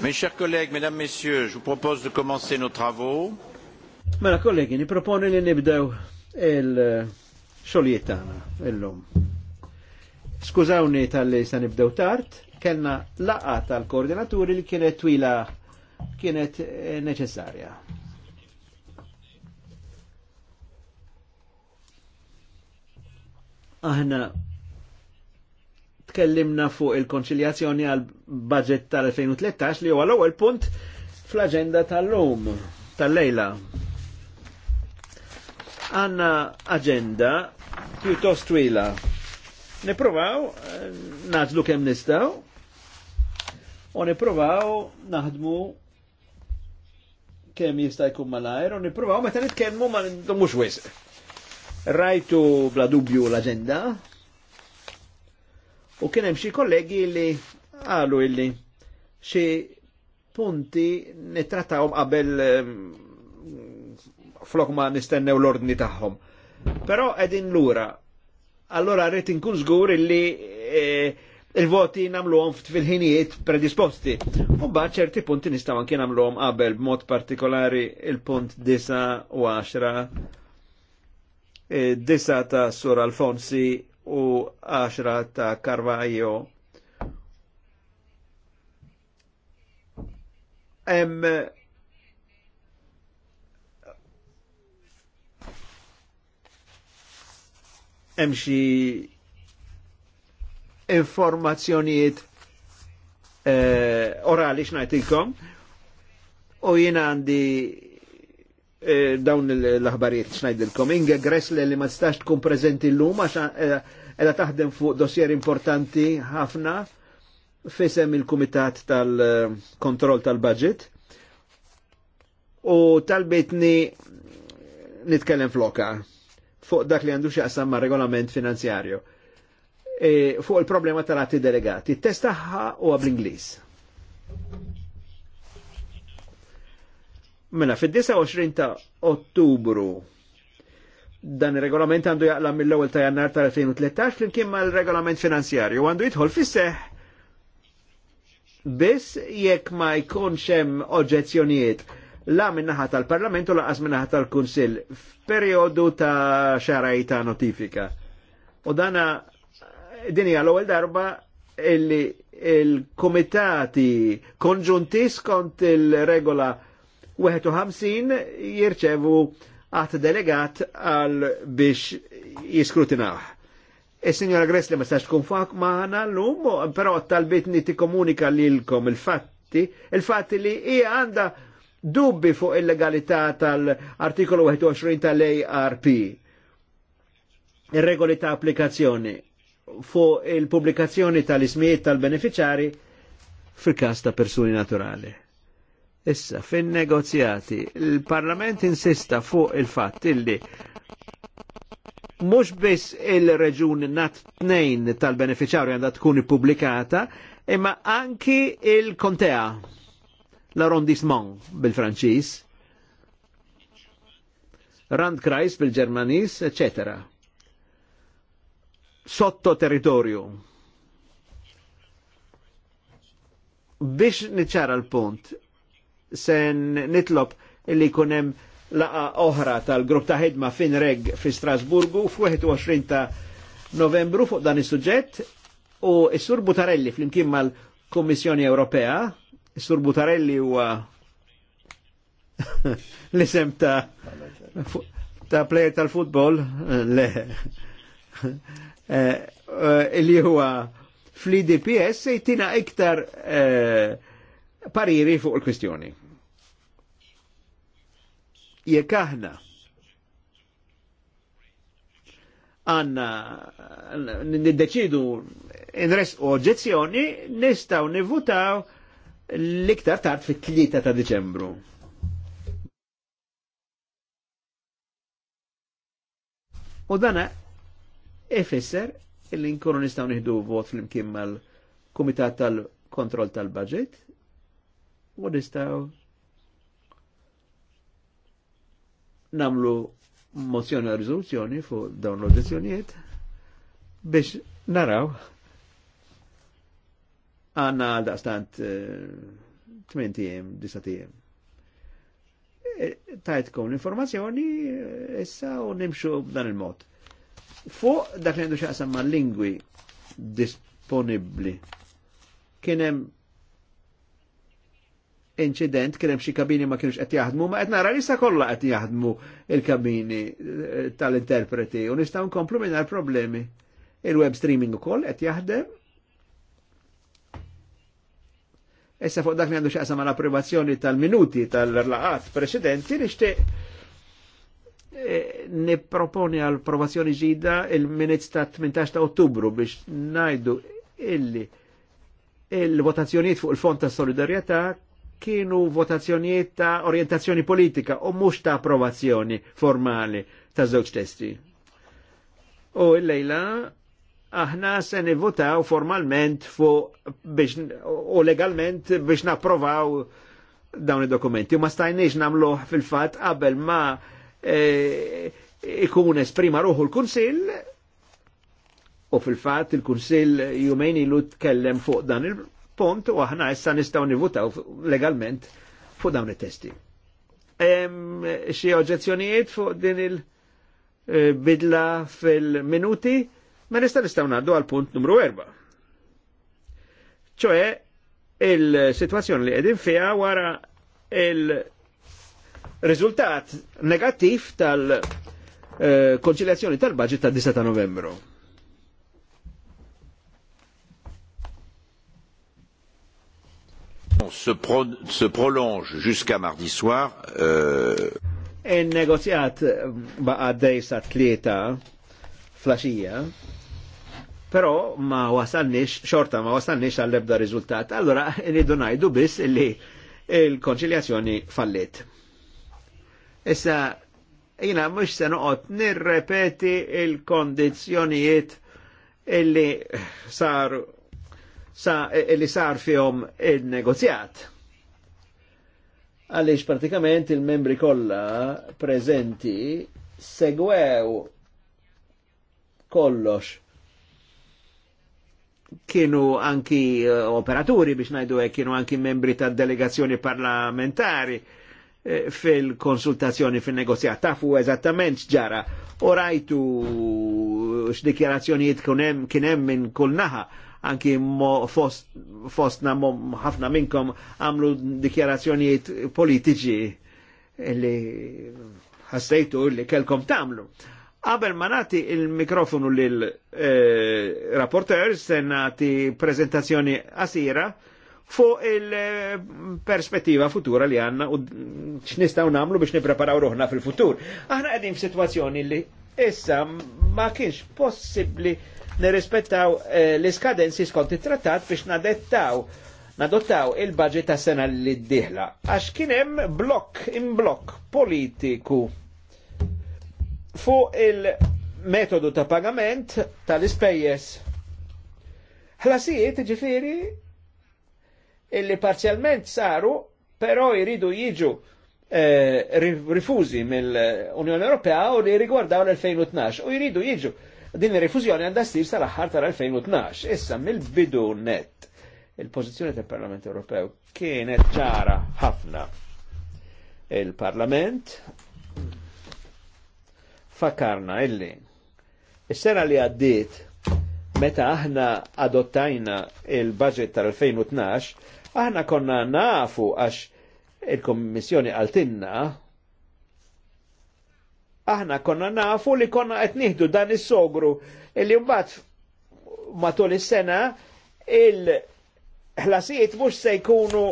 Mes chers collègues, mesdames, messieurs, je vous propose de commencer nos travaux. Mela kollegi, niproponi li nibdew il-xolijiet tagħna illum. Skużawni tal-li se nibdew tard, kellna laqa tal-koordinaturi li kienet twila kienet eh, neċessarja. Aħna Kellimna fuq il-konċiljazzjoni għal budget tal-2013 li huwa l-ewwel punt fl-aġenda tal-lum tal-lejla. Għanna aġenda pjuttost twila. Niprovaw eh, naġlu kemm nistgħu u niprovaw naħdmu kemm jista' jkun malajr u niprovaw meta nitkellmu ma mhux wisq. Rajtu bla dubju l-aġenda, U kien hemm xi kollegi li qalu illi xi punti nittrattawhom qabel ehm, flok ma nistennew l-ordni tagħhom. Però qegħdin lura. Allora rrid inkun żgur illi e, il-voti namluhom fil-ħinijiet predisposti. U mbagħad ċerti punti nistgħu anke namluħom qabel b'mod partikolari il-punt 9 u 10, e, Disa ta' Sur Alfonsi u 10 ta' Carvajo. Em hemm xi informazzjonijiet eh, orali x'ngħidilkom u jiena għandi eh, dawn l-aħbarijiet x'ngħidilkom. Inge Gressle li ma tistax tkun preżenti llum għax eh, edha taħdem fuq dossier importanti ħafna fisem il-Kumitat tal-Kontroll tal-Budget u talbitni nitkellem floka fuq dak li għandu xaqsam ma' regolament finanzjarju. E, fuq il-problema tal-atti delegati. Testaħħa u għab u inglis Mela, fid-29 ta' Ottubru dan il-regolament għandu jaqla mill-ewwel ta' jannar tal-2013 flimkien mal-regolament finanzjarju għandu jidħol fis-seħ biss jekk ma jkunx hemm oġġezzjonijiet la minnaħa tal-Parlament u laqas minnaħa tal-Kunsill f'perjodu ta' xaraj ta' notifika. U dana din hija l-ewwel darba illi il-komitati konġunti skont il-regola 51 jirċevu għat delegat għal biex jiskrutinaħ. Il-Signora e Gressli ma stax tkun fak maħna l-lum, pero talbitni ti komunika lilkom il-fatti, il-fatti li hija għanda dubbi fuq il-legalità tal-artikolu 21 tal-ARP. Il-regoli ta' applikazzjoni fuq il-pubblikazzjoni tal-ismijiet tal-beneficjari fil-kas ta' persuni naturali. Issa, fin-negozjati, il-Parlament insista fuq il-fatt illi mux biss il-reġun nat tnejn tal-beneficjarju għandha tkun ippubblikata, imma anki il-kontea, l-arrondissement bil-Franċis, Randkreis bil-Ġermanis, etc. Sotto territorju. Biex niċara l-punt, sen nitlob illi kunem laqa oħra tal-grupp ta' ħidma fin reg fi Strasburgu f-21 ta' novembru fuq dan is-suġġett u s-Sur Butarelli fl-imkien mal-Kommissjoni Ewropea, s-Sur Butarelli huwa l-isem ta' ta' plejer tal-futbol, eh, le, eh, eh, li huwa fl-IDPS se iktar pariri fuq il-kwistjoni. Jekk aħna għanna niddeċidu nres oġezzjoni nistaw nivutaw l-iktar tard fit tlieta ta' Deċembru. U dana ifisser il illi nkunu nistaw nieħdu vot fl-imkien mal-Kumitat tal-Kontroll tal-Budget u nistaw namlu mozzjoni rizoluzzjoni fu dawn l-audizzjonijiet biex naraw għanna għalda stant 8 eh, tijem, 10 tijem. E, Tajtkom l-informazzjoni eh, issa u nimxu b'dan il-mod. Fuq dak li għandu xaqsam ma' lingwi disponibli kienem incident kien hemm xi kabini ma kienux qed jaħdmu, ma qed nara issa kollha qed jaħdmu il-kabini eh, tal-interpreti u nistgħu nkomplu mingħajr problemi. Il-web streaming ukoll qed jaħdem. Issa fuq dak li għandu xaqsam għal approvazzjoni tal-minuti tal-laqat preċedenti nixtieq eh, niproponi għal provazzjoni ġida il-minutes ta' 18 ta' ottubru biex najdu illi il-votazzjoniet fuq il-fond ta' solidarieta kienu votazzjonijiet ta' orientazzjoni politika u mhux ta' approvazzjoni formali ta' żewġ testi. U l-lejla aħna se nivvotaw formalment fu biex u legalment biex napprovaw dawn id-dokumenti. U ma stajniex namluħ fil-fat qabel ma e, ikun e, e, esprima ruħu l-Kunsil u fil-fat il-Kunsil jumejn ilu tkellem fuq dan il- punt u aħna issa nistgħu nivutaw legalment fuq dawn it-testi. Xi oġġezzjonijiet fuq din il-bidla eh, fil-minuti ma nista' nistgħu ngħaddu għal punt numru 4. ċoe il-sitwazzjoni li qegħdin fiha wara il-riżultat negattiv tal- eh, konċiljazzjoni tal-budget tal 10 ta' novembru. Se, prolonge jusqu'à mardi soir. Euh... Il-negozjat e baqa sa tlieta flaxija, però ma wasalniex, xorta ma wasalniex għal ebda riżultat. Allora, nidu najdu biss li il-konċiljazzjoni fallit. Issa, jina mux se noqot nirrepeti il-kondizjonijiet illi saru sa eh, eh, li sar fihom il-negozjat. Għaliex pratikament il-membri kollha prezenti segwew kollox kienu anki eh, operaturi biex najdu e kienu anki membri ta' delegazzjoni parlamentari fil-konsultazzjoni fil-negozjat tafu eżattament ġara u rajtu x'dikjarazzjonijiet kien hemm minn kull naħa anki fost, fostna ħafna minkom għamlu dikjarazzjonijiet politiċi li ħassejtu li kelkom tamlu. Qabel ma nagħti il-mikrofonu lil eh, rapporteur se nagħti prezentazzjoni asira fuq il-perspettiva futura li għanna u x'nistgħu nagħmlu biex nippreparaw ruħna fil-futur. Aħna qegħdin f'sitwazzjoni li issa ma kienx possibbli nirrispettaw eh, l-iskadenzi skont it-trattat biex nadettaw nadottaw il-budget ta' sena li d-dihla. Għax kienem blok, imblok politiku fuq il-metodu ta' pagament tal-ispejjes. Ħlasijiet ġifiri illi parzialment saru, pero jridu jiġu Eh, rifużi mill-Unjoni Ewropea u li rigwardaw l-2012 u jridu jiġu. Din ir-rifużjoni għandha ssir sal-aħħar tal-2012. Issa mill-bidu net il-pożizzjoni tal-Parlament Ewropew kienet ċara ħafna. Il-Parlament fakarna illi is-sena li għaddiet meta aħna adottajna il-budget tal-2012 aħna konna nafu għax il-Kommissjoni għaltinna, aħna konna nafu li konna qed nieħdu dan is-sogru illi mbagħad matul is-sena il-ħlasijiet mhux se jkunu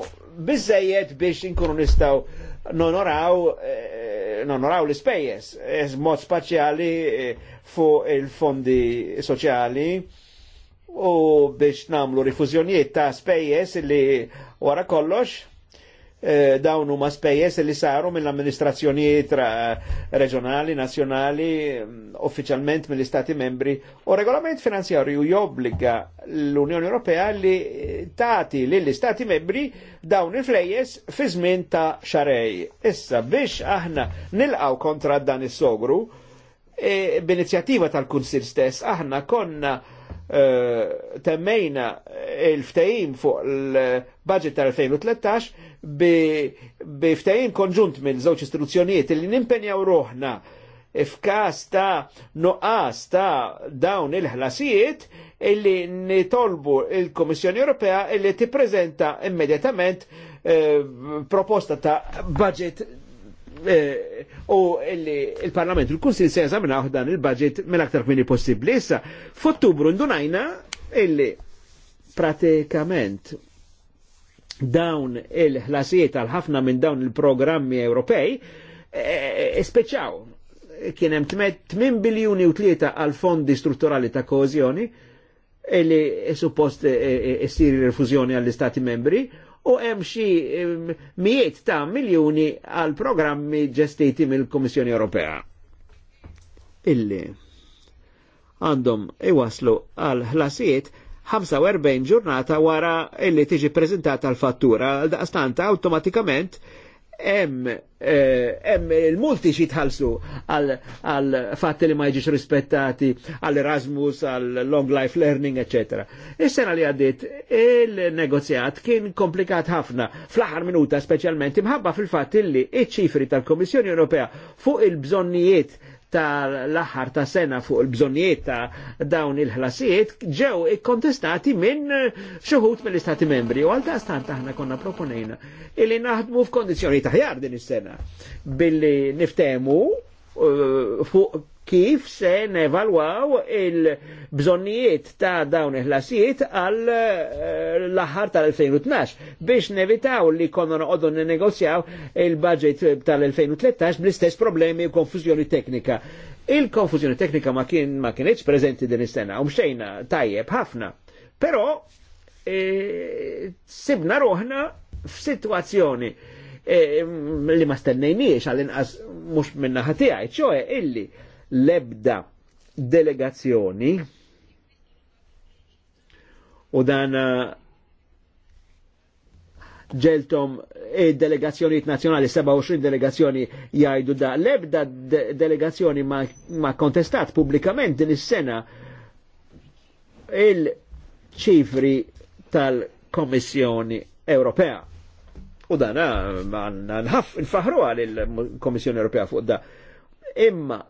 biżejjed biex inkunu nistgħu nonoraw eh, nonoraw l-ispejjeż eh, mod spaċjali eh, fuq il-fondi soċjali u biex namlu rifużjonijiet ta' spejjeż li wara kollox Eh, dawn huma spejjeż li saru mill-amministrazzjonijiet reġjonali, nazzjonali, mm, uffiċjalment mill-Istati membri u regolament finanzjarju jobbliga l-Unjoni Ewropea li tagħti lill-Istati membri dawn il-flejjes fi żmien ta' xarej. Issa biex aħna nilqaw kontra dan is-sogru, e, b'inizjattiva tal-Kunsil stess aħna konna Eh, temmejna il-ftajim fuq l budget tal-2013 bi ftajim konġunt minn żewġ istituzzjonijiet li nimpenjaw roħna f'kas ta' noqas ta' dawn il-ħlasijiet illi nitolbu il-Komissjoni Ewropea illi tippreżenta immedjatament eh, proposta ta' budget Eh, u il-Parlament il kunsil se jeżamina dan il-budget mill-aktar kmini possibbli. Issa, f'Ottubru ndunajna illi pratikament dawn il-ħlasijiet għal ħafna minn dawn il-programmi Ewropej eh, speċaw kien hemm 8 biljuni u tlieta għal fondi strutturali ta' kożjoni illi suppost eh, issir e, għall-istati membri u hemm xi mijiet ta' miljuni għal programmi ġestiti mill-Kummissjoni Ewropea. Illi għandhom iwaslu għal ħlasijiet 45 ġurnata wara illi tiġi prezentata l-fattura, għal daqstanta automatikament Eh, hemm il-multi xi tħallsu għal fatt li ma jiġix rispettati għall Erasmus, għall long life learning, etc. Is-sena li għaddiet il-negozjat kien komplikat ħafna fl-aħħar minuta speċjalment imħabba fil-fatt li iċ-ċifri tal-Kommissjoni Ewropea fuq il-bżonnijiet tal-aħħar ta' sena fuq il-bżonijiet ta' dawn il-ħlasijiet ġew ikkontestati minn xuħut mill-Istati membri. U għalda stant aħna konna proponejna illi naħdmu f'kondizjoni taħjar din is-sena billi niftemu uh, fuq kif se nevalwaw il-bżonnijiet ta' dawn il-ħlasijiet għal eh, l-aħħar tal-2012 biex nevitaw li konna noqogħdu negozjaw il-budget tal-2013 bl-istess problemi u konfużjoni teknika. Il-konfużjoni teknika ma kien ma kienieċ prezenti din is-sena u mxejna tajjeb ħafna. Però e, sibna roħna f'sitwazzjoni e, li ma stennejniex għal-inqas mux minna ħatijaj, ċoħe illi lebda delegazzjoni u dan eh, ġeltom e delegazzjoni nazjonali, 27 delegazzjoni jajdu da. Lebda delegazzjoni ma, ma kontestat publikament din is-sena il-ċifri tal-Komissjoni Ewropea. U dan eh, nħaf nfaħru għal il-Komissjoni Ewropea fuq da. Imma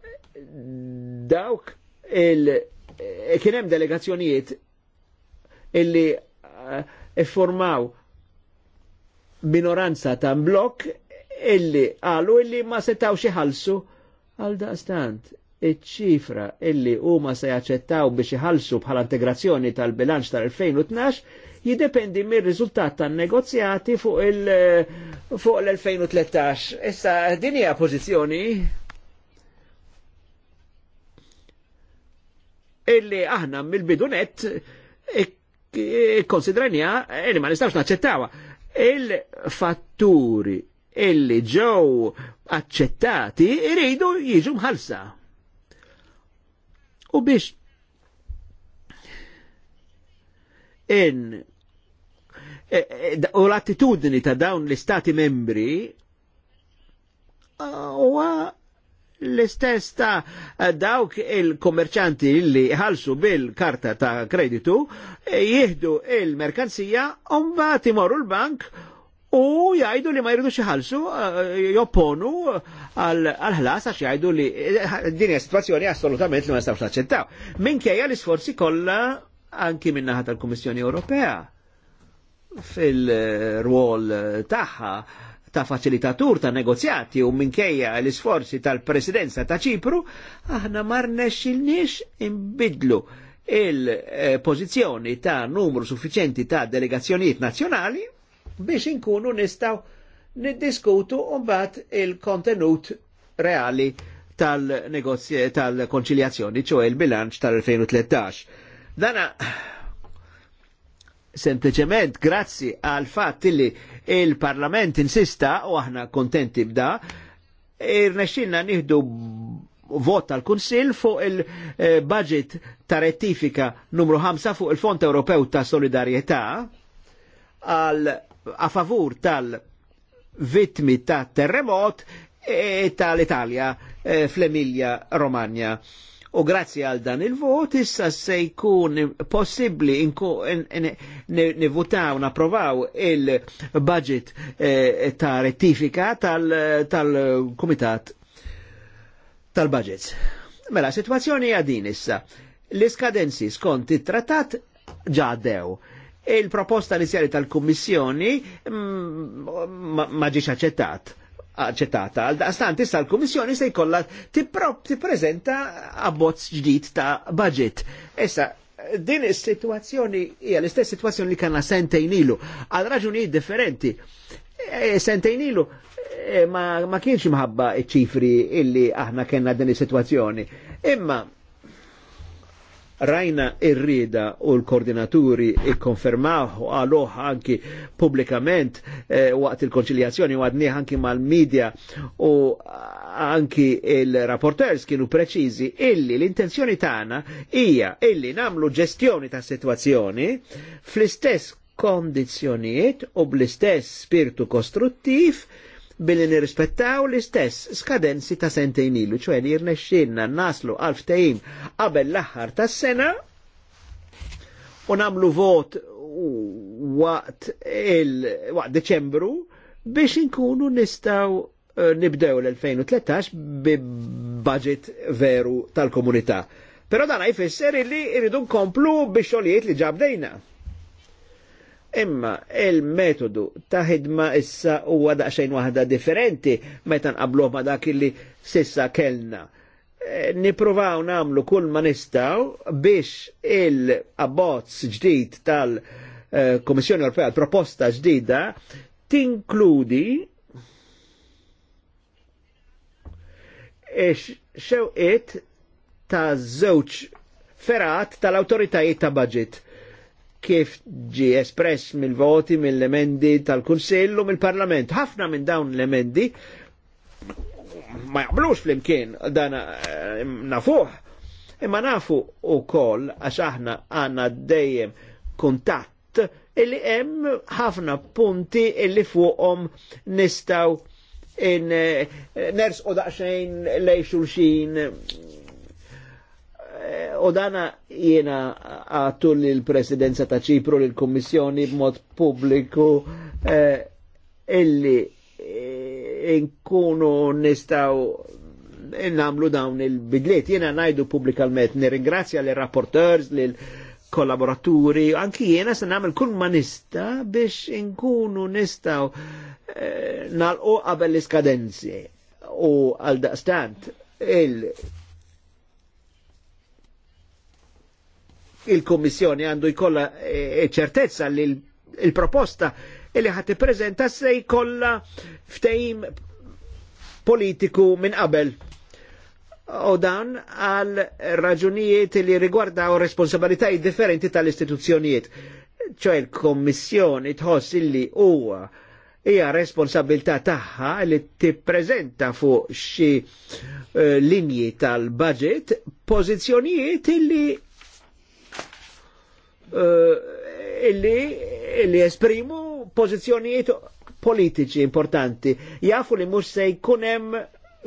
dawk il e kien hemm delegazzjonijiet illi eh, formaw minoranza ta' blok illi qalu illi ma setaw xieħalsu għal daqstant iċ-ċifra illi huma se jaċċettaw biex iħallsu bħala integrazzjoni tal-bilanċ tal-2012 jidependi mir-riżultat tan-negozjati fuq il eh, fuq l-2013. Issa din hija pożizzjoni illi aħna mill-bidunet konsidranija illi ma nistawx naċċettawa. Il-fatturi illi ġew accettati iridu jiġu mħalsa. U biex in e- e- u l-attitudni ta' dawn l-istati membri uh, huwa l-istess ta' dawk il-kommerċanti li ħalsu bil-karta ta' kreditu e jihdu il-merkanzija umba imorru l-bank u jgħidu li ma jridu xieħalsu e, jopponu għal-ħlas għax jgħidu li e, din situazzjoni assolutament li ma nistawx naċċettaw. Minkejja l-isforzi kollha anki minnaħa tal-Kummissjoni Ewropea fil-rwol tagħha ta' faċilitatur ta' negozjati u minkejja l-isforzi tal-presidenza ta' ċipru, aħna il-nix imbidlu il-pozizjoni ta' numru suffiċenti ta' delegazzjonijiet nazjonali biex inkunu nistaw niddiskutu bat il-kontenut reali tal-konċiljazzjoni, tal ċoħe il-bilanċ tal-2013. Dana, sempliciment grazzi għal fatt li Il-Parlament insista, u aħna kontenti b'da, irnexxinna nieħdu vot tal-Kunsill fuq il-budget ta' rettifika numru 5 fuq il-Fond Ewropew ta' Solidarjetà għal a favur tal-vittmi ta' terremot e tal-Italja e, fl-Emilja Romagna U grazzi għal dan il-vot, issa se jkun possibli nivutaw, naprovaw il-budget eh, ta' rettifika tal-komitat tal budgets Mela, situazzjoni għadin issa. L-iskadenzi skont it-trattat ġaddew. Il-proposta inizjali tal-Kummissjoni mm, ma ġiex aċċettat aċċettata. Għal daqstan issa l-Kummissjoni se jkollha tippreżenta abbozz ġdid ta' budget. Issa din is-sitwazzjoni hija l-istess sitwazzjoni li kellna sentejn ilu għal raġunijiet differenti. E, sentejn ilu e, ma, ma kienx imħabba ċifri illi aħna kellna din is-sitwazzjoni. Imma rajna irrida u l-koordinaturi ikkonfermaw għaloħ anki publikament eh, waqt il-konċiljazzjoni u għadnieh anki mal-medja u anki il-rapporters kienu preċizi illi l-intenzjoni tagħna hija illi namlu ġestjoni ta' situazzjoni fl-istess kondizjoniet u bl-istess spiritu kostruttiv billi nirrispettaw l-istess skadenzi ta' sentejn ilu, ċoħe li jirnexxinna naslu għalf tejn qabel l-aħħar ta' sena u namlu vot waqt il waqt Deċembru biex inkunu nistaw eh, nibdew l-2013 bi budget veru tal-komunità. Pero dan jfisser illi irridu nkomplu biex xogħlijiet li ġabdejna. Imma il-metodu ta' ħidma issa huwa daqsxejn waħda differenti meta nqabluh ma' dak illi sissa kellna. E, Nipruvaw nagħmlu namlu kull ma nistaw biex il-abbozz ġdid tal-Komissjoni Ewropea, proposta ġdida, tinkludi xewqiet ta' żewġ ferat tal-autoritajiet ta' budget kif ġi espress mill-voti mill-emendi tal-Kunsillu mill-Parlament. Ħafna minn dawn l-emendi ma jaqblux fl-imkien dan eh, nafuħ. Imma nafu u koll għax aħna għanna dejjem kuntatt illi hemm ħafna punti illi fuqhom nistaw in eh, ners daqsxejn lej xulxin U eh, dana jiena għattu li l-presidenza ta' ċipru li l-Kommissjoni b'mod pubbliku eh, illi eh, inkunu nistaw namlu dawn il-bidliet. Jiena najdu publikalment, nirringrazzja l-rapporteurs, l-kollaboraturi, anki jiena se namel kull ma nista biex inkunu nistaw nal-u għabel l-skadenzi nalqu qabel l-iskadenzi. U għal daqstant il- il-Kommissjoni għandu jkollha eh, ċertezza li il-proposta li ħati prezenta se jkollha ftehim politiku minn qabel. U dan għal raġunijiet li rigwardaw responsabilitajiet differenti tal-istituzzjonijiet. ċoj il-Kommissjoni tħoss illi huwa hija responsabilità tagħha li tippreżenta fuq xi eh, linji tal-budget pożizzjonijiet illi Eh, illi illi esprimu pożizzjonijiet politiċi importanti. Jafu li mhux se jkun hemm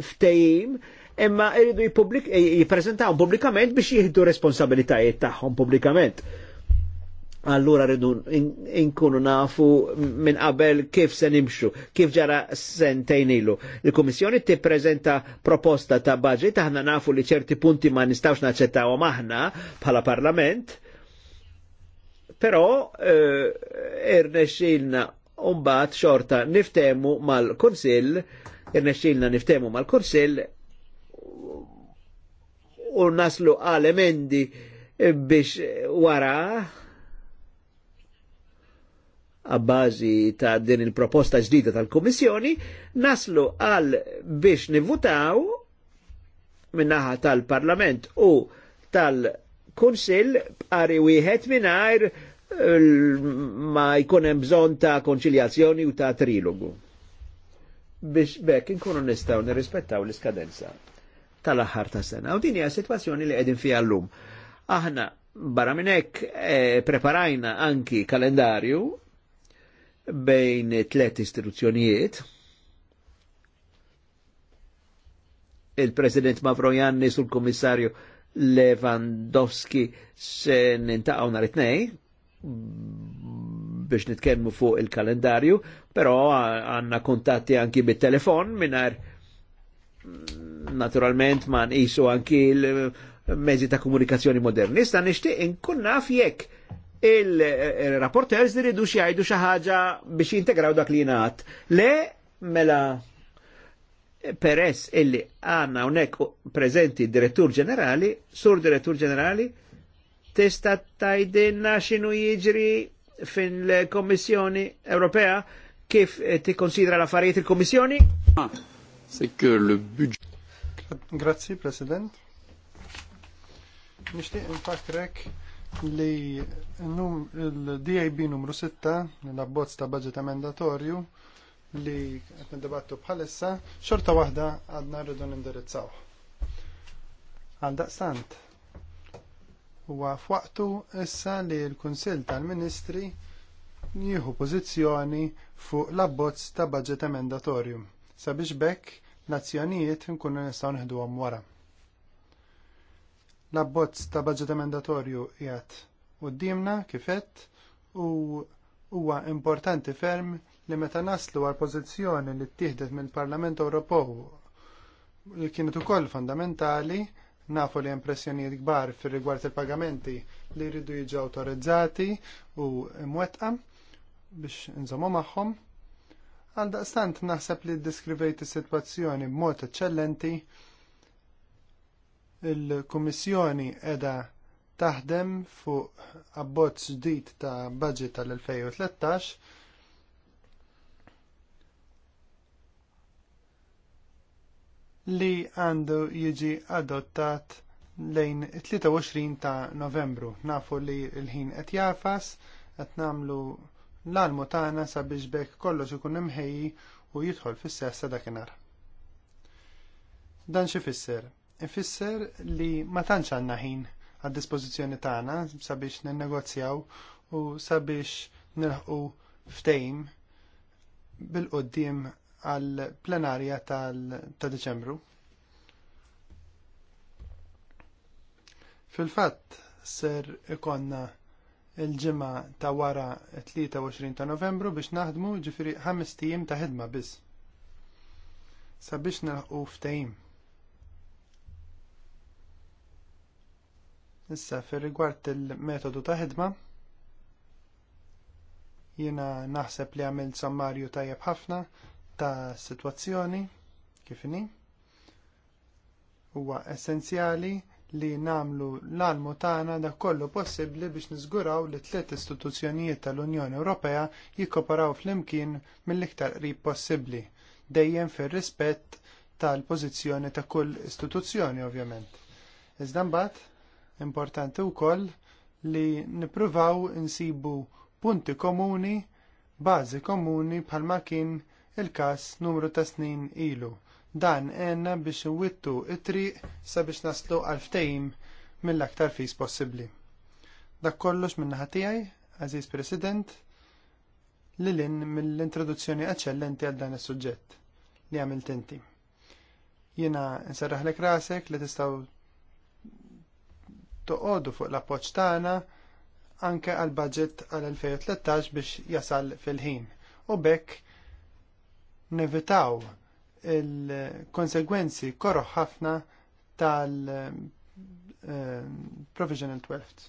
ftehim imma iridu eh, jipprezentaw pubblikament biex jieħdu responsabilitajiet tagħhom pubblikament. Allura rridu inkunu nafu minn qabel kif se nimxu, kif ġara sentejn ilu. Il-Kummissjoni tippreżenta proposta ta' budget, aħna nafu li ċerti punti ma nistawx naċċettawhom aħna bħala Parlament, Però eh, irnexxilna umbat xorta niftemu mal-Kunsill, irnexxilna niftemu mal-Kunsill u naslu għal emendi biex wara għabbażi ta' din il-proposta ġdida tal-Komissjoni, naslu għal biex nivutaw minnaħa tal-Parlament u tal kunsill għari wieħed minnajr ma jkun hemm bżonn ta' konċiljazzjoni u ta' trilogu. Biex bekk inkunu nistgħu nirrispettaw l-iskadenza tal-aħħar ta' sena. U din hija sitwazzjoni li qegħdin fiha llum. Aħna barra minn hekk eh, preparajna anki kalendarju bejn tliet istituzzjonijiet. Il-President Mavrojanni sul-Kommissarju Lewandowski se nintaqgħu nhar it-tnejn Mm, biex nitkellmu fuq il-kalendarju, però għanna kontatti anki bit-telefon minar mm, naturalment ma nqisu anki l-mezzi eh, ta' komunikazzjoni moderni. Sta nixtieq inkun naf jekk il-rapporters eh, iridu xi jgħidu xi ħaġa biex jintegraw dak li Le mela peress illi għanna unek prezenti direttur ġenerali, sur direttur ġenerali, tista tajdinna xinu jiġri l-Komissjoni Ewropea kif ti konsidra la farijiet il komissjoni Grazie, President. Nishtiq infakrek li il-DIB numru 6, l-abbozz ta' budget amendatorju, li qed debattu bħalissa, xorta wahda għadna rridu nindirizzaw. Għal daqstant, huwa f'waqtu issa li l-Kunsill tal-Ministri jieħu pożizzjoni fuq l-abbozz ta' budget emendatorju sabiex bekk l-azzjonijiet nkunu nistgħu nieħduhom wara. L-abbozz ta' budget emendatorju qiegħed quddiemna, kif għedt u huwa importanti ferm li meta naslu għal pożizzjoni li ttieħdet mill-Parlament Ewropew li kienet ukoll fondamentali Nafu li hemm pressjonijiet kbar fir rigward il-pagamenti li jridu jiġu awtorizzati u mwettqa biex nżommu magħhom. Għaldaqstant naħseb li ddiskrivejt is-sitwazzjoni b'mod eċċellenti il-Kummissjoni qiegħda taħdem fuq abbozz ġdid ta' budget tal-2013 li għandu jiġi adottat lejn 23 ta' novembru. Nafu li l-ħin qed jafas, qed nagħmlu l-almu tagħna sabiex bekk kollox ikun imħejji u jidħol fis-sessa dakinhar. Dan xi fisser? Ifisser li ma tantx għandna ħin għad dispożizzjoni tagħna sabiex ninnegozjaw u sabiex nilħqu ftejm bil-qoddim għal-plenarja ta' Deċembru. Fil-fatt ser ikonna il-ġimma ta' wara 23 ta' novembru biex naħdmu ġifiri 5 tijim ta' ħidma biss. Sabiex nilħu ftajim. Issa fir rigward il-metodu ta' ħidma, jiena naħseb li għamilt sommarju tajjeb ħafna ta' situazzjoni kif inhi. Huwa essenzjali li nagħmlu l-almu tagħna da kollu possibbli biex niżguraw li tliet istituzzjonijiet tal-Unjoni Ewropea jikkoperaw flimkien mill-iktar qrib possibbli, dejjem fir-rispett tal-pożizzjoni ta' kull istituzzjoni ovvjament. Iżda mbagħad importanti wkoll li nippruvaw insibu punti komuni, bażi komuni bħalma kien il każ numru ta' snin ilu. Dan għenna biex nwittu t triq sabiex naslu għal-ftejm mill-aktar fis possibbli. Dak kollox min-naħa tiegħi, Aziz President, li lin mill-introduzzjoni eċċellenti għal dan is-suġġett li għamilt inti. Jiena nserraħlek rasek li tistgħu toqogħdu fuq l-appoġġ tagħna anke għal budget għal 2013 biex jasal fil-ħin. U bekk nevitaw il-konsegwenzi korroħ ħafna tal-provisional 12.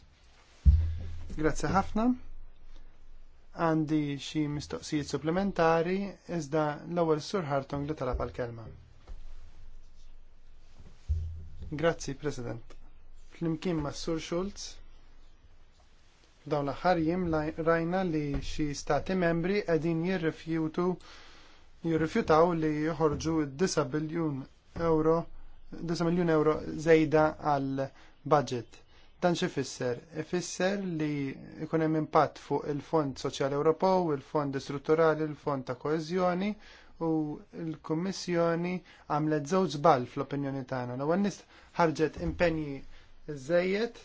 Grazzi ħafna. Għandi xi mistoqsijiet supplementari iżda l-ewwel sur Hartong li talab għal-kelma. Grazzi, President. Flimkien ma' Sur Schulz, dawn l-aħħar rajna li xi stati membri qegħdin jirrifjutu jirrifjutaw li joħorġu 9 biljun euro 9 miljun euro zejda għal budget. Dan xi fisser? Ifisser li jkun hemm impatt fuq il-Fond Soċjali Ewropew, il-Fond Strutturali, il-Fond ta' Koeżjoni u l-Kummissjoni għamlet żewġ żball fl-opinjoni tagħna. L-ewwel nies ħarġet impenji żejjed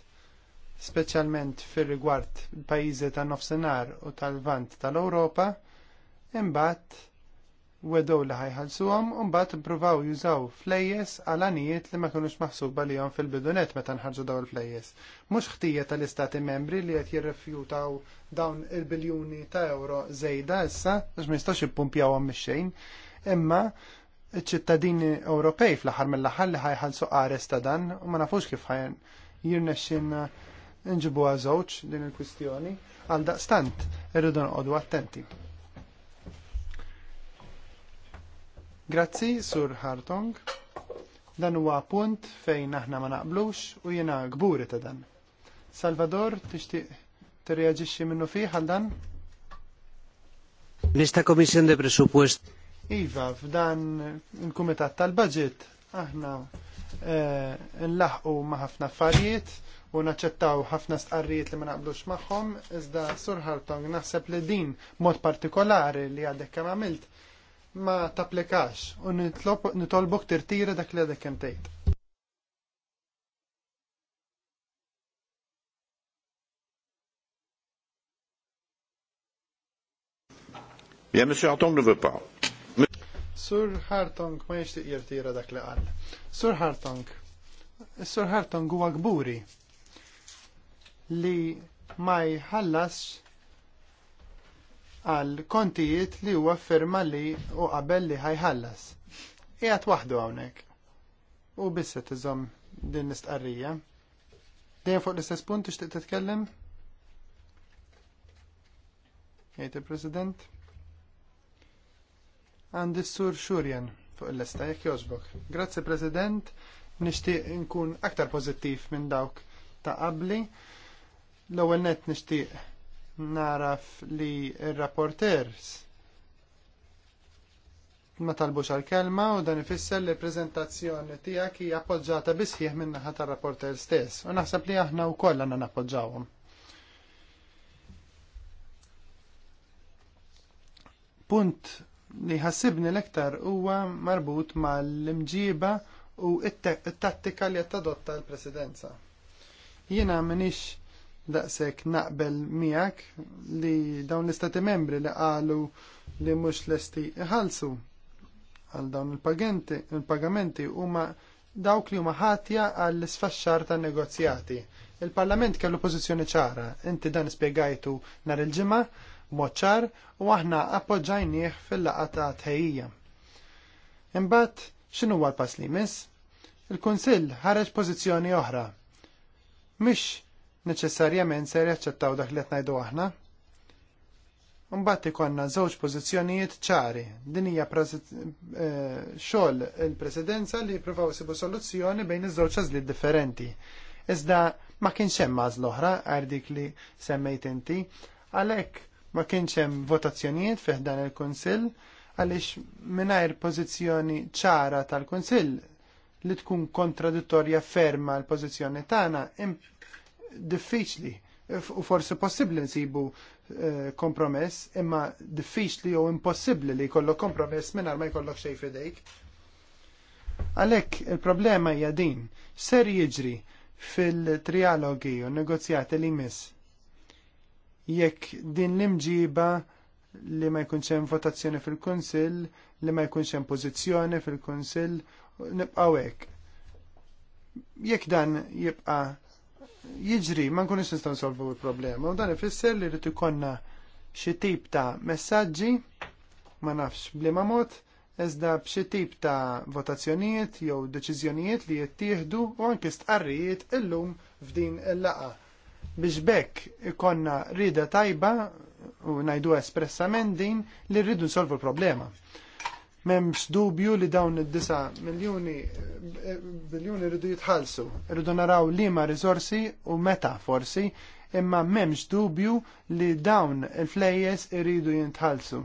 speċjalment fir-rigward pajjiżi tan-nofsinhar u tal-vant tal-Ewropa, imbagħad wedow li ħajħalsuhom u mbagħad ippruvaw jużaw flejjes għal anijiet li ma kinux maħsuba lihom fil-bidunet meta nħarġu daw il-flejjes. Mhux ħtija tal-istati membri li qed jirrefjutaw dawn il-biljuni ta' euro żejda issa biex ma jistax ippumpjawhom mix-xejn, imma ċ-ċittadini Ewropej fl-aħħar mill-aħħar li ħajħalsu qares ta' dan u ma nafux kif ħajn jirnexxinna nġibuha żewġ din il-kwistjoni għal daqstant irridu noqogħdu attenti. Grazzi, Sur Hartong. Dan huwa punt fejn aħna ma naqblux u jiena gburi ta' dan. Salvador, tixtieq tirreaġixxi minnu fih għal dan? Nista' Komissjon de Presupuest. Iva, f'dan il-Kumitat tal-Budget aħna eh, nlaħqu ma' ħafna affarijiet u naċċettaw ħafna stqarrijiet li ma naqblux magħhom, iżda Sur Hartong naħseb li din mod partikolari li għadek kemm għamilt ma taplikax u nitolbok tirtira dak li għadek kem Ja, Monsieur Hartong ne veut pas. Sur Hartong ma jixtieq jirtira dak li qal. Sur Hartong, Sur Hartong huwa gburi li ma jħallas għal kontijiet li huwa affirma li u qabel li ħajħallas. Qiegħed waħdu hawnhekk. U bissa tiżomm din l-istqarrija. Dejjem fuq l-istess punt tixtieq titkellem? Jgħid il-President. Għandi s-sur Xurjan fuq l-lista jekk jogħġbok. Grazzi President, nixtieq nkun aktar pożittiv minn dawk ta' qabli. L-ewwel nett nixtieq naraf li il-rapporters ma talbux għal-kelma u dan ifisser li prezentazzjoni tijak hija appoġġata bisħieħ min naħa tar-rapporter stess u naħseb li aħna wkoll għandna nappoġġawhom. Punt li ħassibni l-iktar huwa marbut mal-imġiba u t tattika li qed tadotta l-presidenza. Jiena minix daqsek naqbel miegħek li dawn l-istati membri li qalu li mhux lesti iħallsu għal dawn il-pagamenti huma dawk li huma ħatja għall isfaxxar tan negozjati. Il-Parlament kellu pożizzjoni ċara, inti dan spiegajtu nhar il-ġimgħa b'mod ċar u aħna appoġġajnieh fil-laqgħa ta' tħejjija. Imbagħad x'inhu huwa l-pass li jmiss? Il-Kunsill ħareġ pożizzjoni oħra. Mhix neċessarjament se jaċċettaw dak li qed ngħidu aħna. Mbagħad ikollna żewġ pożizzjonijiet ċari. Din hija eh, xogħol il-Presidenza li jippruvaw isibu soluzzjoni bejn iż-żewġ għażliet differenti. Iżda ma kienx hemm l oħra għal dik li semmejt inti, għalhekk ma kienx hemm votazzjonijiet fih dan il-Kunsill għaliex mingħajr pożizzjoni ċara tal-Kunsill li tkun kontradittorja ferma l-pożizzjoni tagħna diffiċli u forsi possibbli nsibu eh, kompromess, imma diffiċli u impossibbli li jkollok kompromess mingħajr ma jkollok xej fidejk. Għalhekk il-problema hija din, ser jiġri fil-trialogi u negozjati li jmiss. Jekk din l-imġiba li ma jkunx hemm votazzjoni fil-Kunsill, li ma jkunx hemm pożizzjoni fil-Kunsill, nibqgħu hekk. Jekk dan jibqa' jiġri ma nkunux nistgħu nsolvu l-problema u dan ifisser li rrid ikollna xi tip ta' messaġġi ma nafx bliema mod iżda b'xi tip ta' votazzjonijiet jew deċiżjonijiet li jittieħdu u anke stqarrijiet illum f'din il-laqa. Biex bekk ikonna rida tajba u ngħidu espressament din li rridu nsolvu l-problema. Memx dubju li dawn id-9 miljoni eh, biljuni rridu jitħallsu, rridu naraw liema riżorsi u meta forsi, imma memx dubju li dawn il-flejjes irridu jitħallsu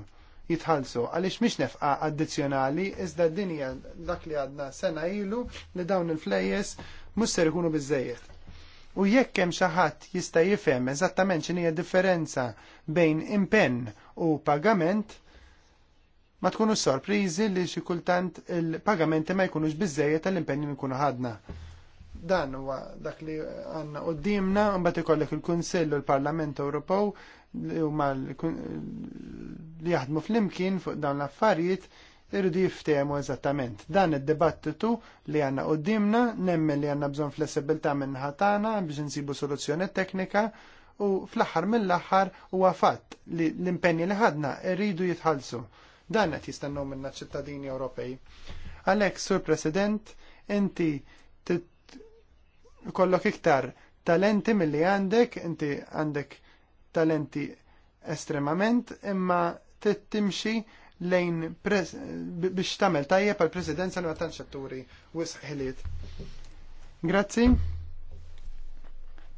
jitħalsu għaliex miex nefqa addizzjonali iżda d-dinja dak li għadna sena ilu li dawn il-flejjes mhux ser ikunu biżejjed. U jekk hemm xi ħadd jista' jifhem eżattament x'inhi differenza bejn impenn u pagament, Ma tkunu sorprizi li xi kultant il-pagamenti ma jkunux biżejjed tal-impenju li nkunu ħadna. Dan huwa dak li għandna qudiemna mbagħad ikollek il kunsell u l-Parlament Ewropew li huma li jaħdmu flimkien fuq dawn l-affarijiet irridu jiftehmu eżattament. Dan id-dibattitu li għanna qoddimna nemmen li għanna bżon flessibilta minn ħatana biex nsibu soluzzjoni teknika u fl-axar mill-axar huwa fatt li l-impenni li ħadna irridu jitħallsu. Dan qed jistennew minna ċittadini Ewropej. Għalhekk, Sur President, inti kollok iktar talenti milli għandek, inti għandek talenti estremament, imma tittimxi lejn biex tamel tajjeb għal presidenza li ma tantx atturi wisħiliet. Grazzi.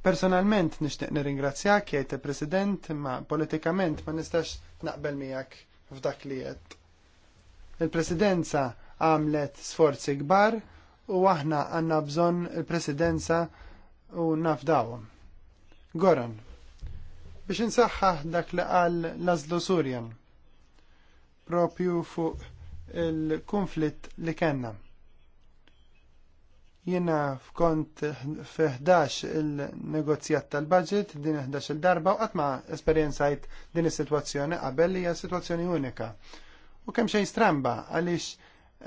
Personalment nixtieq nirringrazzjak jgħid il-President, imma politikament ma nistax naqbel miegħek f'dak li qed. Il-Presidenza għamlet sforzi kbar u aħna għandna bżonn il-Presidenza u nafdawum. Goran, biex insaħħaħ dak li qal Lazlo Surjan propju fuq il-konflitt li kellna. Jiena fkont f-11 il-negozjat tal-budget, din 11 il-darba, u għatma esperienzajt din is-situazzjoni qabel li hija situazzjoni unika. U kemm xejn stramba għaliex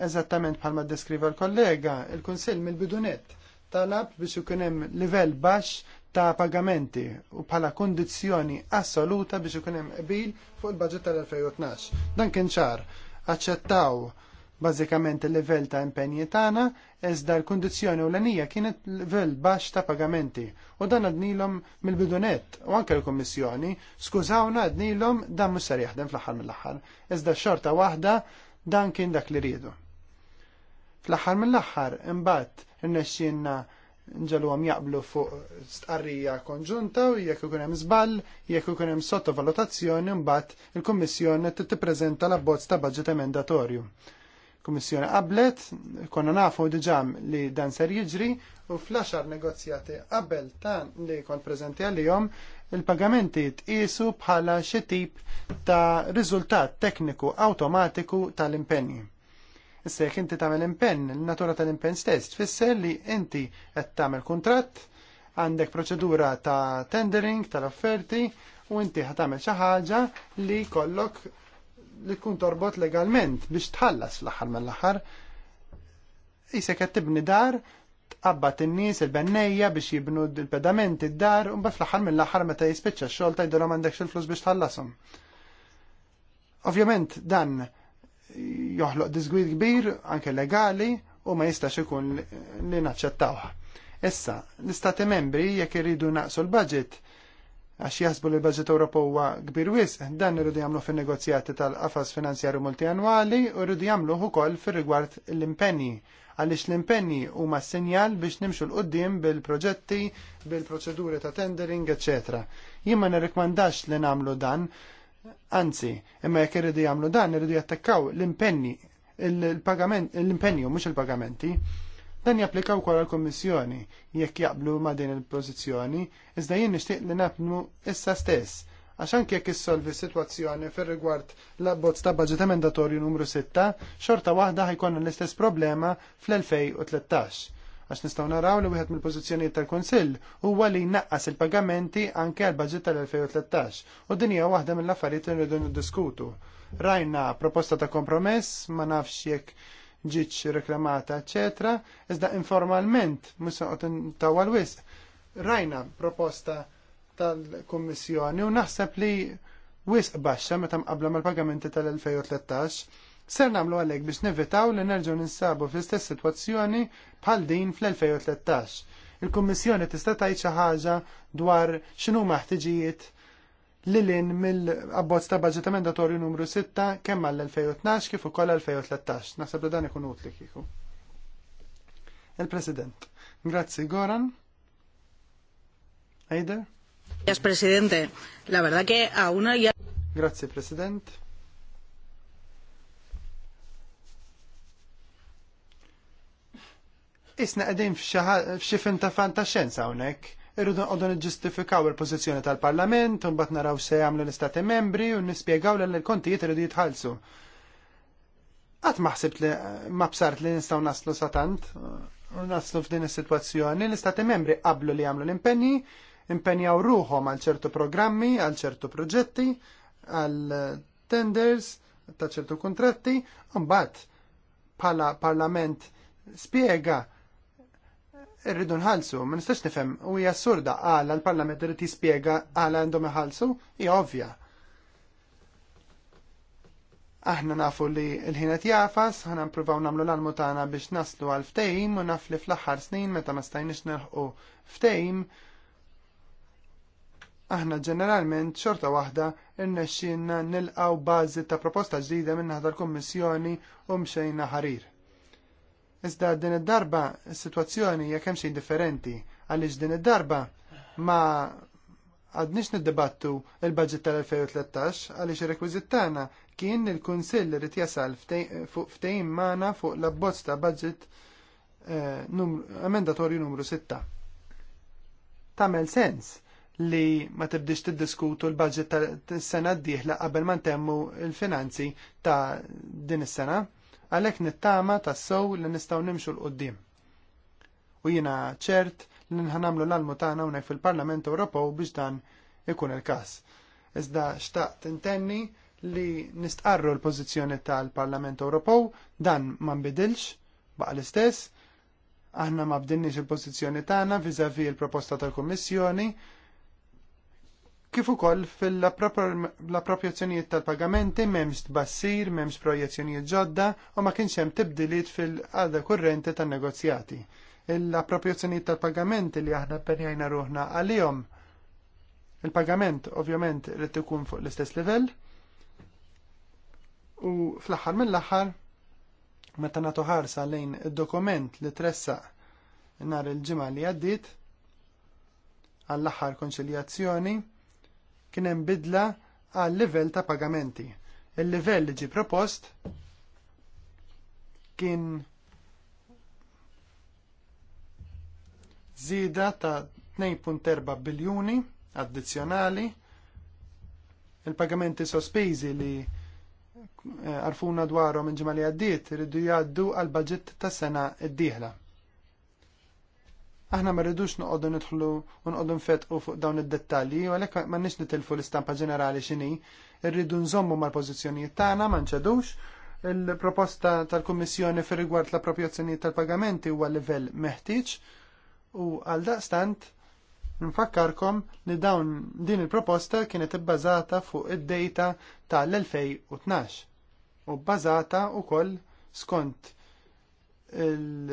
eżattament bħalma deskriva l-kollega, il-Kunsill mill-bidunet talab biex ikun hemm livell baxx ta' pagamenti u bħala kondizjoni assoluta biex ikun hemm qbil fuq il-budget tal-2012. Dan kien ċar, aċċettaw bażikament il-livell ta' impenji tagħna iżda l-kundizzjoni l-anija kienet livell baxx ta' pagamenti u dan għadnilhom mill-bidunet u anke l-Kummissjoni skużawna għadnilhom dan mhux ser jaħdem fl-aħħar mill-aħħar iżda xorta waħda dan kien dak li riedu. Fl-aħħar mill-aħħar imbagħad nġalu għam jaqblu fuq stqarrija konġunta u jekk ikun hemm żball, jekk ikun hemm sottovalutazzjoni imbagħad il-Kummissjoni tippreżenta l-abbozz ta' budget emendatorju. Kummissjoni qablet, konna nafu diġam li dan ser jiġri u fl-axar negozjati qabel tan li kon prezenti għalihom il-pagamenti tqisu bħala xi tip ta' riżultat tekniku awtomatiku tal-impenni. Issa jekk inti tagħmel impenn, il-natura tal-impenn stess tfisser li inti qed tagħmel kuntratt, għandek proċedura ta' tendering tal-offerti u inti ħatamel xi ħaġa li kollok li tkun torbot legalment biex tħallas fl-aħħar mill-aħħar. Isek qed tibni dar, tqabbad in-nies il-bennejja biex jibnu l-pedament id-dar u mbagħad fl-aħħar mill-aħħar meta jispiċċa x-xogħol tgħidulhom m'għandekx il-flus biex tħallashom. Ovvjament dan joħloq disgwid kbir anke legali u ma jistax ikun li naċċettawha. Issa, l-istati membri jekk iridu naqsu l-budget għax jasbu li l-budget Ewropa huwa kbir wisq, dan irridu jagħmlu fin-negozjati tal-qafas finanzjarju multianwali u rridu jagħmlu ukoll fir-rigward l-impenji għaliex l-impenji huma sinjal biex nimxu l-qudiem bil-proġetti, bil-proċeduri ta' tendering, ecc. Jien ma nirrikmandax li nagħmlu dan, anzi, imma jekk irridu jagħmlu dan irridu jattakkaw l impenni l-pagamenti, l-impenju mhux il-pagamenti. il pagamenti Dan japplika wkoll għall kummissjoni jekk jaqblu ma' din il-pożizzjoni, iżda jien nixtieq li nafnu issa stess għax anke jekk issolvi sitwazzjoni fir-rigward l-abbozz ta' baġit emendatorju numru 6, xorta waħda ħajkonna l-istess problema fl-2013 għax nistaw naraw li wieħed mill-pożizzjonijiet tal-Kunsill huwa li jnaqqas il-pagamenti anke għal budget tal-2013 u din hija waħda mill-affarijiet li rridu niddiskutu. Rajna proposta ta' kompromess ma nafx jekk ġiċ reklamata, eccetera, iżda informalment, għot n l wisq. Rajna proposta tal-Kommissjoni u naħseb li wisq baxxa meta mqabla mal-pagamenti tal-2013, ser namlu għalek biex nevitaw li nerġgħu ninsabu fl-istess sitwazzjoni bħal din fl-2013. Il-Kummissjoni tista' tgħid xi ħaġa dwar x'inhu maħtiġijiet lilin mill-abbozz ta' budget emendatorju numru 6 kemm għall-2012 kif ukoll għall-2013. Naħseb li dan ikun utli kieku. Il-President. Grazzi, Goran. Eider. Grazzi Presidente. La verdad que a una ya... Grazie, President. Isna qegħdin f'xifin ta' fantaxenza hawnhekk irridu nqogħdu niġġustifikaw il-pożizzjoni tal-Parlament, u mbagħad naraw se jagħmlu l-Istati membri u nispjegaw l il-kontijiet irridu jitħallsu. Qatt ma ħsibt li ma bsart li nistgħu naslu satant u naslu f'din is-sitwazzjoni, l-Istati membri qablu li jagħmlu l-impenji, impenjaw ruħhom għal ċertu programmi, għal ċertu proġetti, għal tenders, ta' ċertu kontratti, mbagħad bħala parlament spiega Irridu nħalsu, ma nistax nifhem, u hija assurda għala l-Parlament irid jispjega għala għandhom iħallsu, hija ovvja. Aħna nafu li l-ħinet jafas, ħana nipruvaw nagħmlu l-almu tagħna biex naslu għal ftehim u naf li fl-aħħar snin meta ma stajniex nelħqu ftehim. Aħna ġeneralment xorta waħda irnexxinna nilqgħu bażi ta' proposta ġdida minn naħa kummissjoni u mxejna ħarir. Iżda din id-darba s-sitwazzjoni hija kemm xejn differenti għaliex din id-darba ma għadniex niddibattu il-budget tal-2013 għaliex ir-rekwiżit tagħna kien il-Kunsill irid jasal ftehim magħna fuq l-abbozz ta' budget eh, emendatorju numru 6. Tamel sens li ma tibdix tiddiskutu l-budget tal sena d-dieħla qabel ma ntemmu l finanzi ta' din is-sena. Għalhekk nittama tas-sow li nistgħu nimxu l-qoddim. U jiena ċert li nħanamlu l-almu tagħna hawnhekk fil-Parlament Ewropew biex dan ikun il-każ. Iżda xtaqt tintenni li nistqarru l-pożizzjoni tal-Parlament Ewropew dan ma nbidilx baqa l-istess, aħna ma bdinniex il-pożizzjoni tagħna viżavi il proposta tal-Kummissjoni kif ukoll fil-appropriazzjonijiet tal-pagamenti m'hemmx tbassir, m'hemmx projezzjonijiet ġodda u ma kienx hemm tibdiliet fil-qada kurrenti tan-negozjati. Il-appropriazzjonijiet tal-pagamenti li aħna penjajna ruħna għalihom il-pagament ovvjament rrid ikun fuq l-istess livell u fl-aħħar mill-aħħar meta nagħtu ħarsa lejn id-dokument li tressaq nhar il-ġimgħa li għaddiet għall-aħħar konċiljazzjoni kien hemm bidla għal livell ta' pagamenti. Il-livell li ġi propost kien zida ta' 2.4 biljuni addizzjonali. Il-pagamenti sospiżi li eh, għarfuna dwarhom minn ġimgħa li għaddiet iridu jgħaddu għal budget tas sena d-dieħla. Aħna ma rridux noqogħdu nidħlu u nqogħdu nfetqu fuq dawn id-dettalji u għalhekk ma nix nitilfu l-istampa ġenerali x'inhi, irridu nżommu mal-pożizzjonijiet tagħna ma nċedux. Il-proposta tal-Kummissjoni fir rigward l-appropjazzjonijiet tal-pagamenti huwa livell meħtieġ u għal daqstant nfakkarkom li dawn din il-proposta kienet ibbażata fuq id-data tal-2012 u bbażata wkoll skont il-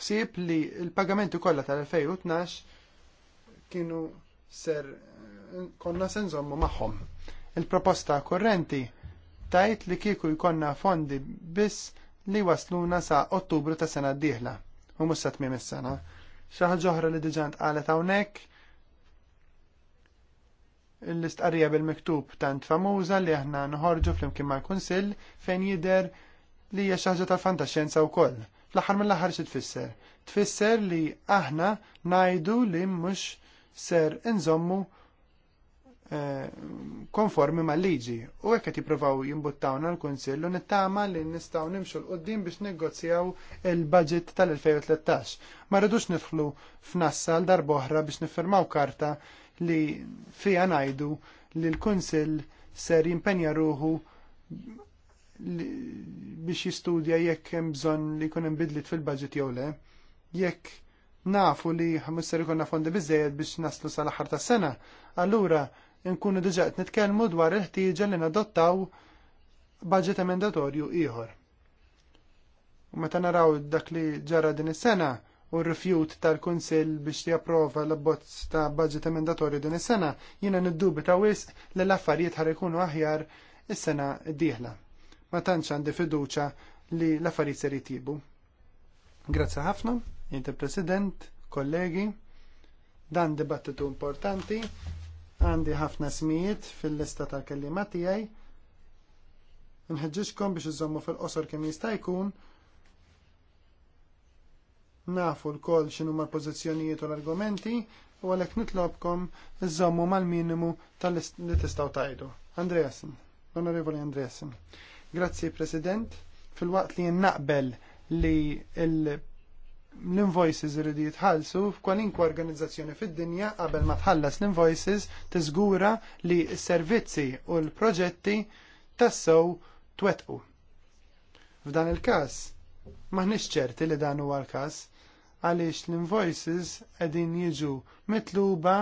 ħsieb li l-pagamenti kollha tal-2012 kienu ser konna senżommu magħhom. Il-proposta korrenti tajt li kieku jkollna fondi biss li wasluna sa ottubru ta' sena d dieħla u mhux sa tmiem is-sena. Xaħ ħaġa oħra li diġà ntqalet hawnhekk l-istqarrija bil-miktub tant famuża li aħna nħorġu flimkien mal-Kunsill fejn jidher li hija xi ħaġa tal-fantaxxenza wkoll fl-aħħar mill-aħħar xi tfisser? Tfisser li aħna ngħidu li mhux ser inżommu eh, konformi mal liġi u hekk qed jippruvaw jimbuttawna l-Kunsill u nittama li nistgħu nimxu l qudiem biex negozjaw il-budget tal-2013. Ma rridux nidħlu f'nassa l darboħra biex niffirmaw karta li fija ngħidu li l-Kunsill ser jimpenja ruħu biex jistudja jekk hemm bżonn li jkun hemm bidlit fil-budget jew le. Jekk nafu li ħamisser ikunna fondi biżejjed biex naslu sal-aħħar tas-sena, allura nkunu diġà qed nitkellmu dwar il-ħtieġa li nadottaw budget emendatorju ieħor. U meta naraw dak li ġara din is-sena u r-rifjut tal-Kunsill biex japprova l-abbozz ta' budget emendatorju din is-sena, jiena niddubita wisq li l-affarijiet ħar ikunu aħjar is-sena d-dieħla ma tantx għandi fiduċa li l-affarijiet ser jitibu. Grazzi ħafna, jinti President, kollegi, dan dibattitu importanti, għandi ħafna smijiet fil-lista tal kellima tiegħi. Nħeġġixkom biex iżommu fil-qosor kemm jista' jkun nafu l-kol xinu l u l-argumenti u għalhekk nitlobkom iżommu mal-minimu tal-li tistgħu tajdu. Andreasen, onorevoli Andreasen. Grazzi, President. Fil-waqt li naqbel li l-invoices irridu jitħallsu f'kwalinkwa organizzazzjoni fid-dinja qabel ma tħallas l-invoices tiżgura li s-servizzi u l-proġetti tassew twetqu. F'dan il-każ, maħniex ċerti li dan huwa l-każ għaliex l-invoices qegħdin jiġu mitluba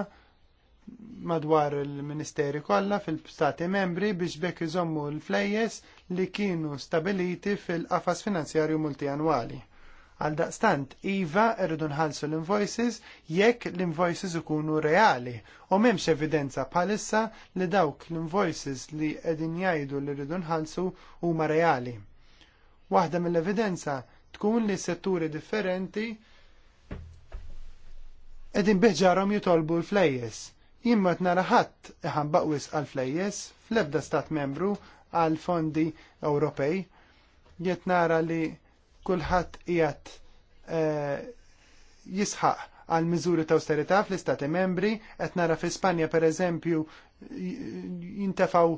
madwar il-Ministeri kollha fil-Stati membri biex bekk iżommu l-flejjes li kienu stabiliti fil-qafas finanzjarju multianwali. Għal daqstant, IVA irridu nħallsu l-invoices jekk l-invoices ikunu reali u memx evidenza bħalissa li dawk l-invoices li qegħdin jgħidu li rridu nħallsu huma reali. Waħda mill-evidenza tkun li setturi differenti qegħdin biħġarhom jitolbu l-flejjes jien t nara ħadd iħan baqwis għal flejjes fl-ebda stat membru għal fondi Ewropej. Jiet nara li kulħadd qiegħed eh, jisħaq għal miżuri ta' austerità fl-istati membri, qed nara fi Spanja pereżempju jintefaw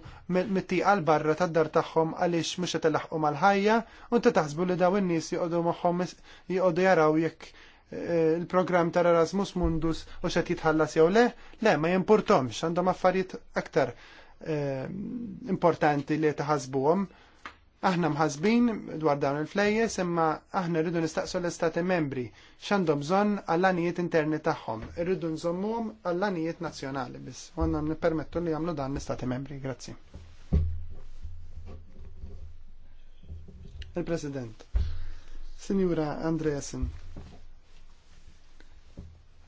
mitti għal barra tad dar tagħhom għaliex mhux qed mal-ħajja u ta' taħsbu li daw in-nies joqogħdu magħhom joqogħdu jaraw jekk il-programm tar Erasmus Mundus u xed jitħallas jew le, le ma jimpurtomx, għandhom affarijiet aktar eh, importanti li taħasbuhom. Aħna mħasbin dwar dawn il-flejjes, imma aħna rridu nistaqsu l-Istati membri x'għandhom bżonn għall-anijiet interni tagħhom. Irridu nżommuhom għall-anijiet nazzjonali biss. U għandhom nippermettu li jagħmlu dan l-Istati membri. Grazzi. Il-President. Signora Andreasen,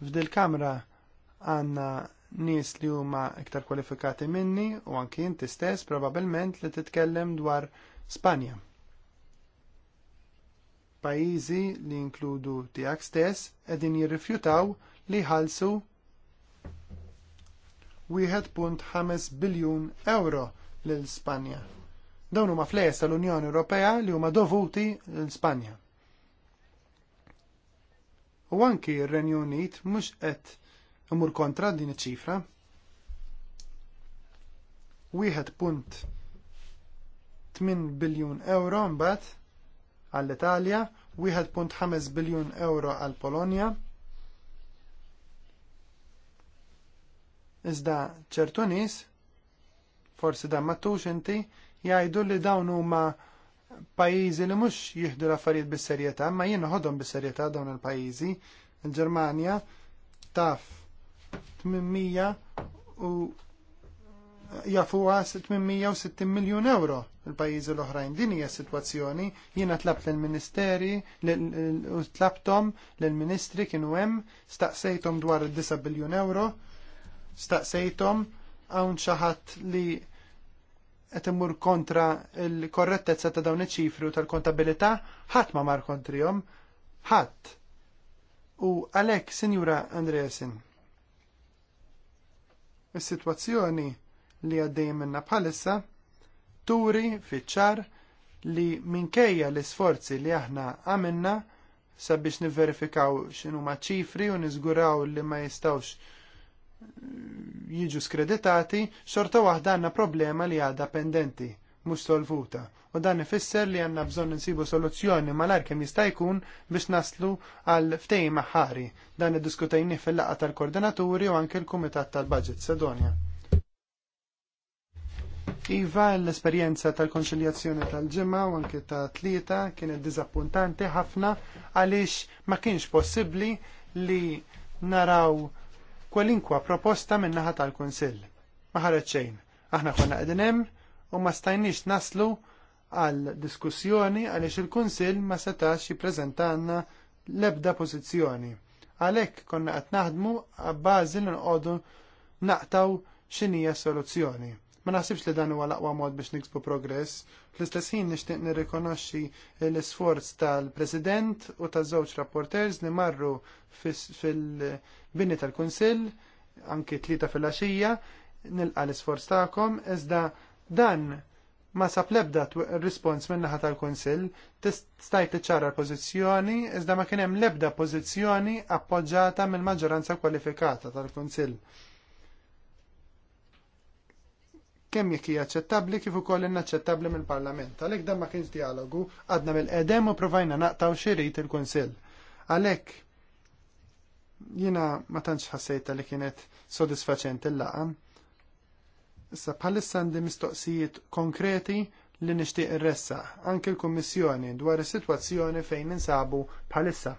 F'dil kamra għanna nies li huma iktar kwalifikati minni u anki inti stess probabilment li titkellem dwar Spanja. Pajjiżi li inkludu tiegħek stess qegħdin jirrifjutaw li ħalsu 1.5 biljun euro lil Spanja. Dawn huma flejes tal-Unjoni Ewropea li huma dovuti l Spanja. U anki r-Renju Unit mhux qed imur kontra din iċ-ċifra. Wieħed punt 8 biljun euro mbagħad għall-Italja, 1.5 biljun euro għall-Polonja. Iżda ċertu nies, forsi dan mattux inti, jgħidu li dawn huma pajjiżi li mhux jieħdu l-affarijiet bis-serjetà, ma jien ħodhom bis-serjetà dawn il-pajjiżi. Il-Ġermanja taf 800 u jafuha 860 miljun euro il-pajjiżi l-oħrajn. Din hija s-sitwazzjoni. Jiena tlab lill-Ministeri u tlabtom lill-Ministri kienu hemm, staqsejthom dwar id-9 biljun euro, staqsejthom hawn xi ħadd li qed imur kontra l-korrettezza ta' dawn iċ-ċifri u tal-kontabilità, ħadd ma mar kontrihom, ħadd. U għalhekk, Sinjura Andreasin, is-sitwazzjoni li għaddejjem minna bħalissa turi fiċ-ċar li minkejja l-isforzi li aħna għamilna sabiex nivverifikaw x'inhuma ċifri u niżguraw li ma jistawx jiġu skreditati, xorta waħda għanna problema li għadha pendenti, mhux solvuta. U dan ifisser li għandna bżonn insibu soluzzjoni malar kemm jista' jkun biex naslu għal ftej maħari. Dan iddiskutejni fil laqgħa tal-koordinaturi u anke l-Kumitat tal-Budget Sedonja. Iva, l-esperienza tal-konċiljazzjoni tal-ġimma u anke ta' tlieta kienet diżappuntanti ħafna għaliex ma kienx possibbli li naraw kwalinkwa proposta min-naħa tal-Kunsill. Ma xejn. Aħna konna qegħdin hemm u ma stajniex naslu għal diskussjoni għaliex il-Kunsill ma setax jiprezentanna l-ebda pożizzjoni. Għalhekk konna qed naħdmu għabbażi li nqogħdu naqtaw x'inhija soluzzjoni. Ma naħsibx li dan huwa l-aqwa mod biex niksbu progress. Fl-istess ħin nixtieq nirrikonoxxi l-isforz tal-President u taż-żewġ rapporters li marru fil-bini tal-Kunsill anki tlieta fil-għaxija nilqa l-isforz tagħkom iżda dan ma sab lebda rispons min-naħa tal kunsill tistaj tiċċara l pożizzjoni iżda ma kien l lebda pożizzjoni appoġġata mill-maġġoranza kwalifikata tal kunsill kemm jekk hija aċċettabbli kif ukoll inaċċettabbli mill-Parlament. Għalhekk dan ma kienx dialogu, għadna mill-qedem u provajna naqtaw rid il-Kunsill. Għalhekk jiena ma tantx ħassejta li kienet sodisfaċenti l laqam Issa bħalissa għandi mistoqsijiet konkreti li nixtieq irressa anke l-Kummissjoni dwar is-sitwazzjoni fejn ninsabu bħalissa.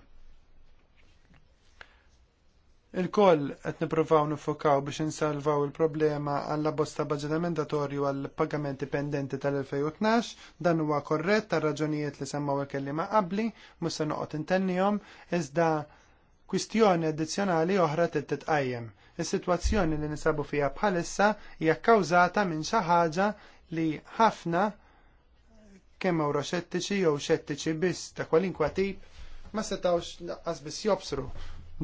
Il-koll qed nippruvaw nifukaw biex insalvaw il-problema għall bosta baġit emendatorju għall pagamenti pendenti tal-2012, dan huwa korrett tar raġunijiet li semmaw il-kellima qabli, mhux se noqgħod intennihom, iżda kwistjoni addizzjonali oħra trid titqajjem. Is-sitwazzjoni li nisabu fiha bħalissa hija kkawżata minn xi ħaġa li ħafna kemm euroxettiċi jew xettiċi biss ta' kwalinkwa tip ma setawx laqqas biss jobsru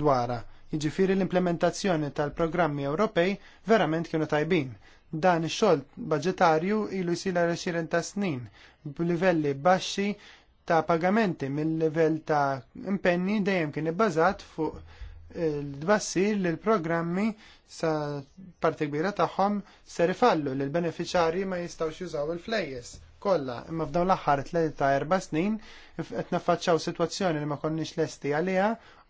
dwarha Jiġifieri l-implementazzjoni tal-programmi Ewropej verament kienu tajbin. Dan ix-xogħol ilu jsir għal ta' snin b'livelli baxxi ta' pagamenti mill-livell ta' impenni dejjem kien ibbażat fuq il-dbassir li l-programmi sa parti kbira tagħhom ser ifallu li l-beneficjarji ma jistgħux jużaw il-flejjes. Kolla, imma f'dawn l-aħħar tlieta erba' snin qed naffaċċaw sitwazzjoni li ma konniex lesti għaliha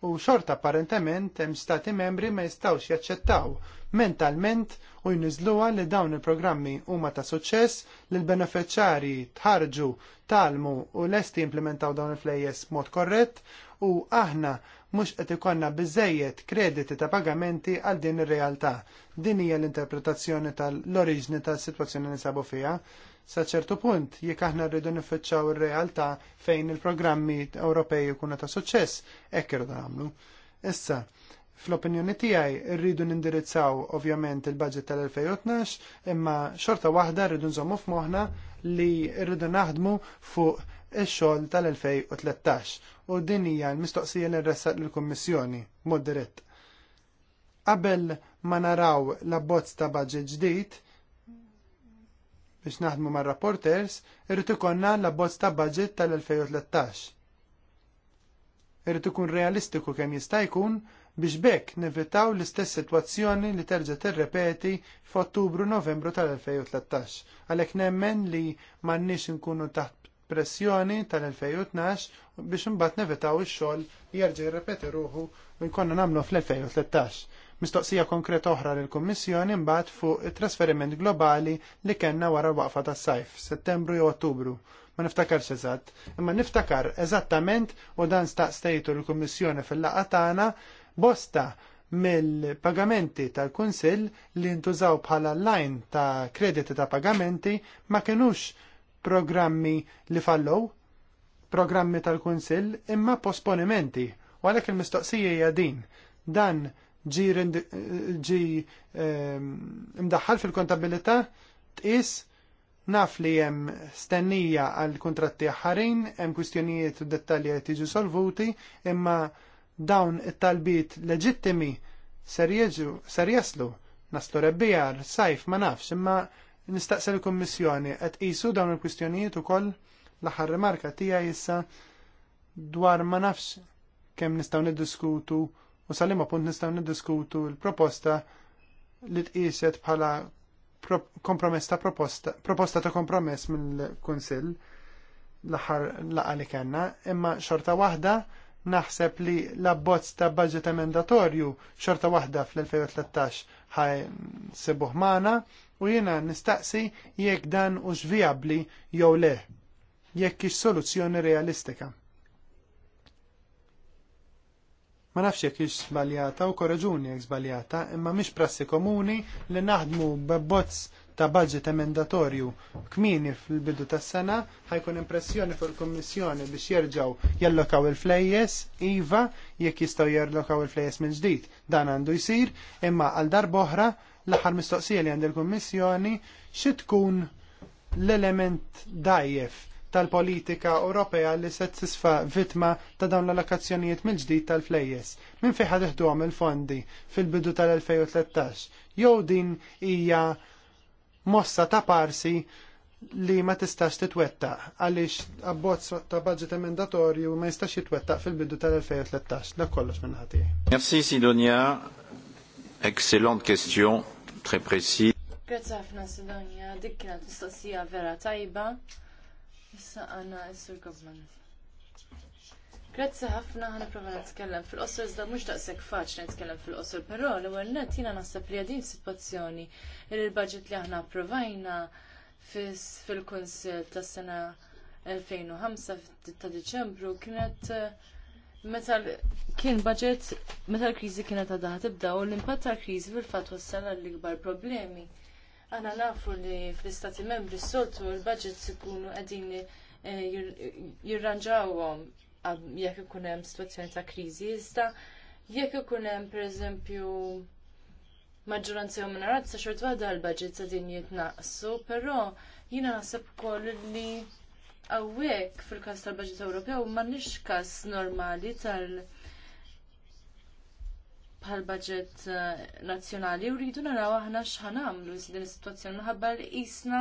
u xorta apparentement hemm stati membri ma jistgħux jaċċettaw mentalment u jniżluha li dawn il-programmi huma ta' suċċess li l-beneficjari tħarġu talmu u lesti implementaw dawn il-flejjes mod korrett u aħna mhux qed ikollna biżejjed krediti ta' pagamenti għal din ir-realtà. Din hija l-interpretazzjoni tal-oriġni tas-sitwazzjoni li sabu fiha. Sa ċertu punt, jekk aħna rridu nifittxaw ir-realtà fejn il-programmi Ewropej ikunu ta' suċċess, hekk irridu nagħmlu. Issa, fl-opinjoni tiegħi rridu nindirizzaw ovvjament il-budget tal-2012, imma xorta waħda rridu nżommu f'moħħna li rridu naħdmu fuq ix-xogħol tal-2013 u din hija l-mistoqsija li nressaq lill-Kummissjoni mod dirett. Qabel ma naraw l-abbozz ta' budget ġdid, biex naħdmu mar rapporters irritu ikollna la bozz ta' budget tal-2013. Irritu ikun realistiku kemm jista' jkun biex bekk nevitaw l-istess sitwazzjoni li terġa' tirrepeti f'Ottubru Novembru tal-2013. Għalhekk nemmen li m'għandniex inkunu taħt pressjoni tal-2012 biex imbagħad nevitaw ix-xogħol jerġa' jirrepeti ruħu u jkollna nagħmlu fl-2013. Mistoqsija konkreta oħra lill kummissjoni mbagħad fuq it-trasferiment globali li kellna wara waqfa tas-sajf, Settembru jew Ottubru. Ma niftakarx eżatt, imma niftakar eżattament u dan staqstejtu l-Kummissjoni fil-laqgħa tagħna bosta mill-pagamenti tal-Kunsill li ntużaw bħala line ta' krediti ta' pagamenti ma kinux programmi li fallow, programmi tal-Kunsill imma posponimenti. U għalhekk il-mistoqsija hija din. Dan ġi ehm, imdaħħal fil-kontabilità tqis naf li hemm stennija għal kuntratti ħarin, hemm kwistjonijiet u dettalji qed jiġu solvuti, imma dawn it-talbiet leġittimi ser jaslu naslu rebbijar, sajf ma nafx, imma nistaqsel il-Kummissjoni qed qisu dawn il kustjonijiet ukoll l-aħħar rimarka tija issa dwar ma nafx kemm nistgħu niddiskutu u salim appunt nistaw niddiskutu l-proposta li tqiset bħala kompromess ta' proposta, proposta ta' kompromess mill-Kunsill l-aħħar laqa li kellna, imma xorta waħda naħseb li l-abbozz ta' budget emendatorju xorta waħda fl-2013 ħaj sebuħ u jiena nistaqsi jekk dan u viabli jew le, jekk ix soluzzjoni realistika. Ma nafx jekk hix żbaljata u korreġuni jekk żbaljata, imma mhix prassi komuni li naħdmu b'bozz ta' budget emendatorju kmini fil-bidu tas-sena ħajkun impressjoni fuq il-Kummissjoni biex jerġgħu jallokaw il-flejjes iva jekk jistgħu jallokaw il-flejjes minn ġdid. Dan għandu jsir, imma għal darb'oħra l-aħħar mistoqsija li għand il-Kummissjoni xi tkun l-element dajjef tal-politika Ewropea li se tisfa vittma ta' dawn l-allokazzjonijiet mill-ġdid tal-flejjes. Min fejn ħad iħduhom il-fondi fil-bidu tal-2013. Jew din hija mossa ta' parsi li ma tistax titwettaq għaliex abbozz ta' budget emendatorju ma jistax jitwettaq fil-bidu tal-2013. Dak kollox minn ħati. Merci Sidonia. excellent question, très précis. Grazie ħafna Sidonia, dik kienet mistoqsija vera tajba. Issa għana Sur Govman. Grazzi ħafna ħana prova nitkellem fil-qosor, iżda mhux daqshekk faċli nitkellem fil-qosor, però l-ewwel net jiena naħseb li għadin situazzjoni li l-budget li aħna approvajna fil-Kunsill tas-sena 2005 ta' Diċembru kienet eh, meta kien budget meta l-kriżi kienet għadha tibda u l-impatt tal-kriżi fil-fatt wassal l ikbar problemi. Għana nafu li fl-istati membri s-soltu l-budgets ikunu għadin eh, jirranġawhom jekk ikun hemm situazzjoni ta' kriżi, iżda jekk ikun hemm pereżempju maġġoranza jew sa' xort waħda l-budgets qegħdin jitnaqsu, però jina naħseb koll li hawnhekk fil-każ tal-budget Ewropew m'għandniex każ normali tal- bħal budget eh, nazzjonali u rridu naraw aħna x'ħan għamlu din is-sitwazzjoni minħabba li qisna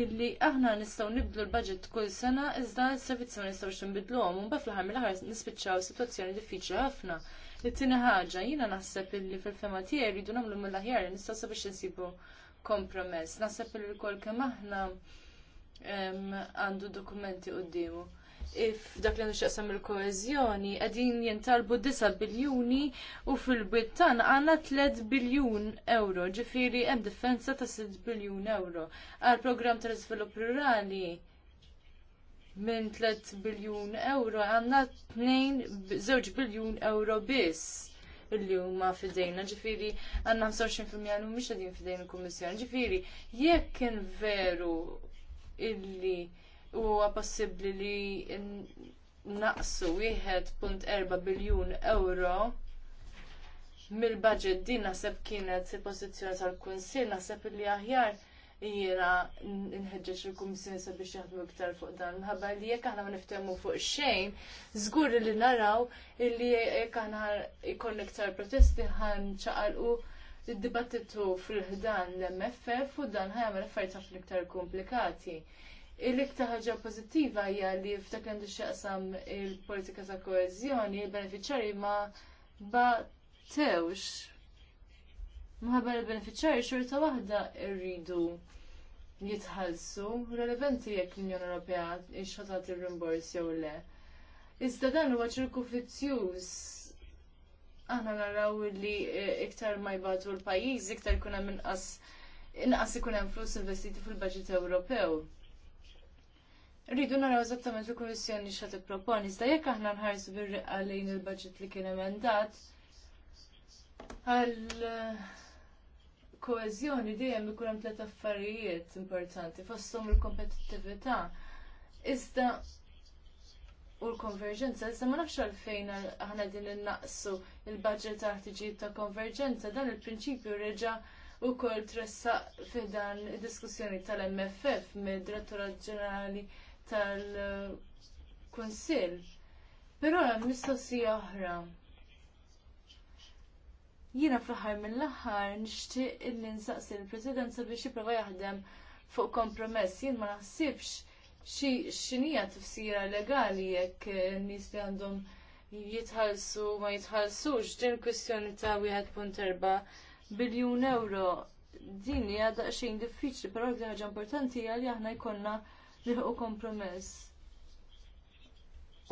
illi aħna nistgħu nibdlu l-budget kull sena iżda s-servizzi ma nistgħux nbidluhom u mbagħad fl-aħħar mill-aħħar nispiċċaw sitwazzjoni diffiċli ħafna. li tieni ħaġa jiena naħseb illi fil-fema tiegħi rridu nagħmlu mill-aħjar nistgħu sabiex insibu kompromess. Naħseb illi wkoll kemm aħna għandu dokumenti qudiemu f'dak li nixtaqsam il-koezjoni qegħdin jintalbu 9 biljuni u fil-bit tagħna għandna 3 biljun euro, ġifieri hemm defensa ta' 6 biljun euro. Għal programm ta' iżvilupp rurali minn 3 biljun euro għandna 2 biljun euro biss illi huma fidejna, ġifiri għanna 25% għannu mux għedin fidejna il-Kommissjoni, ġifiri jekk kien veru illi huwa possibbli li naqsu 1.4 biljun euro mill-budget din naħseb kienet il-pożizzjoni tal-Kunsill, naħseb li aħjar jiena nħeġġeġ il-Kummissjoni sabiex jaħdmu iktar fuq dan. Minħabba li jekk aħna ma niftehmu fuq xejn, żgur li naraw li jekk aħna jkollna iktar protesti ħanċaqalqu id-dibattitu fil-ħdan l-MFF u dan ħajamel affarijiet ħafna iktar komplikati. Il-iktar ħaġa pożittiva hija li f'dak għandu x'jaqsam il-politika ta' koeżjoni, il-beneficjari ma batewx. Minħabba il-beneficjari xorta waħda rridu jitħallsu, relevanti jekk l-Unjoni Ewropea xħatat ir-rimbors jew le. Iżda dan huwa ċirku fizzjuż. Aħna naraw li eh, iktar ma jbatu l-pajjiż, iktar kuna minqas inqas ikun hemm flus investiti fil-baġit Ewropew. Rridu naraw eżattament il-Kummissjoni xa tipproponi, iżda jekk aħna nħarsu birriqa lejn il-budget li kien emendat għal eh, koezjoni dejjem ikun hemm tliet affarijiet importanti fosthom il-kompetittività. Iżda u l-konverġenza, iżda ma nafx għalfejn aħna din innaqsu il-budget taħtiġi ta' konverġenza, dan il-prinċipju reġa u kol tressa fidan diskussjoni tal-MFF mid direttura ġenerali tal-Kunsill. Però hemm mistoqsija oħra. Jiena fl-aħħar mill-aħħar nixtieq illi nsaqsi l-Presidenza biex jipprova jaħdem fuq kompromess. Jien ma naħsibx xi hija tifsira legali jekk n-nies li għandhom jitħallsu ma jitħallsux din il-kwestjoni ta' 1.4 biljun euro din hija daqsxejn diffiċli, però l ħaġa importanti hija li aħna jkollna nilħu kompromess.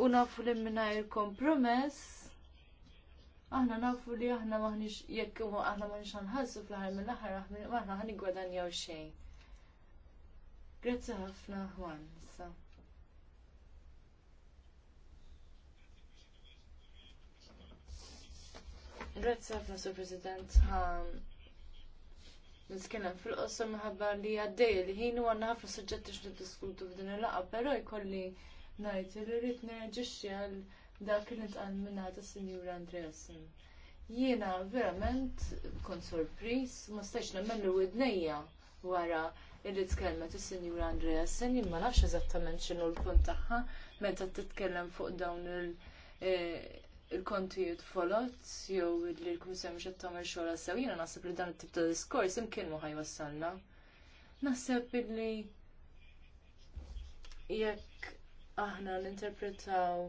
U nafu li minnajr kompromess, aħna nafu li aħna maħnix, jekk aħna maħnix għanħassu fl-ħar mill-ħar, aħna ħani għadanjaw xej. Grazie ħafna, Juan. Grazie ħafna, Sir President nitkellem fil-qosor minħabba li għaddej li ħin u għandna ħafna suġġetti x'niddiskutu f'din il-laqgħa, però jkolli ngħid li rrid nerġixxi għal dak li nitqal ta' sinjur Andreasen. Jiena verament kont sorpriż, ma stajx nemmen li widnejja wara illi tkellmet is sinjur Andreasen, imma nafx eżattament x'inhu l-punt tagħha meta titkellem fuq dawn il- eh, il konti folot jew li l-Kummissjoni mhux qed tagħmel xogħol sew jiena naħseb li dan it-tip ta' diskors imkien ma ħajwassalna. Naħseb li jekk aħna ninterpretaw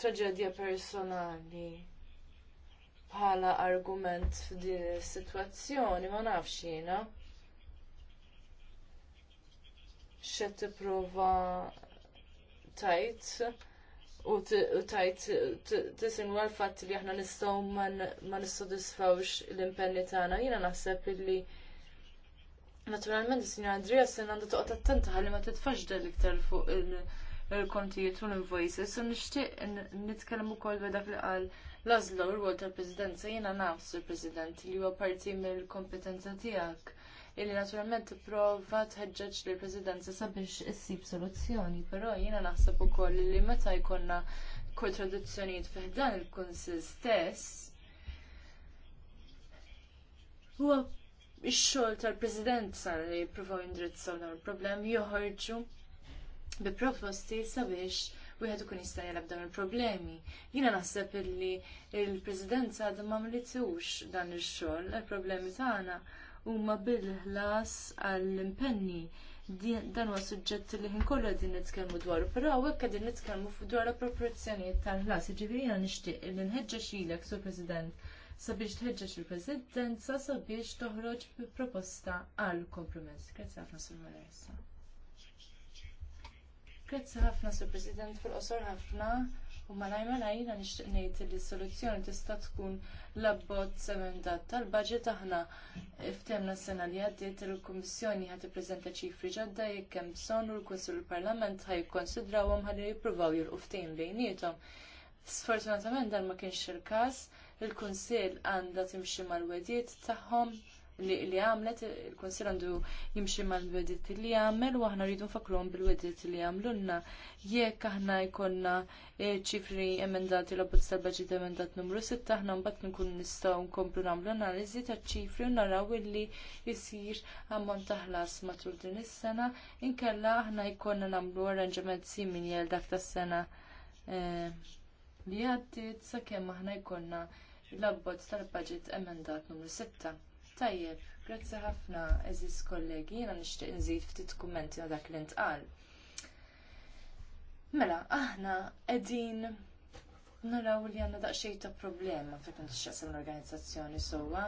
traġedja personali bħala argument f'din is-sitwazzjoni ma nafx jiena. Xed tipprova tajt u tajt tisimlu għal-fat li aħna nistaw ma nistodisfawx l-impenni tagħna. Jiena naħseb illi naturalment is-Sinjor Andrea sen għandha toqgħod attenta ħalli ma titfax iktar fuq il-kontijiet u l-invoices u nixtieq nitkellem ukoll beda dak li qal u r-rwol tal-Presidenza jiena naf sur President li huwa parti mill-kompetenza tiegħek illi naturalment prova tħeġġeġ lill presidenza sabiex issib soluzzjoni, però jiena naħseb ukoll li meta jkollna kontradizzjonijiet fih dan il-kunsil stess. Huwa x-xogħol tal-presidenza li jippruvaw indirizzaw dan il problemi joħorġu bi proposti sabiex wieħed ikun jista' jelab dawn il-problemi. Jiena naħseb illi il-Presidenza għadha ma mlitux dan ix-xogħol għall problemi tagħna huma bil-ħlas għall-impenni. Dan huwa suġġett li ħin kollha din nitkellmu dwaru, però hawnhekk qegħdin nitkellmu dwar proporzjonijiet tal-ħlas. Jiġifieri jiena nixtieq li nħeġġeġ lilek, Sur President, sabiex tħeġġeġ il-Presidenza sabiex toħroġ proposta għal kompromess. Grazzi ħafna Sur Maresa. Grazzi ħafna Sur President fil-qosor ħafna. U malaj jina nixtieq ngħid li s-soluzzjoni tista' tkun l-abbozz emendat tal-baġit aħna ftemna s-sena li għaddiet il-Kummissjoni ħad tippreżenta ċifri ġodda jekk hemm bżonn u l-Kunsill parlament ħajkkonsidrawhom ħalli jippruvaw jilqu ftehim bejniethom. Sfortunatament dan ma kienx il-każ, il-Kunsill għandha timxi mal-wedjiet tagħhom li għamlet, il-Konsil għandu jimxi mal-wedit li għamel u aħna rridu nfakrom bil-wedit li għamlunna. Jekk aħna jkonna eh, ċifri emendati l abbozz tal-budget emendat numru 6, aħna mbatt nkun nistgħu nkomplu nagħmlu analiżi taċ-ċifri u naraw illi jsir ammont ta' ħlas matul din is-sena, inkella aħna jkollna nagħmlu arranġament simili għal dak tas-sena eh, li għaddiet sakemm aħna jkollna l-abbozz tal-budget emendat numru 6. Tajjeb, grazzi ħafna, eżis kollegi, jena nishtiq nżid ftit kummenti għal dak li ntqal. Mela, aħna qegħdin naraw li għandna daqsxejn ta' problema f'dak li xaqsam l-organizzazzjoni sewwa.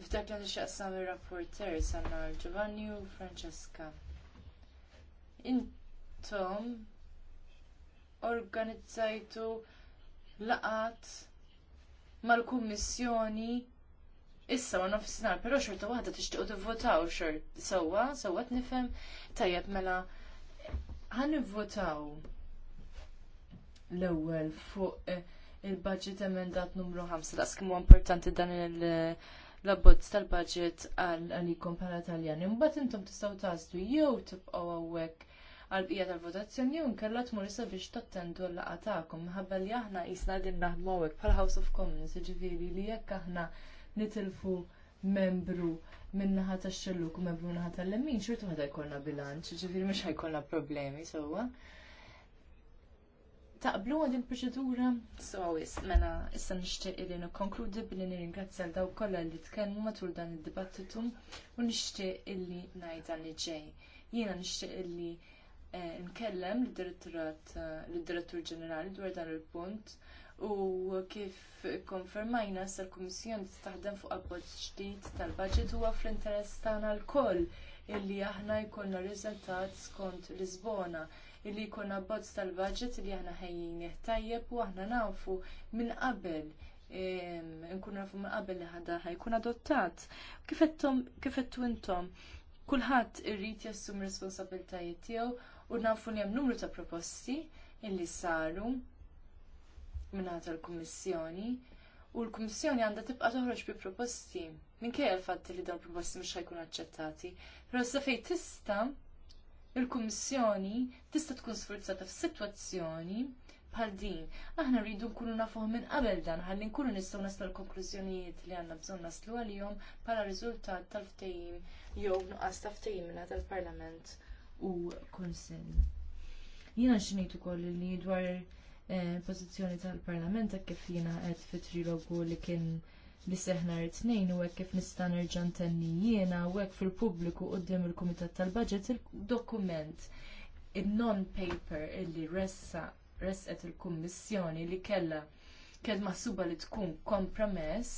F'dak li xaqsam ir-rapporter sanna Giovanni u Francesca. Intom organizzajtu laqat mal-kummissjoni issa u nofsinhar, però xorta waħda tixtiequ tivvotaw xort sewwa, sewwa nifhem tajjeb mela Ħa' nivvotaw l-ewwel fuq eh, il-budget emendat numru 5 daqs kemm importanti dan il- eh, l-abbozz tal-budget għalikom bħala Taljani. Mbagħad intom tistgħu tazdu jew tibqgħu għawek għal bija tal-votazzjoni jew nkella tmur issa biex tattendu l-laqgħa tagħkom minħabba li aħna qisna din naħdmu għawek pal House of Commons, jiġifieri li jekk aħna nitilfu membru minnaħa ta' xelluk u membru minnaħa ta' l-emmin, xurtu ħada jkollna bilanċ, ġifiri mux ħajkollna problemi, sowa. Taqblu għad il-proċedura, sowa wis, mena issa nishtiq li nikkonkludi billi nirringrazzja l daw kolla li tkellmu matul dan id-dibattitu u nishtiq illi ngħid dan li ġej. Jiena nixtieq illi eh, nkellem eh, l-direttur ġenerali dwar dan il-punt u kif konfermajna sa l-Kummissjoni taħdem fuq abbozz ġdid tal-budget huwa fl-interess tagħna lkoll illi aħna jkollna riżultat skont Lisbona illi jkollna abbozz tal-budget illi aħna ħejjin tajjeb u aħna nafu minn qabel nkun nafu minn qabel li ħadda ħajkun adottat. Kif qedtu intom kulħadd irrid jassum responsabiltajiet tiegħu u nafu li hemm numru ta' proposti illi saru minnata l-Kummissjoni u l-Kummissjoni għandha tibqa' toħroġ bi proposti minkejja l-fatt li dawn proposti mhux ħajkun aċċettati. Però sa fejn tista' il-Kummissjoni tista' tkun sforzata f'sitwazzjoni bħal din. Aħna rridu nkunu nafuħ minn qabel dan, ħalli nkunu nistgħu naslu l-konklużjonijiet li għandna bżonn naslu għalihom bħala riżultat tal-ftehim jew nuqqas ta' ftehim mingħata tal-Parlament u Kunsill. Jiena xinejt ukoll li dwar Eh, pożizzjoni tal-Parlament hekk kif jiena għedt fit trilogu li kien li seħnar it-tnejn u hekk kif nista' nerġa' ntenni jiena u hekk fil-pubbliku quddiem il-Kumitat tal budget il-dokument in-non paper illi ressa resqet il-Kummissjoni li kellha kell maħsuba li tkun kompromess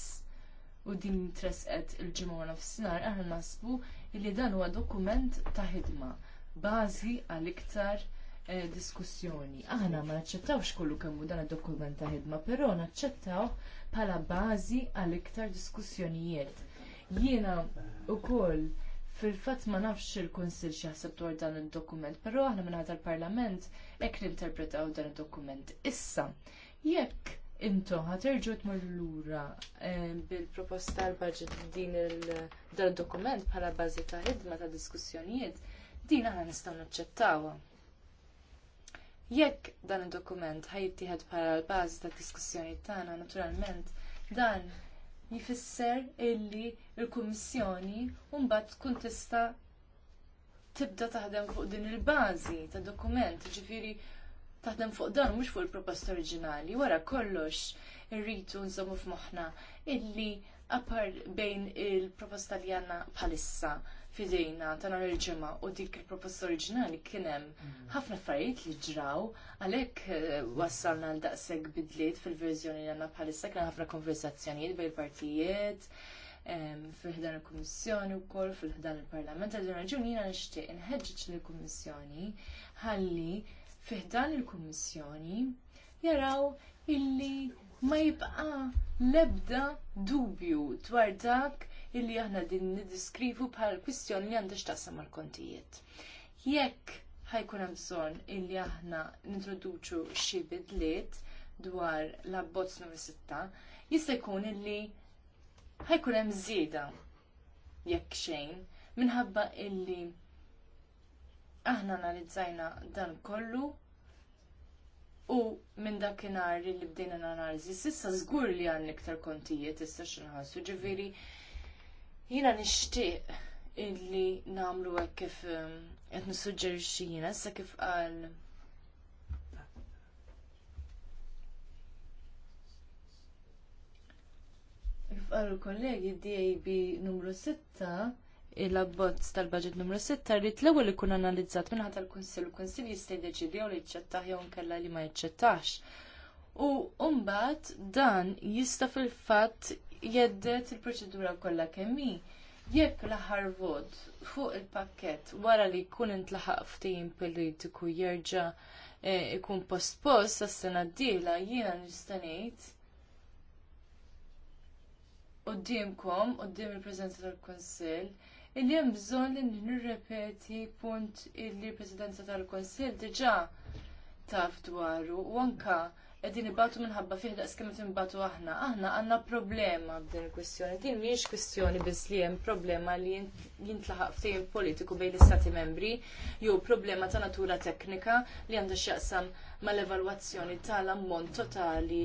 u din tresqet il-ġimgħa nofsinhar aħna naħsbu li dan huwa dokument ta' ħidma bażi għal iktar Eh, diskussjoni. Aħna ma naċċettawx kollu kemm dan id-dokument ta' ħidma, però naċċettaw bħala bażi għal iktar diskussjonijiet. Jiena ukoll fil-fatt ma nafx il-Kunsil xaħseb dwar dan id-dokument, però aħna minn ħadd l parlament hekk ninterpretaw dan id-dokument. Issa, jekk intom ħaterġu tmorru lura eh, bil-proposta l-budget din il-dokument bħala bażi ta' ħidma ta' diskussjonijiet, din aħna nistgħu naċċettawha. Jekk dan id-dokument ħajtieħed bħala l-bażi tad diskussjoni tagħna, naturalment dan jifisser illi l kummissjoni mbagħad tkun tista' tibda taħdem fuq din il-bażi tad dokument, jiġifieri taħdem fuq dan mhux fuq il-proposta oriġinali. Wara kollox irridu nżommu f'moħħna illi apar bejn il-proposta li għandna bħalissa fidejna ta' nhar il-ġimgħa u dik il-proposta oriġinali kien hemm mm. ħafna affarijiet li ġraw għalhekk eh, wassalna l daqshekk bidliet fil-verżjoni li għandna bħalissa kien ħafna konversazzjonijiet bejn partijiet fil-ħdan il-Kummissjoni u fil-ħdan il-Parlament għal raġuni jiena nixtieq inħeġġeġ lill-Kummissjoni ħalli fil-ħdan il-Kummissjoni jaraw illi ma jibqa l-ebda dubju dwar dak illi aħna din nidiskrivu bħal kwistjoni li għandha x'taqsam mal-kontijiet. Jekk ħajkun hemm bżonn illi aħna nintroduċu xi bidliet dwar l-abbozz numru 6, jista' jkun illi ħajkun hemm żieda jekk xejn minħabba illi aħna analizzajna dan kollu u minn dakinhar li bdejna analiżi sissa żgur li għandna iktar kontijiet issa x'inħassu ġifieri Jiena nixtieq illi nagħmlu hekk kif qed um, nissuġġerixxi jiena sa kif qal Kif qalu kollegi DAB numru 6 il-abbozz tal-budget numru 6 rrit l-ewwel ikun analizzat minn tal il u il jistaj jista' jiddeċidi li ċettaħ jew kalla li ma jċettaħx. U mbagħad dan jista' fil-fatt jeddet il-proċedura kollha kemm hi. Jekk l-aħħar vot fuq il-pakkett wara li jkun intlaħaq ftehim politiku jerġa' eh, ikun postpost sas-sena d-dieħla jiena nista' ngħid qudiemkom, quddiem il-Presidenza tal-Kunsill, illi hemm bżonn li nirrepeti punt illi l-Presidenza tal-Kunsill diġà taf dwaru u anka qegħdin ibatu minħabba fiħ daqs kemmet imbatu aħna. Aħna għandna problema b'din il-kwistjoni. Din mhijiex kwistjoni biz li jem problema li jintlaħaq ftehim politiku bejn l-istati membri jew problema ta' natura teknika li għandha x'jaqsam mal-evalwazzjoni tal-ammont totali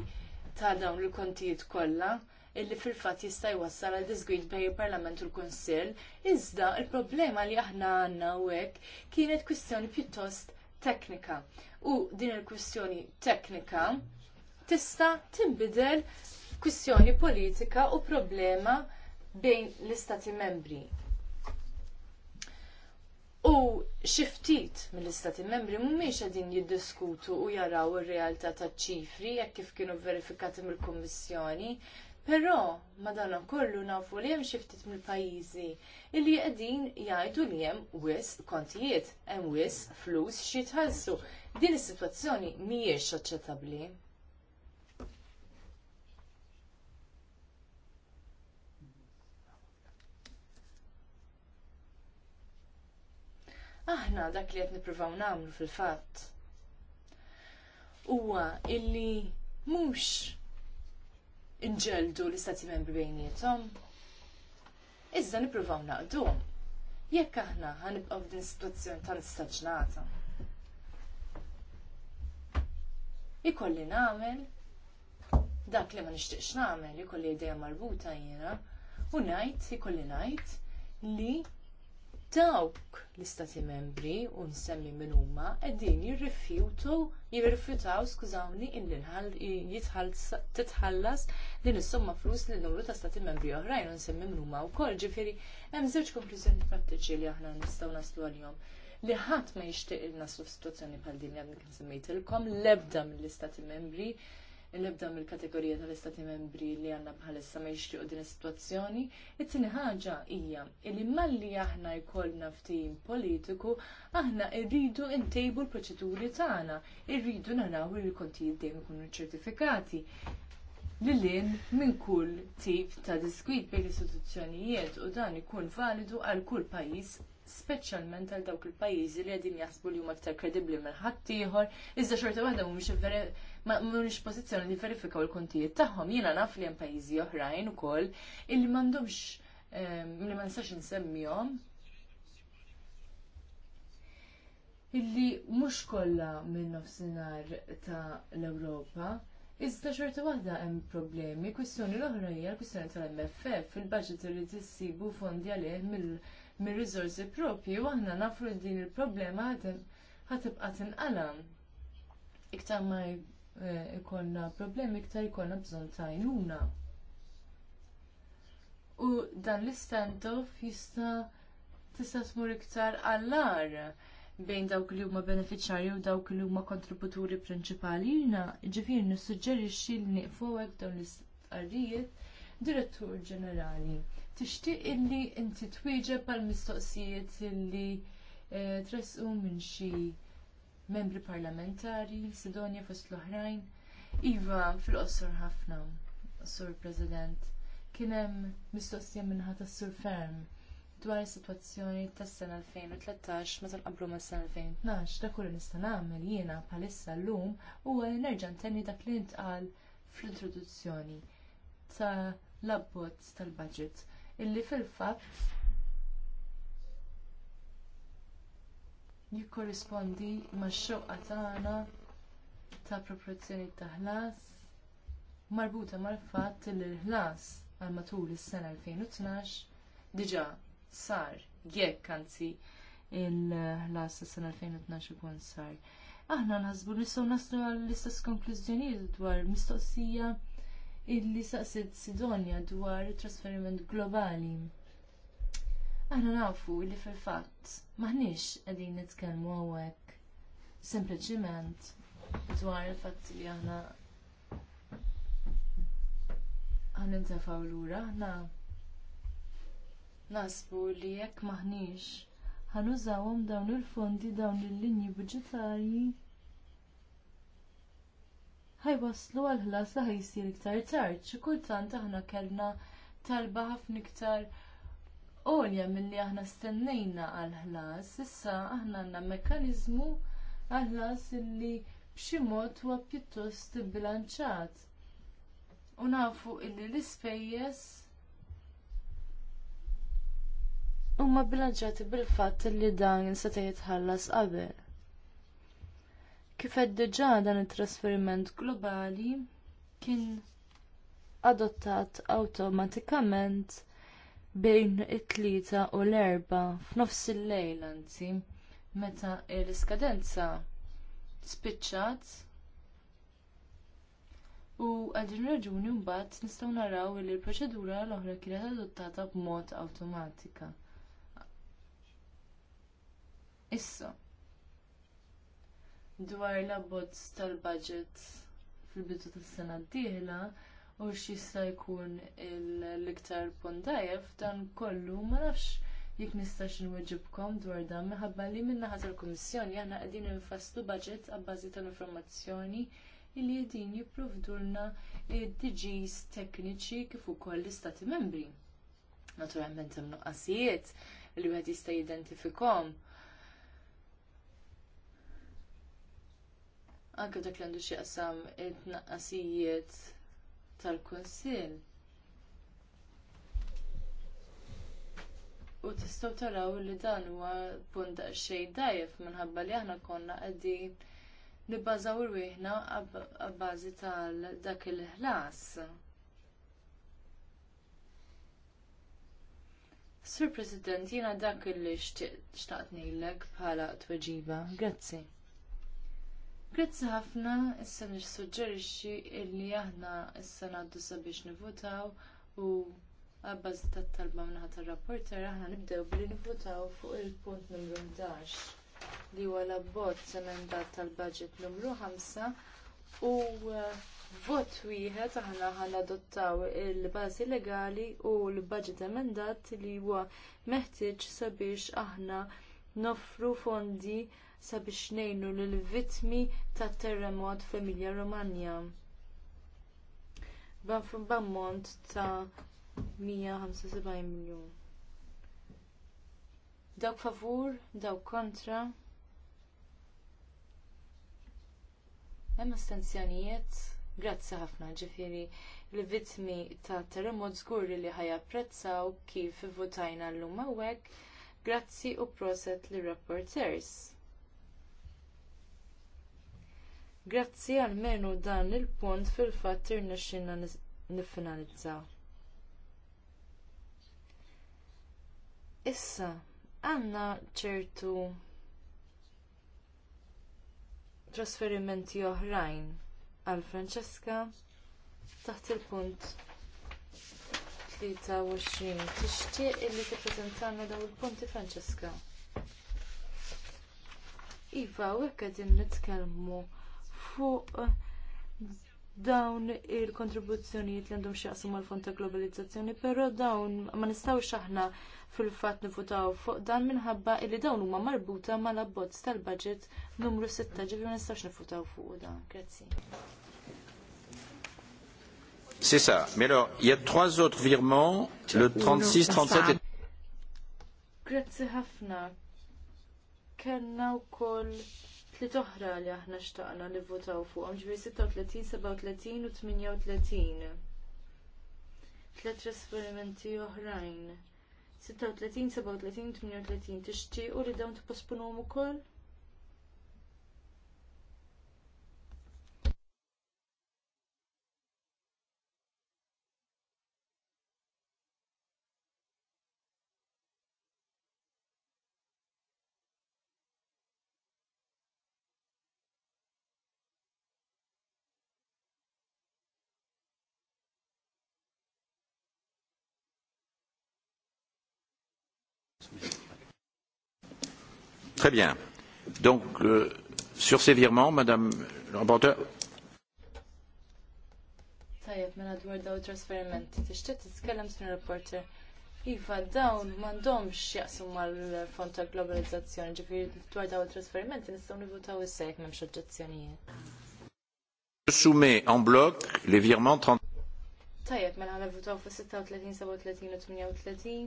ta' dawn il-kontijiet kollha illi fil-fat jista' jwassal għal disgwid bej il-Parlament u l-Kunsill, iżda l problema li aħna għandna hekk kienet kwistjoni pjuttost teknika. U din il-kwistjoni teknika tista' tinbidel kwistjoni politika u problema bejn l-istati membri. U xiftit mill-istati membri mhumiex qegħdin jiddiskutu u jaraw ir-realtà taċ-ċifri jekk kif kienu verifikati mill-Kummissjoni, Però madana kollu nafu li hemm xi ftit mill-pajjiżi illi qegħdin jgħidu li hemm wis kontijiet, hemm wis flus xi jitħallsu. Din is-sitwazzjoni mhijiex aċċettabbli. Aħna dak li qed nippruvaw nagħmlu fil-fatt huwa illi mhux inġeldu l-istati membri bejnietom. Iżda nippruvaw naqdu. Jekk aħna ħanibqaw din situazzjoni tan nistaġnata. Ikolli nagħmel dak li ma nixtieqx nagħmel, ikolli idea marbuta jiena u ngħid, ikolli ngħid li dawk l-istati membri u nsemmi minn huma qegħdin jirrifjutu jirrifjutaw skużawni illi titħallas din is-somma flus lil numru ta' stati membri oħrajn u nsemmi minn huma wkoll ġifieri hemm żewġ konklużjoni prattiċi li aħna nistgħu naslu għalihom li ħadd ma jixtieq il naslu f'sitwazzjoni bħal din li għandek nsemmejtilkom l-ebda mill-istati membri l-ebda mill-kategorija tal-istati membri li għandna bħalissa ma jixtiequ din is-sitwazzjoni. It-tieni ħaġa hija li malli aħna jkollna ftehim politiku, aħna rridu ntejbu l-proċeduri tagħna, irridu naraw li l-kontijiet dejjem ikunu ċertifikati lilin minn kull tip ta' diskwit bejn l-istituzzjonijiet u dan ikun validu għal kull pajjiż speċjalment għal dawk il-pajjiżi li qegħdin jaħsbu li huma aktar kredibbli minn ħaddieħor, iżda xorta waħda mhumiex mhumiex pożizzjoni li verifikaw il-kuntijiet tagħhom. Jiena naf li hemm pajjiżi oħrajn ukoll illi m'għandhomx ehm, li ma nistax insemmihom illi mhux kollha minn nofsinhar ta' l-Ewropa. Iżda xorta waħda hemm problemi, kwistjoni l-oħra hija l-kwistjoni tal-MFF, fil-budget irid issibu fondi għalih mill- mir-riżorsi proprji u aħna nafu li din il-problema ħatibqa' tinqalam. Iktar ma e, ikollna problemi iktar ikollna bżonn ta' għajnuna. U dan l-istantof jista' tista' tmur iktar għallar bejn dawk li huma benefiċjarji u dawk li huma kontributuri prinċipali jina ġifir nissuġġerixxi li nieqfu hekk dawn l-istqarrijiet direttur ġenerali tixtieq illi inti twieġeb għal mistoqsijiet illi eh, tressu minn xi membri parlamentari, Sidonja fost l-oħrajn. Iva, fil-qosor ħafna, Sur President, kien hemm mistoqsija minnħa tas Sur Ferm dwar is-sitwazzjoni tas-sena 2013 meta nqabblu mas-sena 2012 dak kull nista' nagħmel jiena bħalissa llum huwa li nerġa' ntenni dak li ntqal fl-introduzzjoni ta' l-abbozz tal-budget illi fil-fatt jikkorrispondi max xewqa tagħna ta' proporzjoni ta' ħlas marbuta mal-fatt li l-ħlas għal matul is-sena 2012 diġà sar jekk anzi il-ħlas is-sena 2012 ikun sar. Aħna nħasbu nistgħu naslu għall-istess konklużjonijiet dwar mistoqsija illi saqset Sidonja dwar it trasferiment globali. Aħna nafu illi fil fatt maħniex qegħdin nitkellmu hawnhekk sempliċiment dwar il-fatt li aħna għan intafaw lura aħna nasbu li jekk maħniex ħanużawhom dawn il-fondi dawn il-linji budġetarji ħajwaslu għal ħlas li ħajsir iktar tard. Xi kultant aħna kellna talba ħafna iktar għolja milli aħna stennejna għal ħlas. Issa aħna għandna mekkaniżmu għal ħlas illi b'xi mod huwa pjuttost bilanċat. U nafu illi l-ispejjeż huma bilanċati bil-fatt li dan se jitħallas qabel. Kif diġà dan it-trasferiment globali kien adottat awtomatikament bejn it-tlieta u l-erba f'nofs il-lejl anzi meta l-iskadenza spiċċat u għal din raġuni mbagħad nistgħu naraw li l-proċedura l-oħra kienet adottata b'mod awtomatika. Issa, dwar l-abbozz tal-budget fil-bidu tas-sena d-dieħla u jista' jkun l-iktar pondajef dan kollu ma nafx jekk nistax inweġibkom dwar dan minħabba li min-naħa tal-Kummissjoni aħna qegħdin infasslu budget abbażi tal-informazzjoni li qegħdin jipprovdulna DGs tekniċi kif ukoll l-Istati Membri. Naturalment hemm nuqqasijiet li wieħed jista' jidentifikhom anke dak li għandu xi qasam it-tnaqqasijiet tal-Kunsill. U tistgħu taraw li dan huwa punt daqsxejn dajjef minħabba li aħna konna qegħdin nibbażaw irwieħna għabbażi tal dak il-ħlas. Sur President, jiena dak li xtaqt ngħidlek bħala tweġiba. Grazzi. Grazzi ħafna, issa nissuġġerixxi illi aħna issa ngħaddu sabiex nivutaw u għabbażi tat-talba minnaħat tar-rapporter aħna nibdew billi nivutaw fuq il-punt numru 11 li huwa l-abbozz emendat tal-budget numru 5 u uh, vot wieħed aħna ħan adottaw il-bażi legali u l-budget emendat li huwa meħtieġ sabiex aħna nofru fondi sabiex ngħinu lill vittmi ta' terremot fl-Emilja Romagna. B'ammont ta' 175 miljun. Dawk favur, dawk kontra. Hemm astenzjonijiet, grazzi ħafna ġifieri l-vittmi ta' terremot żgur li apprezzaw kif votajna llum hawnhekk. Grazzi u proset l rapporters Grazzi għalmenu dan il-punt fil-fatt irnexxinna niffinalizzaw. Issa, għandna ċertu trasferimenti oħrajn għal Franceska taħt il-punt 23. Tixtieq illi tippreżentana dawn il-punti Franceska. Iva, u qegħdin nitkellmu fuq eh, dawn il-kontribuzzjonijiet li għandhom xaqsu mal-fond ta' globalizzazzjoni, però dawn ma nistgħux aħna fil-fatt nifutaw fuq dan minħabba li dawn huma marbuta mal-abbozz tal-budget numru 6 ġifi ma nistax nifutaw fuq dan. Grazzi. C'est ça. Mais alors, il y a trois autres virements, le 36, 37 et... Grazie ħafna. Kenna u koll tliet oħra li aħna xtaqna li votaw fuqhom ġifieri 36, 37 u 38. Tliet trasferimenti oħrajn. 36, 37, 38 tixtiequ li dawn tipposponuhom ukoll? Très bien. Donc, euh, sur ces virements, Madame le rapporteur. Tajab, mela dwar daw trasferimenti, tixtieq tkellem, sin reporter. Iva, dawn m'għandhomx jaqsmu mal-fond ta' globalizzazzjoni, ġifieri dwar daw trasferimenti nistgħu nivutaw issejk m'hemmx oġġezzjonijiet. Sume en bloc les virements 30. Tajab, mela nivutaw fuq 36, 37 u 38.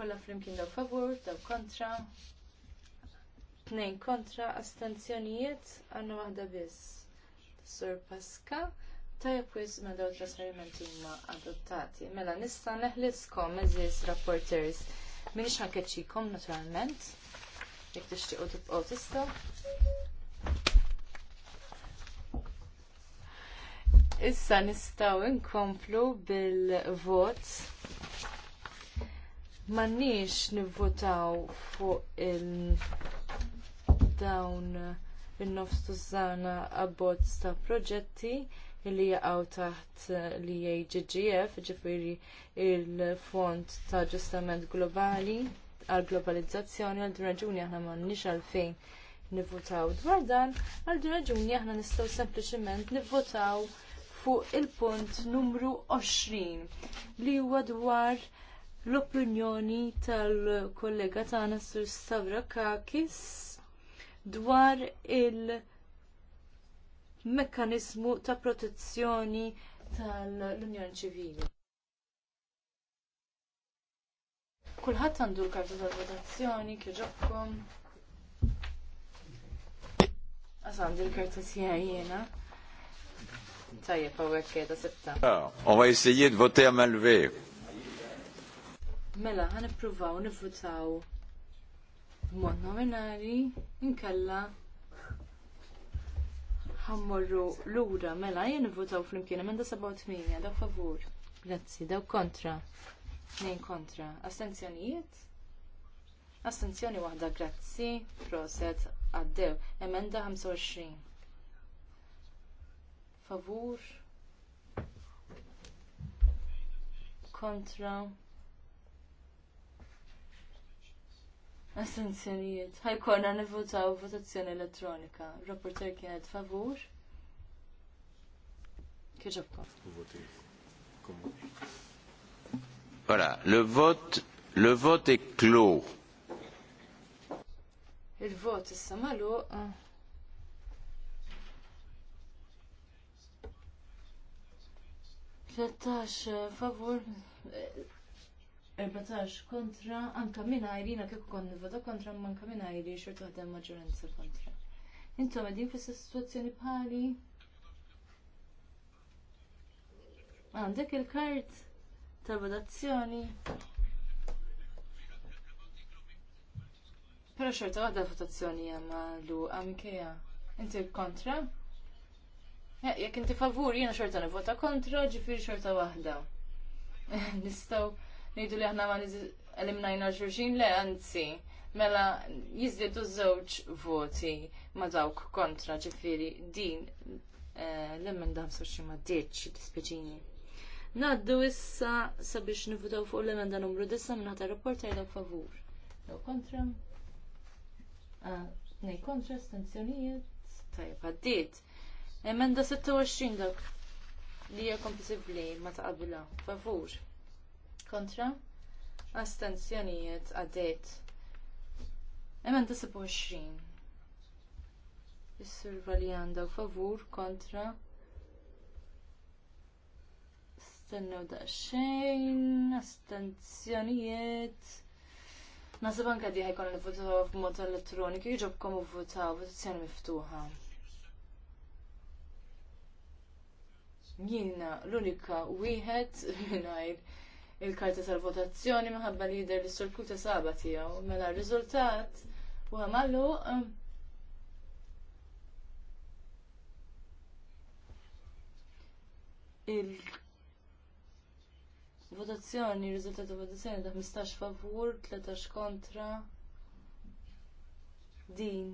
Kollha flimkien daw favur, daw kontra, Tnejn kontra astenzjonijiet għandna waħda biss. Sur Paska, tajab wis me daw trasferimenti huma adottati. Mela nista' neħliskom eżis rapporters minix ħankeċikom naturalment. Jek tixtiequ tibqgħu tistgħu. Issa nistgħu nkomplu bil-vot. M'għandniex nivvotaw fuq il- dawn in-nofs tużana abbozz ta' proġetti li jaqgħu taħt li GGF, ġifiri il-Fond ta' Ġustament Globali għall globalizzazzjoni għal din raġuni aħna m'għandniex għalfejn nivvotaw dwar dan, għal din raġuni aħna nistgħu sempliċement nivvotaw fuq il-punt numru 20 li huwa dwar l-opinjoni tal-kollega tagħna Sur Kakis dwar il-mekkanizmu ta' protezzjoni tal-Unjoni Ċivili. Kulħadd għandu l-karta tal-votazzjoni kieġobkom. għandi l karta tiegħi jiena. Tajjeb hawnhekk qiegħda sibta. Ah, on va essayer de voter à Mela, ħanippruvaw nivvutaw b'mod nominali inkella ħammorru lura mela jien votaw flimkien emenda 8. daw favur. Grazzi, daw kontra. Nejn kontra. Astenzjonijiet? Astenzjoni waħda grazzi, proset, għaddew. Emenda 25. Favur. Kontra. Assenzjonijiet. Ħajkorna nivvotaw votazzjoni elettronika. Rapporter kienet favur. Kieġobkom. Voilà, le vote, le vote est clos. Il-vot issa malu. Tlettax eh, favur 14 kontra, anka mingħajr jiena kif konni nivota kontra, ma anka mingħajr li xorta għadda maġġoranza kontra. Intom għedin fissa situazzjoni bħali? Għandek il-kart tal-votazzjoni? Pero xorta għadda votazzjoni jemma lu għamikeja. Inti kontra? Jek inti favur, jiena xorta nivota kontra, ġifiri xorta waħda. Nistgħu ngħidu li aħna ma eliminajna ġurġin le anzi mela jiżdiedu żewġ voti ma dawk kontra ġifiri din eh, l-emenda 25 ma ddeċ dispjaċini. Naddu issa sabiex nifutaw fuq l-emenda numru dissa minn ta' rapporta dawk favur. Daw kontra. Ah, nej kontra, stanzjonijiet, tajab Emmen Emenda 26 dak li hija kompatibli ma taqabla favur kontra astenzjonijiet għaddiet. Emenda 27. Is-sur Valjanda favur kontra Stennew daqsxejn, astenzjonijiet. Nasib anka di ħajkon nivvotaw b'mod elettroniku, u votaw votazzjoni miftuħa. Jiena l-unika wieħed mingħajr il-karta tal-votazzjoni minħabba li jidher li s-sorkuta saba tiegħu. Mela r-riżultat huwa magħluq il-votazzjoni, il-rizultat ta' votazzjoni ta' 15 favur, 13 kontra din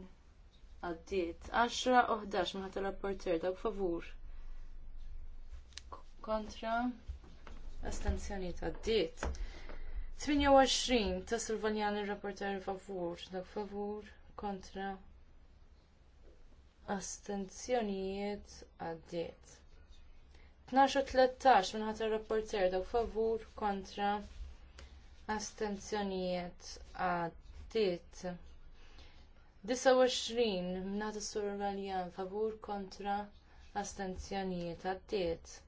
għaddiet. 10 u 11 maħat rapporter dawk favur. Kontra astenzjoni ta' ditt. 28 ta' Silvanjan il-rapporter favur, dak favur kontra astenzjonijiet għaddiet. 12-13 minnħat il-rapporter dak favur kontra astenzjonijiet għaddiet. 29 minnħat il-sur favur kontra astenzjonijiet għaddiet.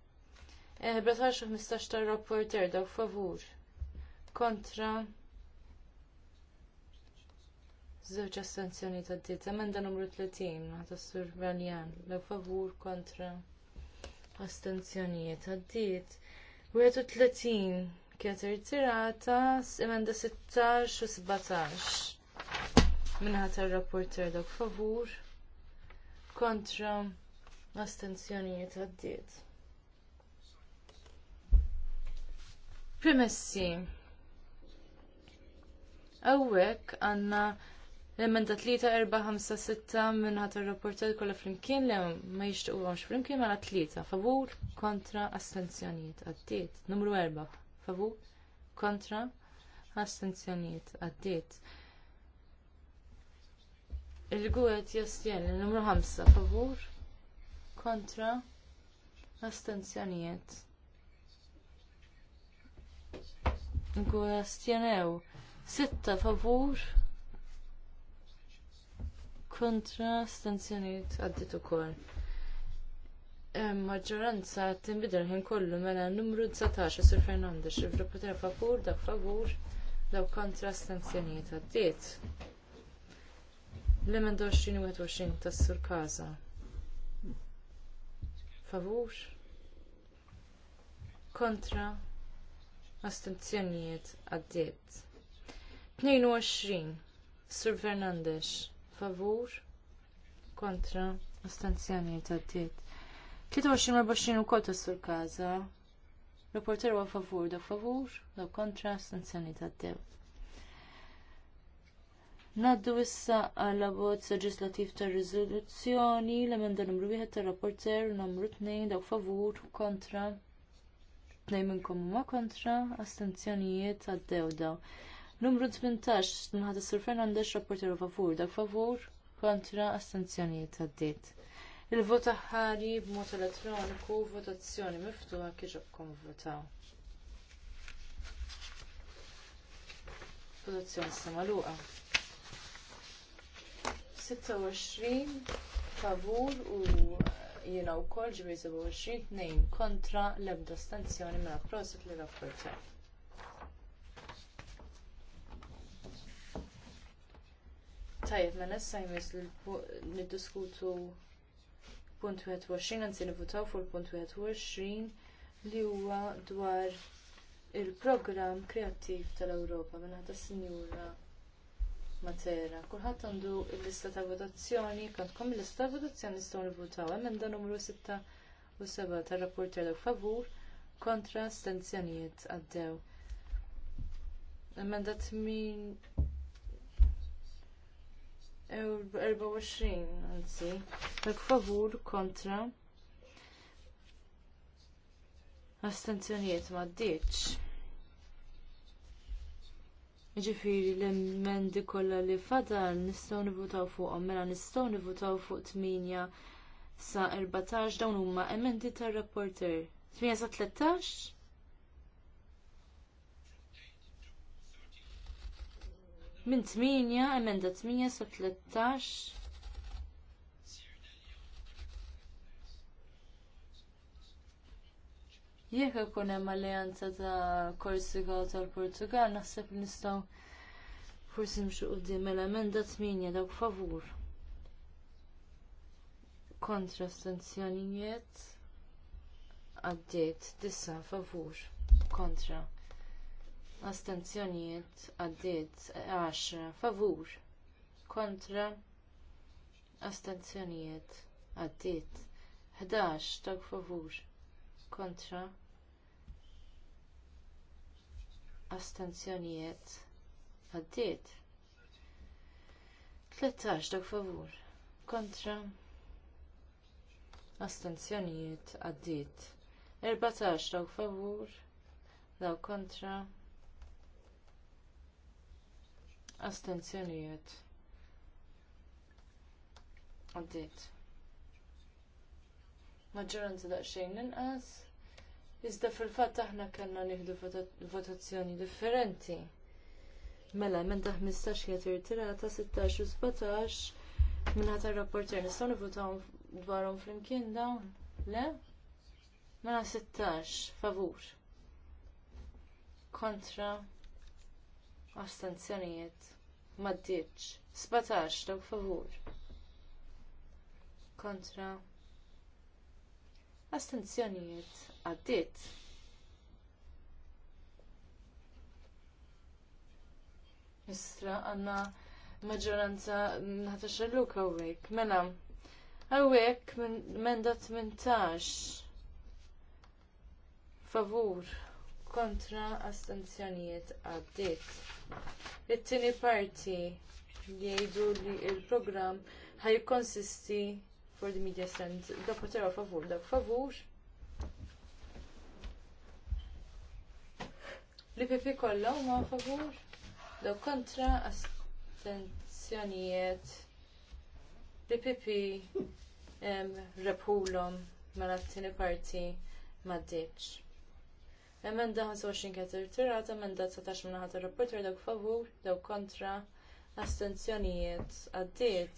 14 15 tar rapporter daw favur kontra Żewġ astenzjoni ta' ditt, emenda numru 30 ta' Sur Valjan, Daw favur kontra astenzjonijiet ta' dit. 31 kienet irtirata emenda 16 u 17. Minna ta' rapporter dawk favur kontra astenzjonijiet ta' ditt. Premessi. Awek għanna l-emenda 3, 4, 5, 6 minnħat il-rapportet kolla flimkien li ma jishtuqu għamx flimkien ma mela 3, favur, kontra, astenzjoniet, Għaddit. Numru 4, favur, kontra, astenzjoniet, Għaddit. Il-għuet jastjen, numru 5, favur, kontra, astenzjoniet, Għaddit. Gwastjanew. Sitta favur kontra stanzjoniet għaddit ukoll. Hemm maġġoranza tinbidel ħin kollu mela numru 19 Sur Fernandez il rapporter favur da favur daw kontra stanzjoniet għaddit. L-emend 21 tas-Sur Kaza. Favur kontra astenzjonijiet għaddiet. 22 Sur Fernandez favur kontra astenzjonijiet għaddiet. 23-24 u kota sur kaza Reporter huwa favur, da favur, da kontra astenzjonijiet għaddiet. Naddu issa għal abbozz leġislattiv tar riżoluzzjoni l-emenda numru 1 ta' rapporter numru 2 daw favur kontra Tnej minnkom ma kontra, astenzjonijiet għaddew Numru 18, nħad Sir Fernandez rapporteru favur, dak favur, kontra, astenzjonijiet għaddiet. il vota ħari b'mod elettroniku, votazzjoni miftuħa kieġob kom votaw. Votazzjoni samaluqa. 26 favur u jiena wkoll ġibi 27 kontra l-ebda stanzjoni mela prosit li rapporter. Tajjeb, ma mela nessa jmiss li niddiskutu punt 21, għanzi nivutaw fuq punt 21 li huwa dwar il-programm kreattiv tal-Ewropa minn mela ħata Sinjura Matera. Kulħadd għandu l-lista ta' votazzjoni, kontkom l-lista ta' votazzjoni nistgħu nivvutaw. Emenda numru 6 u 7 tar-rapporter dak favur kontra stenzjonijiet għaddew. Emenda 24 anzi, dak favur kontra astenzjonijiet ma' ditx. Ġifiri l-emmendi kollha li fadal nistgħu nivutaw fuqhom, mela nistgħu nivutaw fuq 8 sa 14 dawn huma emendi tar-rapporter. 8 sa 13? Min 8, emenda 8 sa 13. Jekk ikun hemm alleanza ta' Korsika u tal-Portugal naħseb nistgħu forsi mxu qudiem mela emenda tminja dawk favur. Kontra stanzjonijiet għaddiet tisa favur kontra. Astenzjonijiet għaddiet 10 favur kontra astenzjonijiet għaddiet 11 tak favur kontra astenzjonijiet għaddiet 13 dak favur kontra astenzjonijiet għaddiet 14 dak favur daw kontra astenzjonijiet għaddiet maġġoranza daqsxejn inqas. Iżda fil-fatt aħna kellna nieħdu votazzjoni differenti. Mela, emenda 15 kienet irtirata 16 u 17 minna ta' rapporter nistgħu nivvotaw dwarhom flimkien dawn? Le? Mela 16 favur. Kontra astenzjonijiet maddiċ. 17 dawk favur. Kontra astenzjonijiet għaddit. Isra għanna maġġoranza nħata xalluk għawek, mela għawek menda 18 favur kontra astenzjonijiet għaddit. It-tini parti jgħidu li il-programm ħajkonsisti konsisti for the media stand. a favur, da favur. Li pipi ma a favur, Da kontra astenzjonijiet. Li pipi repulom ma la tine parti ma' ditx. Emenda 25 kienet irtirata, emenda 19 minna ħadd ir-rapporter da favur, da kontra, astenzjonijiet, għaddiet.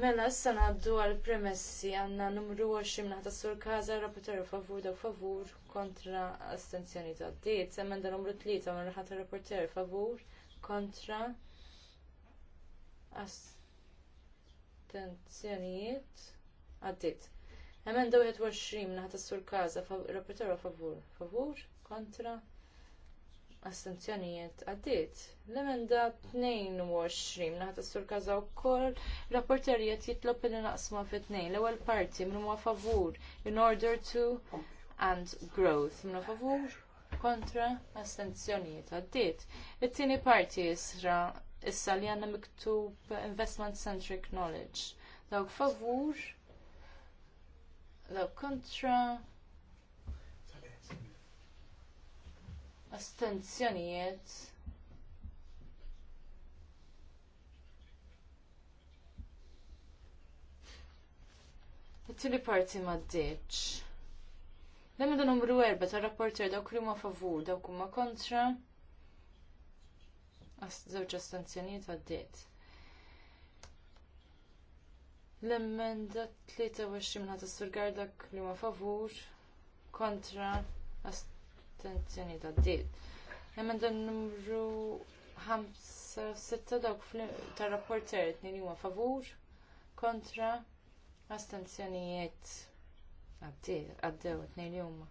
Mela, issa ngħaddu għall premessi għandna numru 20 ta' sur kaza rapporteru favur daw favur kontra astenzjoni ta' d-diet. Emenda numru 3 minn raħat rapporter favur kontra astenzjonijiet għaddit. Emenda 21 naħta sur kaza rapporteru favur favur kontra Astenzjonijiet għaddiet. L-emenda 22 naħta sur kaza u koll rapporterijiet jitlob li naqsma fit tnejn L-ewel parti minnu favur in order to and growth minnu favur kontra astenzjonijiet għaddiet. It-tieni parti jisra issa li għandna miktub investment centric knowledge. Dawk favur, dawk kontra astenzjonijiet it-tili parti maddiċ da numru erba' tar rapporter dawk li huma favur dawk huma kontra żewġ astenzjonijiet għaddiet. L-emenda 23 ta' surgar da' li ma favur kontra ast astenzjoni ta' dil. Emenda numru 5-6 dawk ta' rapporter li huma favur kontra astenzjonijiet għaddew għetni li huma.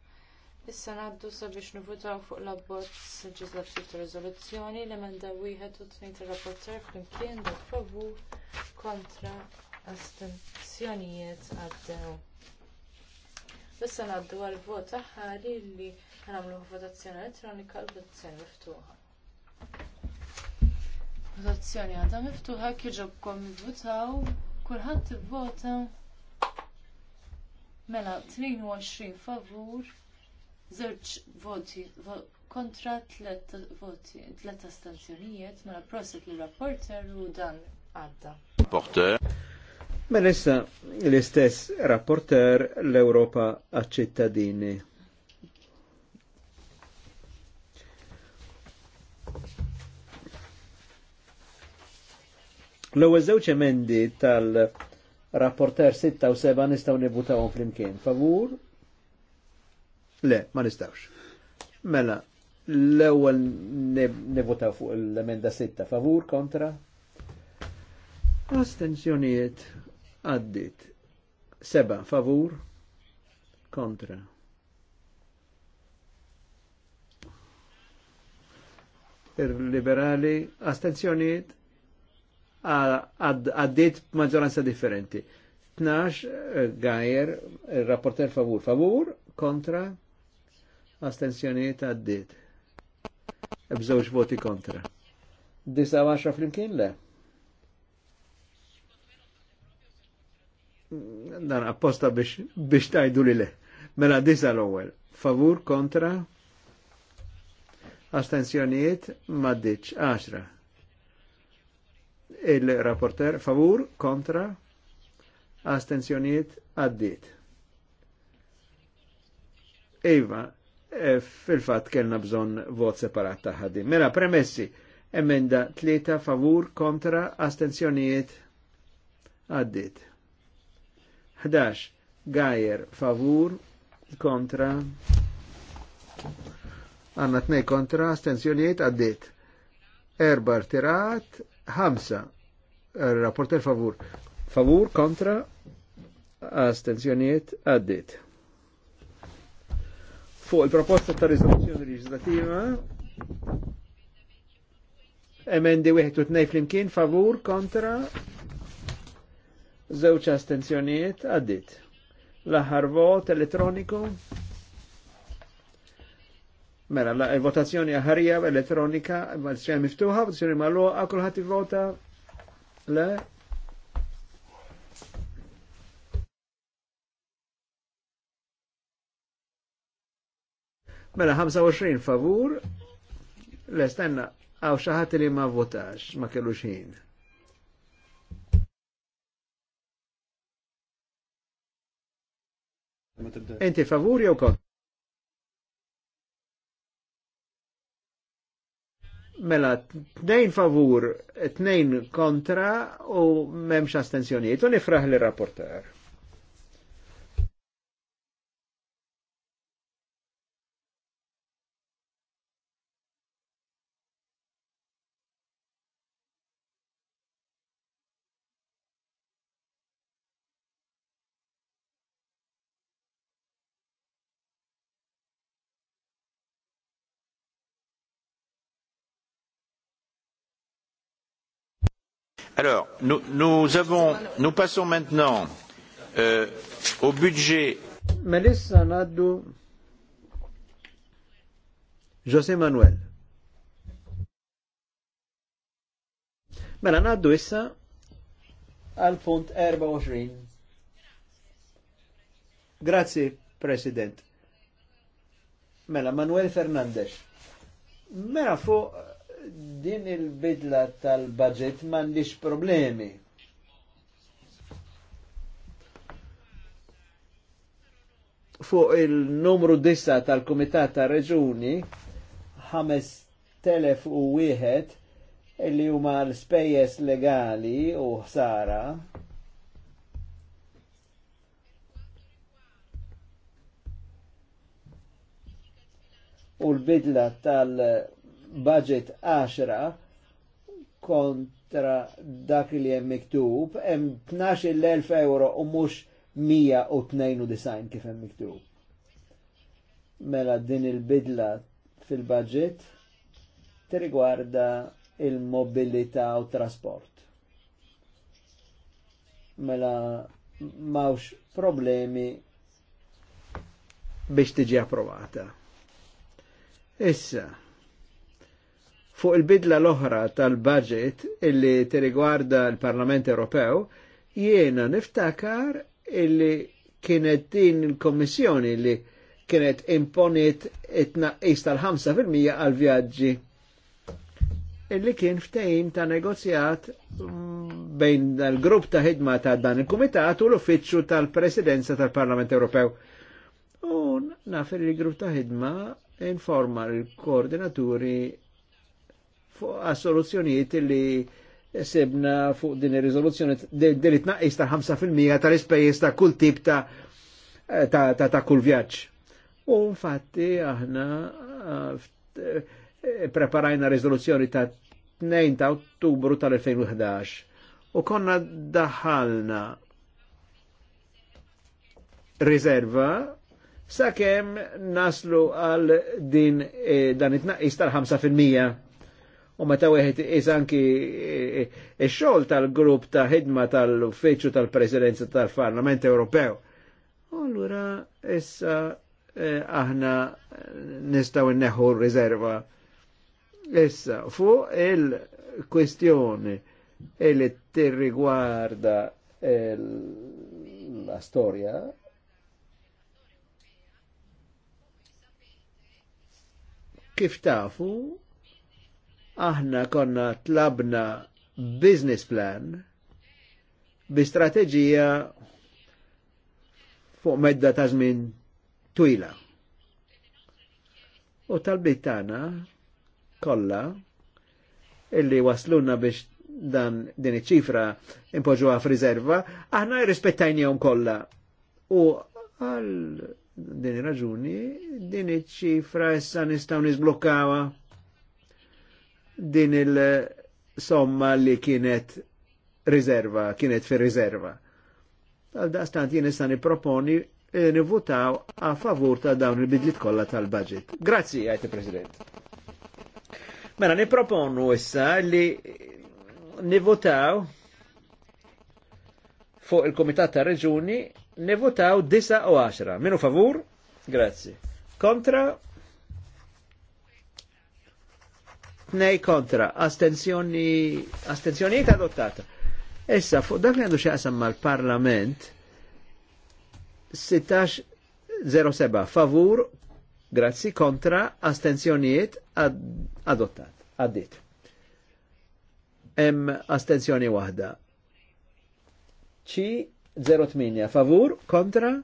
Issa ngħaddu sabiex nivutaw fuq l-abbozz leġislattiv ta' riżoluzzjoni li emenda wieħed u tnejn ta' rapporter flimkien dawk favur kontra astenzjonijiet għaddew. Issa ngħaddu għal vot aħħari li ħan għamlu votazzjoni elettronika l-votazzjoni miftuħa. Votazzjoni għadha miftuħa kieġobkom votaw kulħadd ivvota mela 22 favur, żewġ voti kontra tlet voti, tletta astanzjonijiet mela proset li rapporter u dan għadda. Rapporter. Mela issa l-istess rapporter l-Europa għaċ-ċittadini. L-ewwel żewġ emendi tal-rapporter 6 u 7 nistgħu nibutawhom flimkien. Favur? Le, ma nistgħux. Mela, l-ewwel nivvutaw fuq l-emenda 6 favur kontra? Astenzjonijiet għaddit. Seba favur kontra. il liberali astenzjonijiet għaddit maġġoranza differenti. 12 eh, Gajer, il-rapporter eh, favur, favur, kontra, astensjoniet għaddit. Bżewġ voti kontra. Disa 19 flimkien le. Dan apposta biex, tajdu li le. Mela disa l-ewwel. Favur kontra astensjonijiet maddiċ 10 il-rapporter favur kontra astensjoniet għaddit. Iva, eh, fil-fat kellna bżon vot separat taħħaddi. Mela premessi, emenda tlieta favur kontra astensjoniet għaddit. 11. Gajer favur kontra għanna tnej kontra astensjoniet għaddit. Erba tirat Hamsa, er, rapporter favur. Favur kontra astenzjoniet għaddit. Fuq il-proposta ta' risoluzzjoni legislativa, emendi u 1 flimkien favur kontra zewċ astenzjoniet għaddit. L-aħħar vot elettroniku Mela, la votazzjoni ħarija elettronika, votazzjoni miftuħa, votazzjoni maluqa, kulħadd vota le. Mela 25 favur, le stenna, għaw xaħat li ma votax, ma kellu xin. Enti favur jew kont? Mela, tnejn favur, tnejn kontra u memx astensjoniet. U nifraħ li rapporter. Alors, nous, nous, avons, nous passons maintenant euh, au budget. Melissa Nadu, José Manuel. Mela naddu issa għal punt 24. Grazzi, President. Mela, Manuel Fernandez. Mela fuq din il-bidla tal-budget m'għandix problemi. Fuq il-numru dissa tal-Kumitat ta' Reġuni, u wieħed, li huma l-spejjeż legali u ħsara. U l-bidla tal- budget 10 kontra dak li hemm miktub, hemm 12.000 euro u mhux 192 kif hemm miktub. Mela din il-bidla fil-budget tirigwarda il-mobilità u trasport. Mela mawx problemi biex tiġi approvata. Issa, Fuq il-bidla l-oħra tal-budget illi tirigwarda l-Parlament Ewropew, jiena niftakar illi kienet din il-Kommissjoni li kienet imponit it-naqqis tal-5% għal vjaġġi illi kien ftejn ta' negozjat mm, bejn l grupp ta' ħidma ta' dan il-Kumitat u l-Uffiċċju tal-Presidenza tal-Parlament Ewropew. U nafir li grupp ta' ħidma informa l-koordinaturi għas-soluzzjonijiet li sebna fuq din ir-riżoluzzjoni deli tnaqqis ta' 5% tal-ispejjeż ta' kull tip ta' ta' ta' kull vjaġġ. U infatti aħna preparajna riżoluzzjoni ta' 2 ta' Ottubru tal-2011 u konna daħalna riserva sakemm naslu għal din eh, dan it-tnaqqis tal-5% u meta wieħed anki eh, eh, ix-xogħol tal-grupp ta' ħidma tal-uffiċċju tal-Presidenza tal-Parlament Ewropew. Allura issa eh, aħna nistgħu nneħħu r-riserva issa fuq il kwistjoni li tirrigwarda la storja kif tafu aħna konna tlabna business plan bi strateġija fuq medda ta' żmien twila. U tal-bit tagħna kollha illi wasluna biex dan din iċ-ċifra impoġuha f'riserva, aħna jirrispettajnihom kollha. U għal din raġuni din iċ-ċifra issa nistgħu niżblukkawha din il-somma li kienet riserva, kienet fi riserva. għal dastant jien nista' proponi eh, nivutaw a favur ta' dawn il-bidlit kolla tal-budget. Grazzi, għajti President. Mela niproponu issa li nivutaw fuq il-Komitat ta' Reġuni nivutaw 9 u 10. Minu favur? Grazzi. Kontra? tnej kontra, astenzjoni, astenzjoniet adottata. Issa, fuq dak li għandu xaqsam mal-parlament, 16.07, favur, grazzi, kontra, astenzjoniet ad adottat, addit. Em astenzjoni wahda. C08, favur, kontra,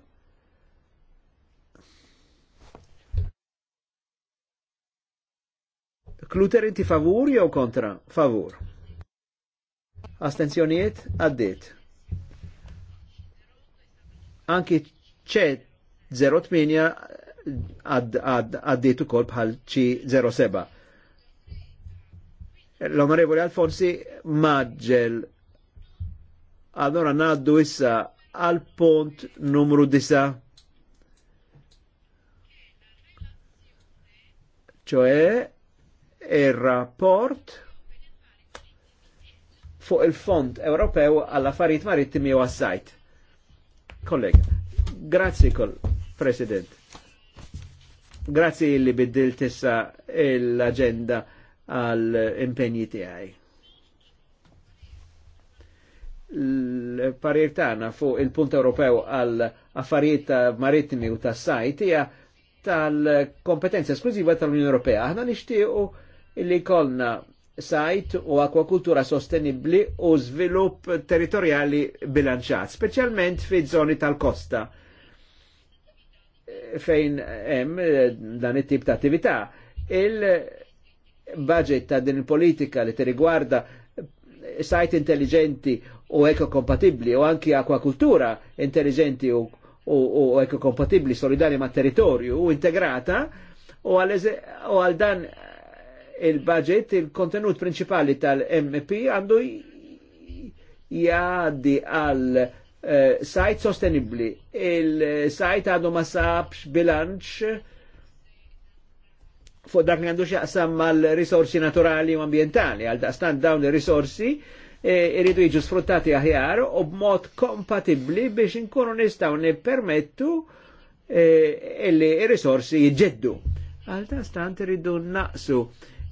Kluter inti favur jew kontra? Favur. Astenzjonijiet għaddit. Anki ċe 08 għaddit ukoll bħal ċi 07. L-Onorevoli Alfonsi maġġel. Allora naddu issa għal pont numru 9. ċoe il rapport fuq il-Fond Ewropew għall-affarijiet marittimi u għas-sajt. Kollega, grazzi kol President. Grazzi li biddil tissa l-agenda għall impegni tiegħi. L-parir tagħna fuq il-punt Ewropew għall affarijiet marittimi u tas-sajt hija tal-kompetenza esklużiva tal-Unjoni Ewropea. Aħna nixtiequ illi kolna sajt u akwakultura sostenibli u svilup territoriali bilanċat, specialment fi zoni tal-kosta fejn hemm eh, dan it-tip ta' attività. Il-budget ta' din il-politika li tirigwarda eh, sajt intelligenti u ekokompatibli u anki akwakultura intelligenti u, u, u ekokompatibli solidari ma' territorju u integrata u għal dan il-budget, il-kontenut principali tal-MP għandu jgħaddi għal eh, sajt sostenibli. Il-sajt għadu ma sabx bilanċ fuq dak li għandu xaqsam mal-risorsi naturali u ambientali, għal stand dawn il-risorsi eh, irridu e, jiġu sfruttati aħjar u b'mod kompatibli biex inkunu nistaw nippermettu permettu eh, e, il-risorsi jġeddu. Għal daqstant irridu naqsu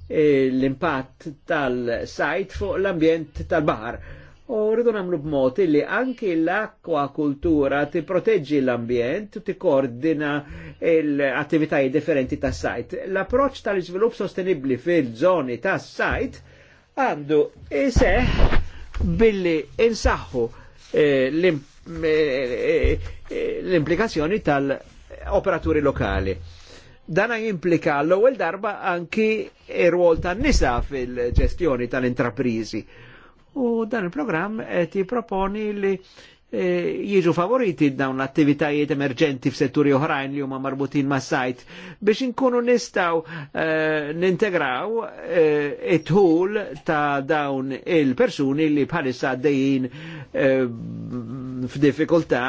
E, l-impatt tal-sajt fuq l-ambjent tal-bahar. U rridu namlu b'mod li anki l-akwa kultura ti proteġġi l-ambjent u ti koordina l-attivitajiet differenti tas sajt. L-approċ tal-iżvilupp sostenibli fil-żoni tas sajt għandu iseħ billi insaħħu e, e, l-implikazzjoni tal-operaturi lokali Dana jimplika l-ewwel darba anki ir-rwol tan-nisa fil-ġestjoni tal-intraprizi. U dan il-programm qed jipproponi li eh, jiġu favoriti dawn l-attivitajiet emerġenti f'setturi oħrajn li huma marbutin ma' sajt biex inkunu nistaw eh, nintegraw eh, it-tul ta' dawn il-persuni li bħalissa għaddejjin uh, f'diffikultà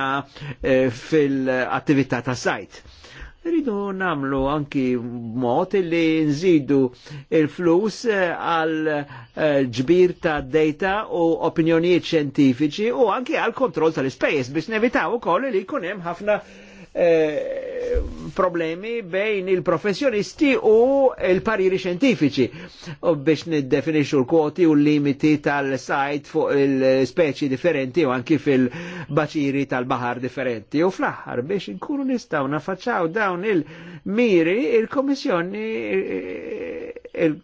fil-attività ta' sajt rridu namlu anki mod li nżidu il-flus eh, għal eh, ġbir ta' data u opinjonijiet xjentifiċi u anki għal kontroll tal-ispejjeż biex nevitaw ukoll li kunem hemm ħafna Eh, problemi bejn il-professjonisti u il-pariri xentifiċi u biex niddefinixxu l-kwoti u l-limiti tal-sajt fuq il-speċi differenti u anki fil-baċiri tal-bahar differenti u fl-aħħar biex nkunu nistaw nafacċaw dawn il-miri il-Komissjoni eh, il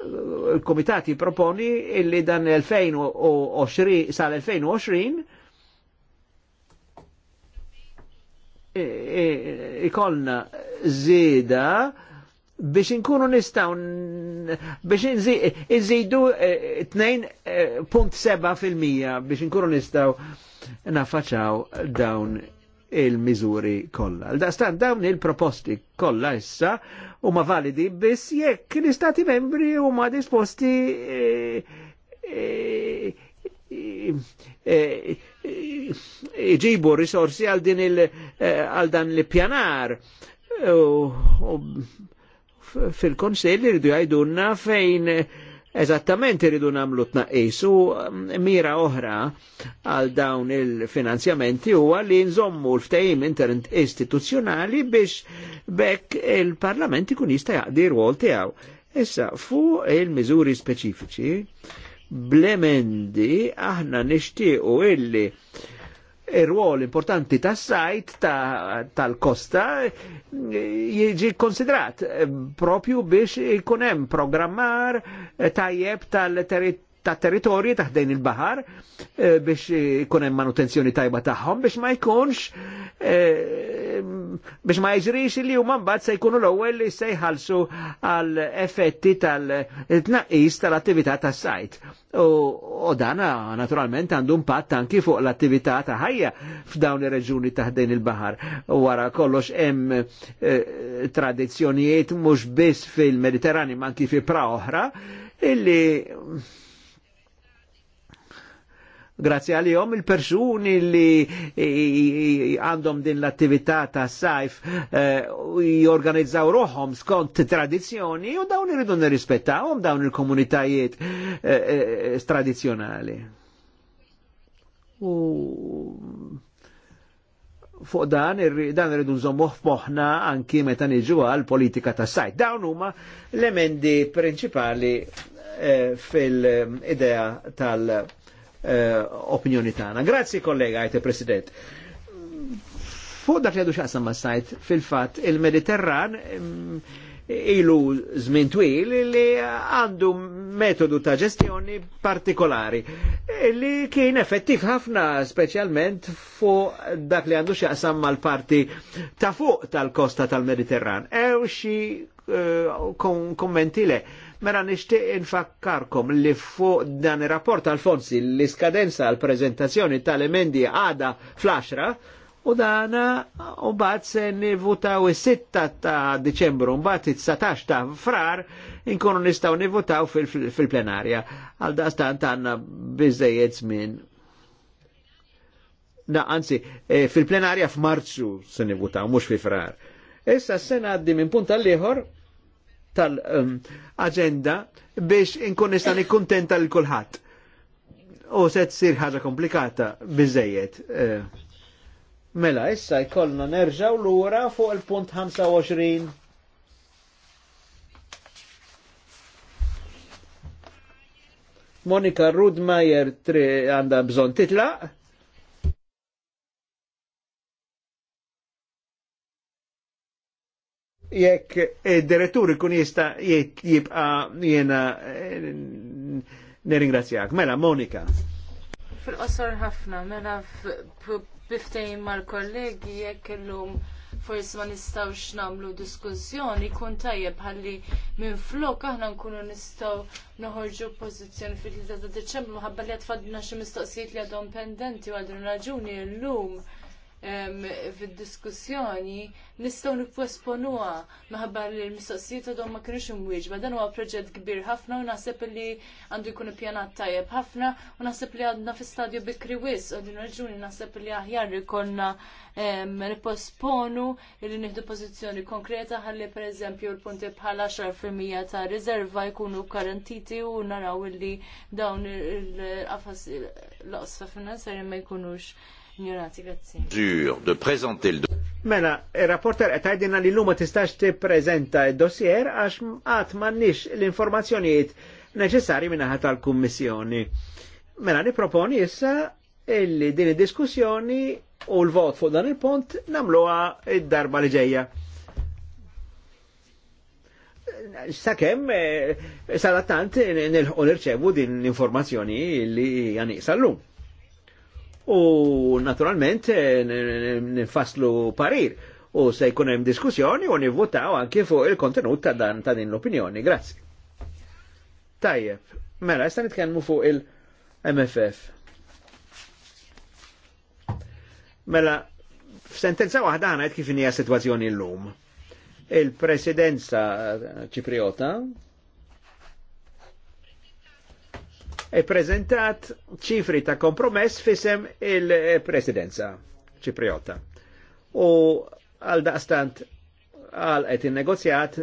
il-komitati proponi illi dan 2020 sal-2020 E, e, ikolna zida biex inkunu nistaw biex nżidu 2.7% e, biex inkunu nistaw nafaċaw dawn il-mizuri kollha. L-dastan dawn il-proposti kollha issa huma validi biss jekk l-istati membri huma disposti e, e, e, iġibu risorsi għal din il eh, għal dan l-pjanar fil-konsil irridu jgħidunna fejn eżattament irridu namlu tnaqqis u mm, mira oħra għal dawn il-finanzjamenti huwa li nżommu l-ftehim ftajim istituzjonali biex bekk il-Parlament ikun jista' jaqdi rwol tijaw. Issa fu il mizuri speċifiċi blemendi aħna u illi il-ruol importanti tas sajt tal-kosta jieġi jiġi konsidrat propju biex ikun hemm programmar tajjeb tal-territorju ta' territorji taħdejn il-bahar eh, biex ikun hemm manutenzjoni tajba tagħhom biex ma jkunx eh, biex ma jiġrix li huma mbagħad se jkunu l-ewwel li se jħallsu għal effetti tal-tnaqqis tal-attività tas-sajt. U dana eh, naturalment għandu impatt anki fuq l-attività ta' ħajja f'dawn ir-reġuni taħdejn il-bahar. Wara kollox hemm tradizzjonijiet mhux biss fil-Mediterrani ma anki fi pra oħra illi Grazzi għalihom il-persuni li għandhom din l-attività ta' sajf jorganizzaw eh, ruħom skont tradizjoni u dawn irridu nirrispettawhom dawn il-komunitajiet eh, eh, tradizjonali. U fuq dan, dan irridu nżommu f'moħħna anki meta niġu għal politika ta' sajt. Dawn huma l-emendi prinċipali fil-idea tal- Eh, opinjoni tagħna. Grazzi kollega għajte President. Fuq dak li għadu xaqsam ma' sajt fil-fat il-Mediterran mm, ilu żmien twil li għandu metodu ta' ġestjoni partikolari li kien effettiv ħafna specialment fuq dak li għandu xaqsam mal-parti ta' fuq tal-kosta tal-Mediterran. Ew xi eh, kommenti le Mela nishtiq infakkarkom li fuq dan ir-rapport tal-Fonsi l-iskadenza għal prezentazzjoni tal-emendi għada fl-10 u dan u bat se nivutaw is-6 ta' Deċembru, mbagħad it-19 ta' frar inkunu nistgħu nivutaw fil-plenarja. Għal dastant għandna biżejjed żmien. Na, anzi, e, fil-plenarja f'Marzu se nivutaw, mhux fi frar. Issa s-sena għaddi minn punta tal tal-agenda um, biex inkun nista' nikkuntenta lil kulħadd. U se tsir ħaġa komplikata biżejjed. Eh, mela, issa jkollna nerġaw lura fuq il-punt 25. Monika Rudmajer għanda bżon titlaq. jekk id-direttur ikun jista jibqa jena eh, neringrazzjak. Mela, Monika. Fil-qosor ħafna, mela biftejn mal-kollegi jekk illum forsi ma nistawx namlu diskussjoni kun tajjeb ħalli minn flok aħna nkunu nistaw noħorġu pożizzjoni fil-3 ta' Deċembru ħabba li fadna xi mistoqsijiet li għadhom pendenti u għadhom raġuni llum fil-diskussjoni nistgħu nipposponuwa minħabba li l-mistoqsijiet għadhom ma kienux imwieġba. Dan huwa proġett kbir ħafna u naħseb li għandu jkun pjanat tajjeb ħafna u naħseb li għadna fi stadju bikri wis u din raġuni naħseb li aħjar li konna nipposponu li nieħdu pożizzjoni konkreta ħalli pereżempju l-punti bħala 10% ta' riserva jkunu karantiti u naraw li dawn l qafas l-qosfa finanzjari ma jkunux dur grazzi. Ġur, de prezenti l Mela, il-rapporter e qed għajdina li l lumma tistax ti prezenta il dossier għax għat mannix l-informazzjonijiet neċessari minnaħa tal kommissjoni Mela niproponi issa illi din il diskussjoni u l-vot fuq dan il-punt namluha id-darba li ġeja. Sakem, eh, salattant nil-ħu nirċevu din l-informazzjoni li għani l-lum u naturalment eh, nifaslu parir u se jkun hemm diskussjoni u nivvutaw anke fuq il-kontenut ta' dan ta' din l-opinjoni. Grazzi. Tajjeb, mela, jista' nitkellmu fuq il-MFF. Mela, f'sentenza waħda għana kif hija situazzjoni l-lum. Il-presidenza ċipriota e prezentat ċifri ta' kompromess fisem il-presidenza ċipriota. U għal daqstant għal qed negozjat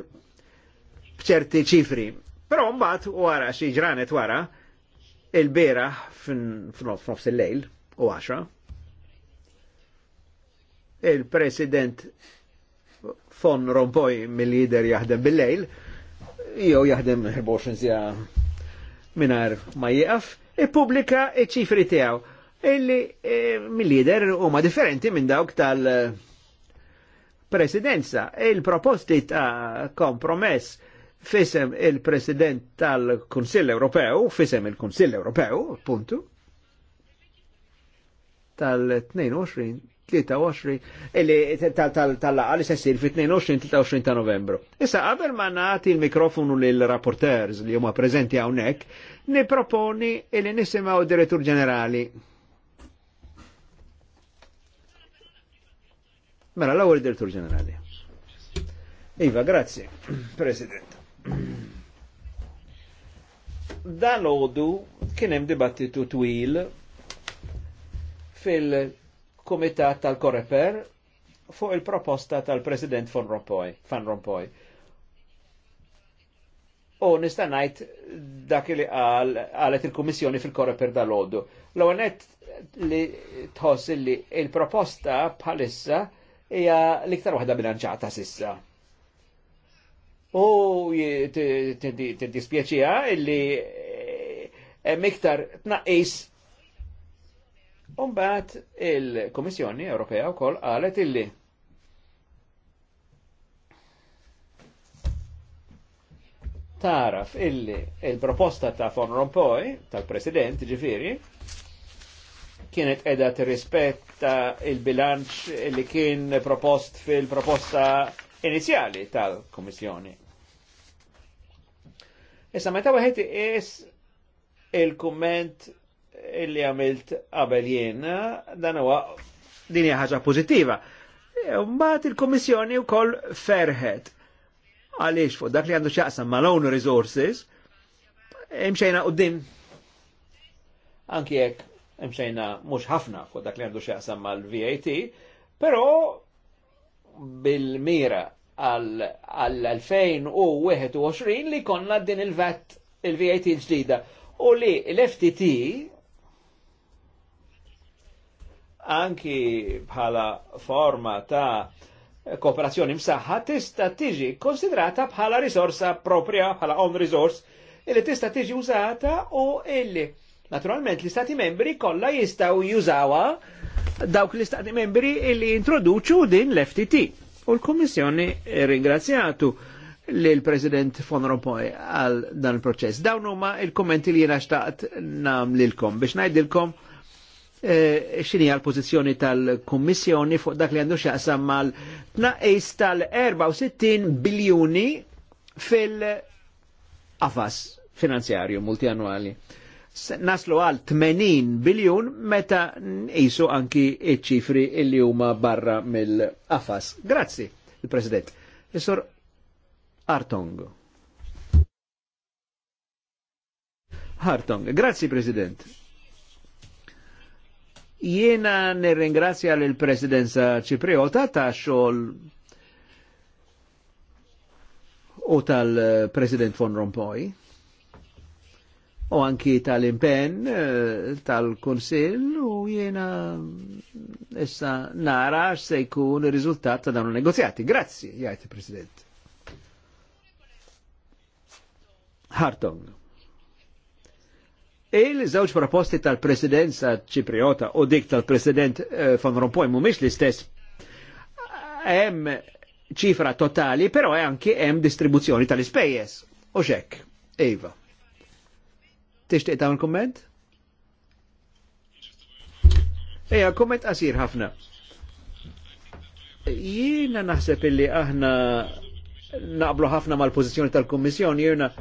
bċerti ċifri. Però mbagħad wara xi ġranet wara il-bera f'nofs il-lejl u għaxra. il-president Fon Rompoy mill-lider jaħdem bil-lejl jew jaħdem 24 minar ma jieqaf, i-publika iċ-ċifri tiegħu illi e, mill-lider huma differenti minn dawk tal-presidenza. Il-proposti ta' kompromess fisem il-president tal-Kunsill Ewropew, fisem il-Kunsill Ewropew, puntu, tal-22 23 tal se 22 23 ta' novembru. Issa qabel ma nagħti l-mikrofonu lil rapporteurs li huma preżenti hawnhekk, niproponi li nisimgħu direttur ġenerali. Mela l-ewwel direttur ġenerali. Iva, grazzi, President. Dan l-ħodu kien hemm dibattitu twil fil- kumitat tal-Koreper fuq il-proposta tal-President Van Rompuy. U nistanajt dak li għalet il-Kummissjoni fil-Koreper dal odu L-għonet li tħoss li il-proposta bħalissa hija l-iktar waħda bilanċata sissa. U t-dispieċija illi miktar tnaqis Umbat il-Komissjoni Ewropea wkoll għalet illi taraf illi il-proposta ta' Von Rompoy, tal-President ġifiri, kienet edha t-rispetta il-bilanċ li kien propost fil-proposta inizjali tal-Komissjoni. Issa meta wieħed is il-kumment illi għamilt qabel jien dan huwa din hija ħaġa pożittiva. E, mbagħad il kummissjoni wkoll ferħet għaliex fuq dak li għandu x'jaqsam mal-own resources imxejna qudiem anki jekk imxejna mhux ħafna fuq dak li għandu x'jaqsam mal-VAT, però bil-mira għal-2021 li konna din il-VAT il-VAT il-ġdida u li l-FTT anki bħala forma ta' kooperazzjoni msaħħa tista' tiġi konsidrata bħala risorsa propria, bħala own resource, illi tista' tiġi użata u illi naturalment l-istati membri kollha jistgħu jużawa dawk l-istati membri illi introduċu din l-FTT. U l-Kommissjoni ringrazzjatu lil president Von Rompuy għal dan il-proċess. Dawn huma il-kommenti li jiena xtaqt nam lilkom biex ngħidilkom E, xini għal pozizjoni tal-Kommissjoni fuq dak li għandu xaqsam mal tnaqis tal-64 biljuni fil-qafas finanzjarju multianwali. Naslu għal 80 biljun meta nqisu anki iċ-ċifri illi huma barra mill-qafas. Grazzi, il-President. Isor Artong. Hartong. grazie President. Jiena nirringrazzja l presidenza ċipriota ta' xol u tal-President von Rompuy u anki tal-impen eh, tal-Konsil u jiena issa nara se jkun il rizultat ta' dawn negozjati. Grazzi, jgħid President. Hartong. E Il-żewġ proposti tal-presidenza ċipriota u dik tal-president eh, von Rompuy mumiex l-istess. Hemm ċifra totali, però anki hemm distribuzzjoni tal-ispejjeż. U xekk, Eva. Tixtieq tagħmel kumment? Eja, komment qasir ħafna. Jiena naħseb illi aħna naqblu ħafna mal-pożizzjoni tal-Kummissjoni, jiena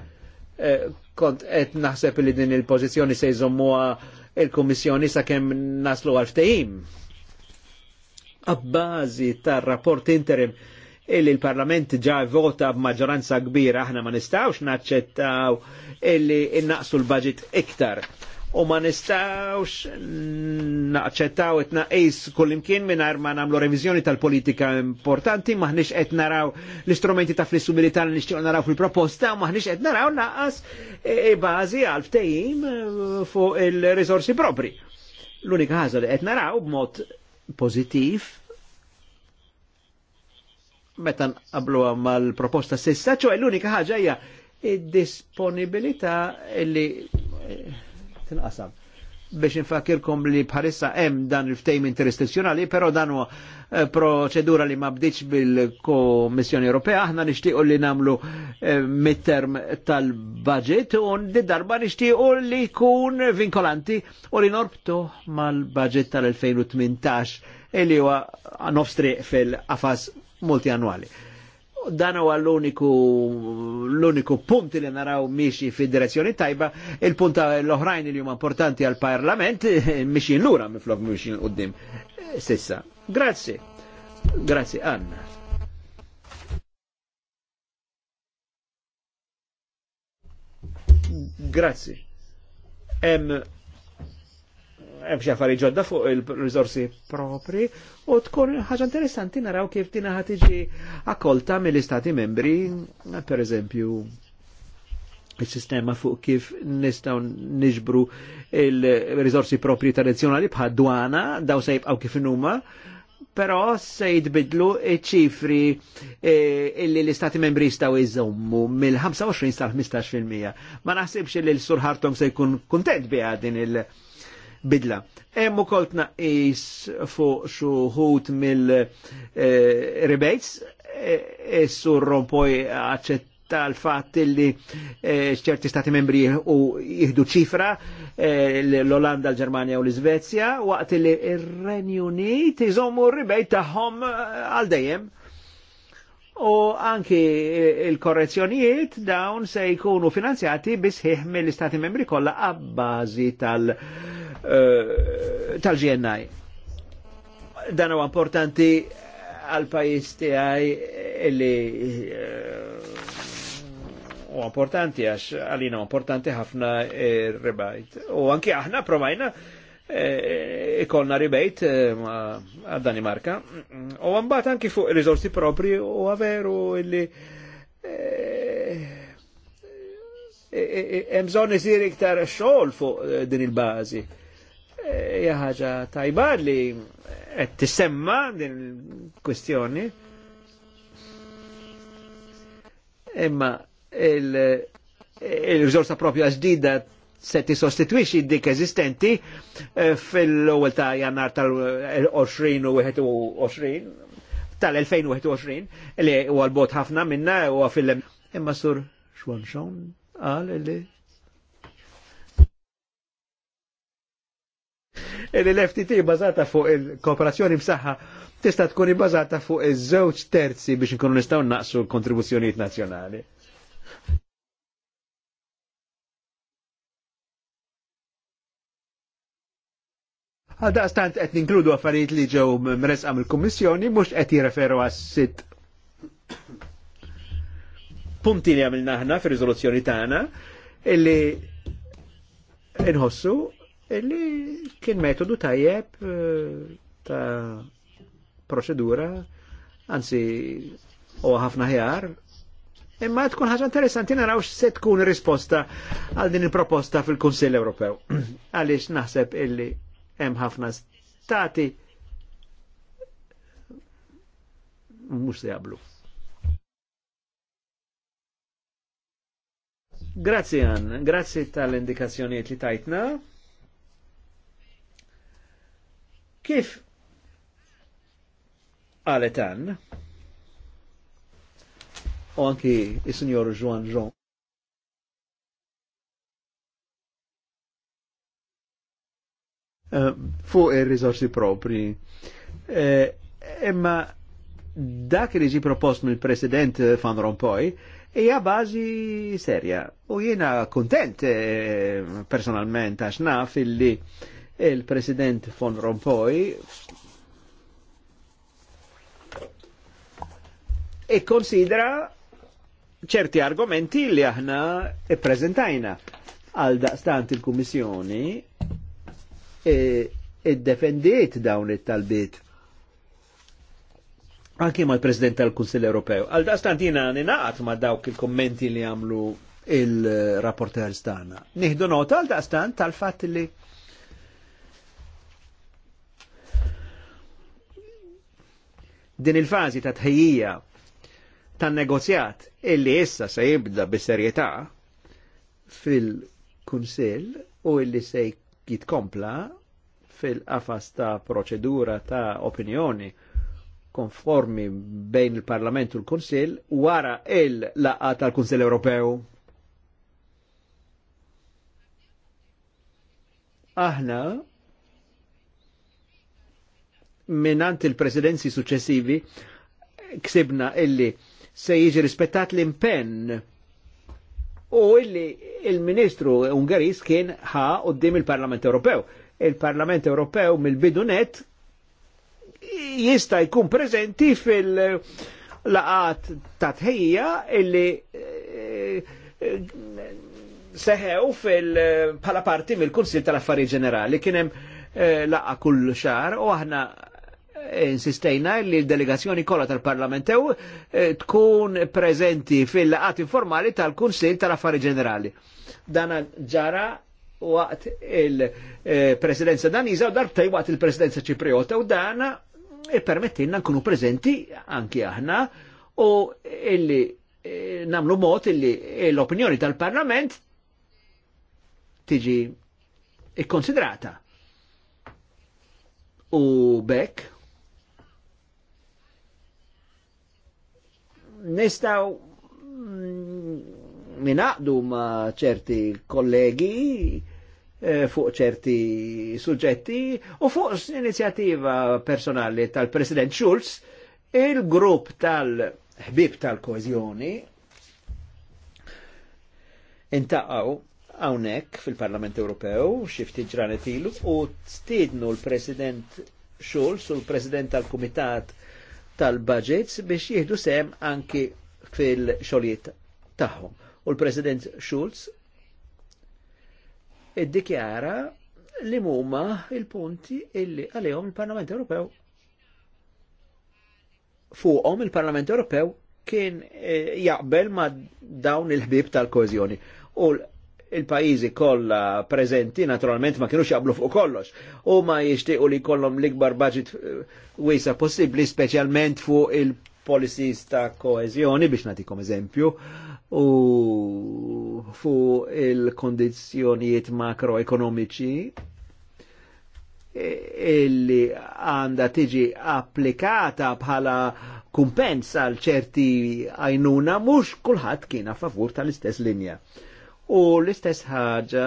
Eh, kont qed naħseb li din il-pożizzjoni se jżommuha il-Kummissjoni sakemm naslu għal ftehim. Abbażi tar-rapport interim illi l-Parlament ġa vota b'maġġoranza kbira aħna ma nistgħux naċċettaw illi innaqsu l-budget iktar u ma nistawx naċċettaw etna ejs kullimkien mingħajr ma nagħmlu revizjoni tal-politika importanti, maħniex qed naraw l-istrumenti ta' flessibilità li nixtieq naraw fil-proposta, maħniex qed naraw naqas e, e, bażi għal ftehim e, fuq il rizorsi propri. L-unika ħaġa li qed naraw b'mod pożittiv meta nqablu mal-proposta stessa, ċoħ l-unika ħaġa hija id-disponibilità li tinqasam biex infakirkom li bħalissa hemm dan il-ftejm interistituzzjonali, però dan huwa eh, proċedura li ma bdiċ bil-Kommissjoni Ewropea, aħna nixtiequ li namlu eh, mid-term tal-budget u di darba nixtiequ li jkun vinkolanti u li norbtu mal-budget tal-2018 e li huwa nofstri fil-qafas multianwali dan huwa l-uniku l-uniku punt li naraw miexi fi direzzjoni tajba, il-punta l-oħrajn li huma importanti għal parlament miexi l-ura miflok miexi l qudiem Sissa. Grazie. Grazie, Anna. Grazie. Em hemm xi affarijiet ġodda fuq il-riżorsi propri u tkun ħaġa interessanti naraw kif din ħad tiġi akkolta mill-istati membri, per eżempju il-sistema fuq kif nistaw niġbru il-rizorsi propri tradizjonali bħad dwana, daw se jibqaw kif numa, però se jitbidlu ċifri e, illi l-istati membri jistaw iżommu mill-25 sal-15%. Ma naħsibx illi l-sur Hartong se jkun kontent biha din il- bidla. Emmu kolt naqis fuq xuħut mill-rebates, eh, essu eh, eh, rompoj aċċett l fat li ċerti stati membri u jihdu ċifra l-Olanda, l-Germania u l-Svezja waqt li il-Renju Unit jżommu r-ribejt taħom għal dajem u anki eh, il-korrezzjonijiet dawn se jkunu finanzjati bisħiħ mill-Istati membri kollha għabbażi tal-GNI. Tal, eh, Dan huwa importanti għal pajis tiegħi li eh, u importanti għax għalina importanti ħafna e, rebajt. U anki aħna provajna E, ikolna ribejt għad-Danimarka. E, u għambat anki fuq il-rizorsi propri u għaveru illi e, emżon iżir iktar xol fuq din il bazi Jaħġa tajba li qed tisemma din il-kwistjoni. Imma il rizorsa propja ġdida se ti sostituix id dik eżistenti eh, fil-ewwel ta' jannar tal-20 21 tal-2021 li huwa l-bot ħafna minna u fil imma sur xwanxon għal li Illi l-FTT bazata fuq il-kooperazzjoni msaħħa tista' tkun bazata fuq iż-żewġ terzi biex nkunu nistgħu naqsu l-kontribuzzjonijiet nazzjonali. Għal daqstant qed ninkludu affarijiet li ġew mresqa il kummissjoni mhux qed jirreferu għas sit punti li għamilna aħna fir-riżoluzzjoni tagħna illi inħossu illi kien metodu tajjeb eh, ta' proċedura, anzi u ħafna ħjar, imma tkun ħaġa interessanti naraw se tkun risposta għal din il-proposta fil-Kunsill Ewropew. Għaliex naħseb illi hemm ħafna stati mhux se jablu. Grazzi Ann, grazzi tal-indikazzjonijiet li tajtna. Kif għalet Ann, o anki il-Sinjor Juan Jean, fuq il-rizorsi propri. E, imma dak li ġi propost mill-President Van Rompuy hija bażi serja. U jiena kontent e, personalment għax naf illi il-President Van Rompuy e konsidra ċerti argumenti li aħna e prezentajna għal daqstant il-Kummissjoni E, id-defendiet dawn it-talbiet. Anki ma l-President tal-Kunsill Ewropew. Għal daqstantina ninaqat ma dawk il-kommenti li għamlu il-rapporter stana. Nihdu nota għal daqstan tal-fat li din il-fazi ta' tħejjija tan negozjat illi issa se jibda bis-serjetà fil-Kunsill u illi se jitkompla fil-qafas ta' proċedura ta' opinjoni konformi bejn il-Parlament u l-Kunsill wara il-laqa tal-Kunsill Ewropew. Aħna minnant il-presidenzi successivi ksibna illi se jiġi rispettat l-impenn u illi il-ministru Ungaris kien ħa qoddim il-Parlament Ewropew. Il-Parlament Ewropew mill-bidunet jista' jkun prezenti fil-laqat ta' tħejja illi eh, seħew fil-pala parti mill-Kunsil tal affari Ġenerali kien hemm eh, laqa kull xar u aħna insistejna li l-delegazzjoni kollha tal-Parlament eh, tkun preżenti fil-laqat informali tal-Kunsil tal-Affari Ġenerali. Dan ġara waqt il-presidenza eh, daniza u dartej waqt il-presidenza ċipriota u dan permettinna nkunu prezenti anki aħna u illi eh, namlu mod illi l-opinjoni tal-Parlament tiġi ikkonsidrata. U bekk nistaw mm, minaqdu ma ċerti kollegi eh, fuq ċerti suġġetti u fuq inizjattiva personali tal-President Schulz il-grupp tal-ħbib tal-kozjoni intaqaw għawnek fil-Parlament Ewropew, xifti ġranet ilu, u stidnu l-President Schulz u l-President tal-Kumitat tal-budgets biex jieħdu sem anki fil xoliet tagħhom. U l-President Schulz iddikjara li huma il-punti illi għalihom il-Parlament Ewropew fuqhom il-Parlament Ewropew kien eh, jaqbel ma' dawn il-ħbib tal-kozjoni. U il-pajizi kolla prezenti naturalment ma kienux jablu fuq kollox u ma jishtiqu li kollom l-ikbar budget eh, wisa possibli specialment fuq il-policies ta' koezjoni biex natikom eżempju u fuq il-kondizjonijiet makroekonomiċi eh, illi għanda tiġi applikata bħala kumpens għal ċerti għajnuna mux kullħat kiena favur tal-istess linja. U l-istess ħaġa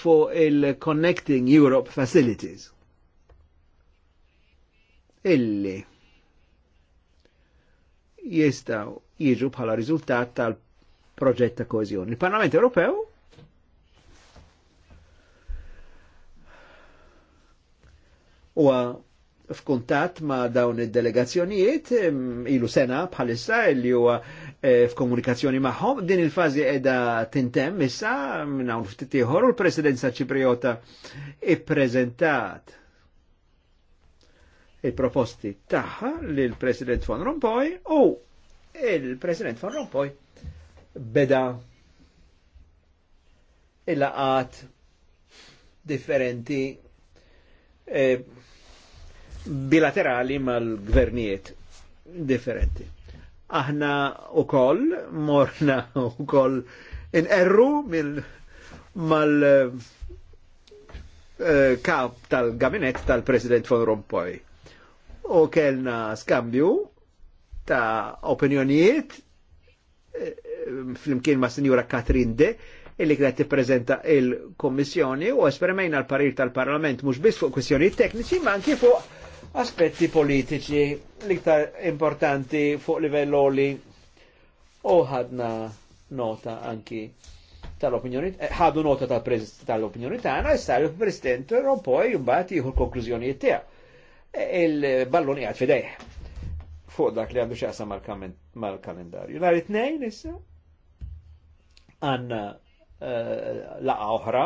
fuq il-Connecting Europe Facilities. Illi jistaw jiġu bħala riżultat tal-proġett ta' koezjoni. Il-Parlament Ewropew u f'kuntat ma' dawn id-delegazzjonijiet ilu sena bħalissa li huwa eh, f'komunikazzjoni magħhom. Din il-fażi qiegħda tintem issa minn hawn ftit ieħor u l-Presidenza Ċipriota ippreżentat il-proposti tagħha lil President Van Rompuy u il-President Van Rompuy beda il-laqat differenti eh, bilaterali mal-gvernijiet differenti. Aħna u koll, morna u koll, erru mal-kap eh, uh, tal-gabinet tal-President von Rompuy. U kellna skambju ta' opinjonijiet eh, fl-imkien ma' sinjura Katrin De, illi kienet tippreżenta il-Kommissjoni u esperimejna l-parir tal-Parlament mhux biss fuq kwestjonijiet tekniċi ma anki fuq aspetti politiċi liktar importanti fuq livell oli u ħadna nota anki tal-opinjoni, eh, ħadu nota tal-opinjoni tagħna, issa il-President poi mbagħad jieħu l-konklużjonijiet tiegħu. E, il balloni għad fidejh fuq dak li għandu xaqsa mal-kalendarju. Nar it-tnejn issa għanna eh, laqa oħra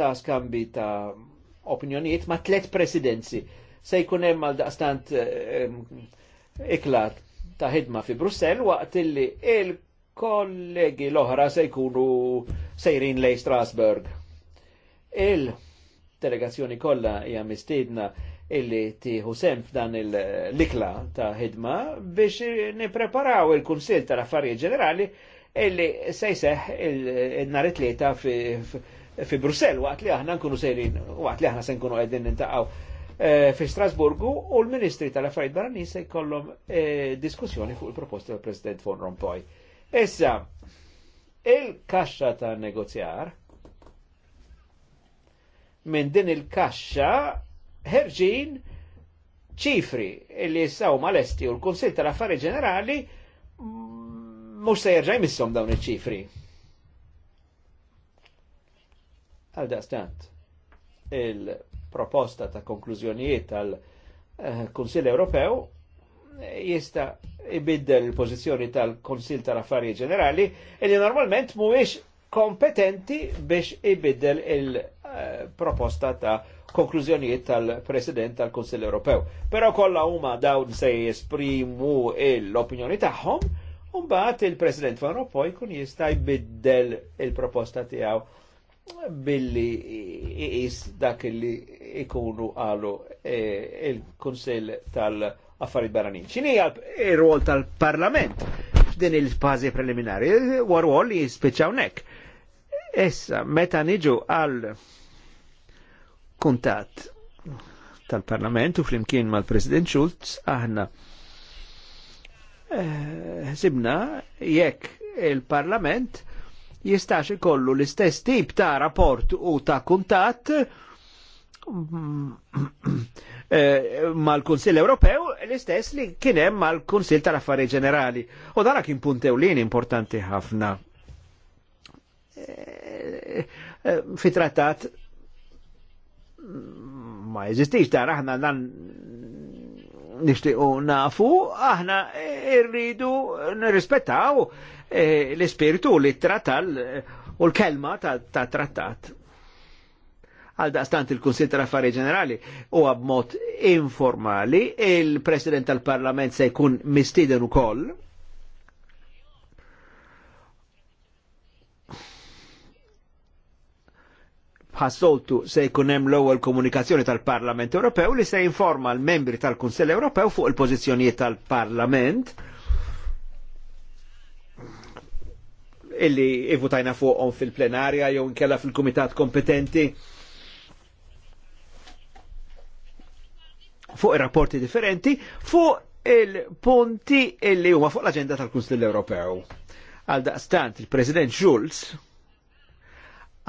ta' skambi ta' opinjonijiet ma' tlet presidenzi. Se jkun hemm għal daqstant iklat ta' ħidma fi Brussell waqt illi il-kollegi l-oħra se jkunu sejrin lej Strasburg. Il-delegazzjoni kollha hija mistiedna illi tiħu semf dan l-ikla ta' ħidma biex nipreparaw il-Kunsil tal-Affarijiet Ġenerali illi se il-nar it-tlieta fi, fi fi Brussell waqt li aħna nkunu sejrin, waqt li aħna se nkunu qegħdin nintaqaw eh, fi Strasburgu u l-Ministri tal-Affarijiet Barranin se jkollhom eh, diskussjoni fuq il-proposta tal-President Von Rompuy. Issa, il-kaxxa ta' negozjar minn din il-kaxxa ħerġin ċifri li jissaw mal-esti u l-Konsil tal affarijiet Ġenerali mux mm, se jirġaj missom dawn il ċifri Għal daqstant il-proposta ta' konklużjonijiet tal-Kunsill eh, Ewropew jista ibiddel il pożizzjoni tal-Konsil tal-Affarijiet Ġenerali li normalment mhuwiex kompetenti biex ibiddel il-proposta eh, ta' konklużjonijiet tal-President tal-Konsil Ewropew. Però kollha huma dawn se jesprimu l-opinjoni tagħhom, u mbagħad il-President van Rompuy kun jista' jbiddel il-proposta tiegħu billi iqis dak li ikunu għalu eh, il-Kunsell tal-Affarijiet Baranin. ċini il-rol tal-Parlament f'din il-fazi preliminari, war rol li nek. Essa, meta niġu għal kuntat tal-Parlament u flimkien mal-President Schultz, aħna eh, ħsibna jekk il-Parlament jistax ikollu l-istess tip ta' rapport u ta' kuntat eh, mal-Kunsill Ewropew l-istess li kienem mal-Kunsill tal affari Ġenerali. U dara kien punt li importanti ħafna eh, eh, fi trattat ma jeżistix dar aħna nan nishtiqu nafu, aħna irridu nirrispettaw E, l-ispiritu li trattal u l-kelma ta' trattat. Għal daqstant il-Kunsil tal-Affari Ġenerali u għabmot informali il-President tal-Parlament se jkun mistiden ukoll ħassoltu se jkun hemm l-ewwel komunikazzjoni tal-Parlament Ewropew li se jinforma l-membri tal-Kunsell Ewropew fuq il-pożizzjonijiet tal-Parlament. tal parlament illi ivutajna fuqhom fil-plenarja jew nkella fil-kumitat kompetenti. Fuq ir-rapporti differenti, fuq il-punti illi huma fuq l-aġenda tal-Kunsill Ewropew. Għal daqstant il-President Schulz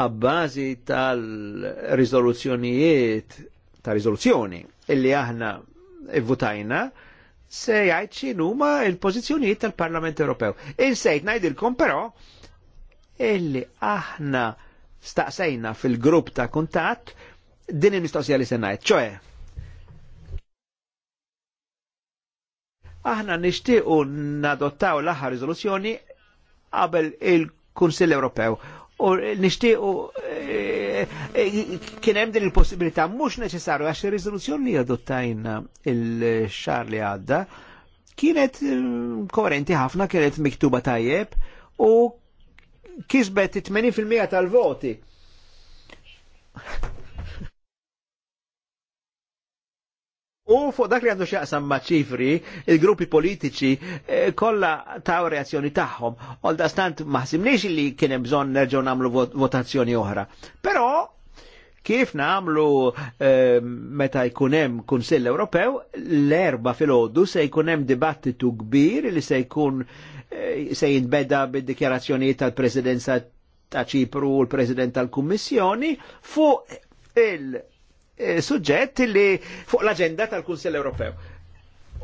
għabbażi tal-rizoluzzjonijiet ta' rizoluzzjoni illi aħna votajna se jgħid x'inhuma l-pożizzjonijiet tal-Parlament Ewropew. Insejt ngħidilkom però illi aħna staqsejna fil-grupp ta' kuntat din il-mistoqsija li sennajt, ċoħe. Aħna nishtiqu nadottaw l-aħħar rizoluzzjoni qabel il-Kunsill Ewropew u nishtiqu eh, eh, kien hemm din il-possibilità mhux neċessarju għax ir-riżoluzzjoni li adottajna il-xar li għadda kienet eh, koerenti ħafna, kienet miktuba tajjeb u kisbet 80% tal-voti. U fuq dak li għandu xaqsam ma' ċifri, il-gruppi politiċi eh, kolla ta' reazzjoni taħħom. Għolda stant maħsimniex li kienem bżon nerġgħu nagħmlu votazzjoni oħra. Però Kif namlu eh, meta jkunem Kunsill Ewropew, l-erba fil-ħoddu se jkunem dibattitu kbir li se jkun eh, se jinbeda bid-dikjarazzjonijiet tal-Presidenza ta' Ċipru u l-President tal-Kummissjoni fuq il eh, suġġetti li fuq l-agenda tal-Kunsill Ewropew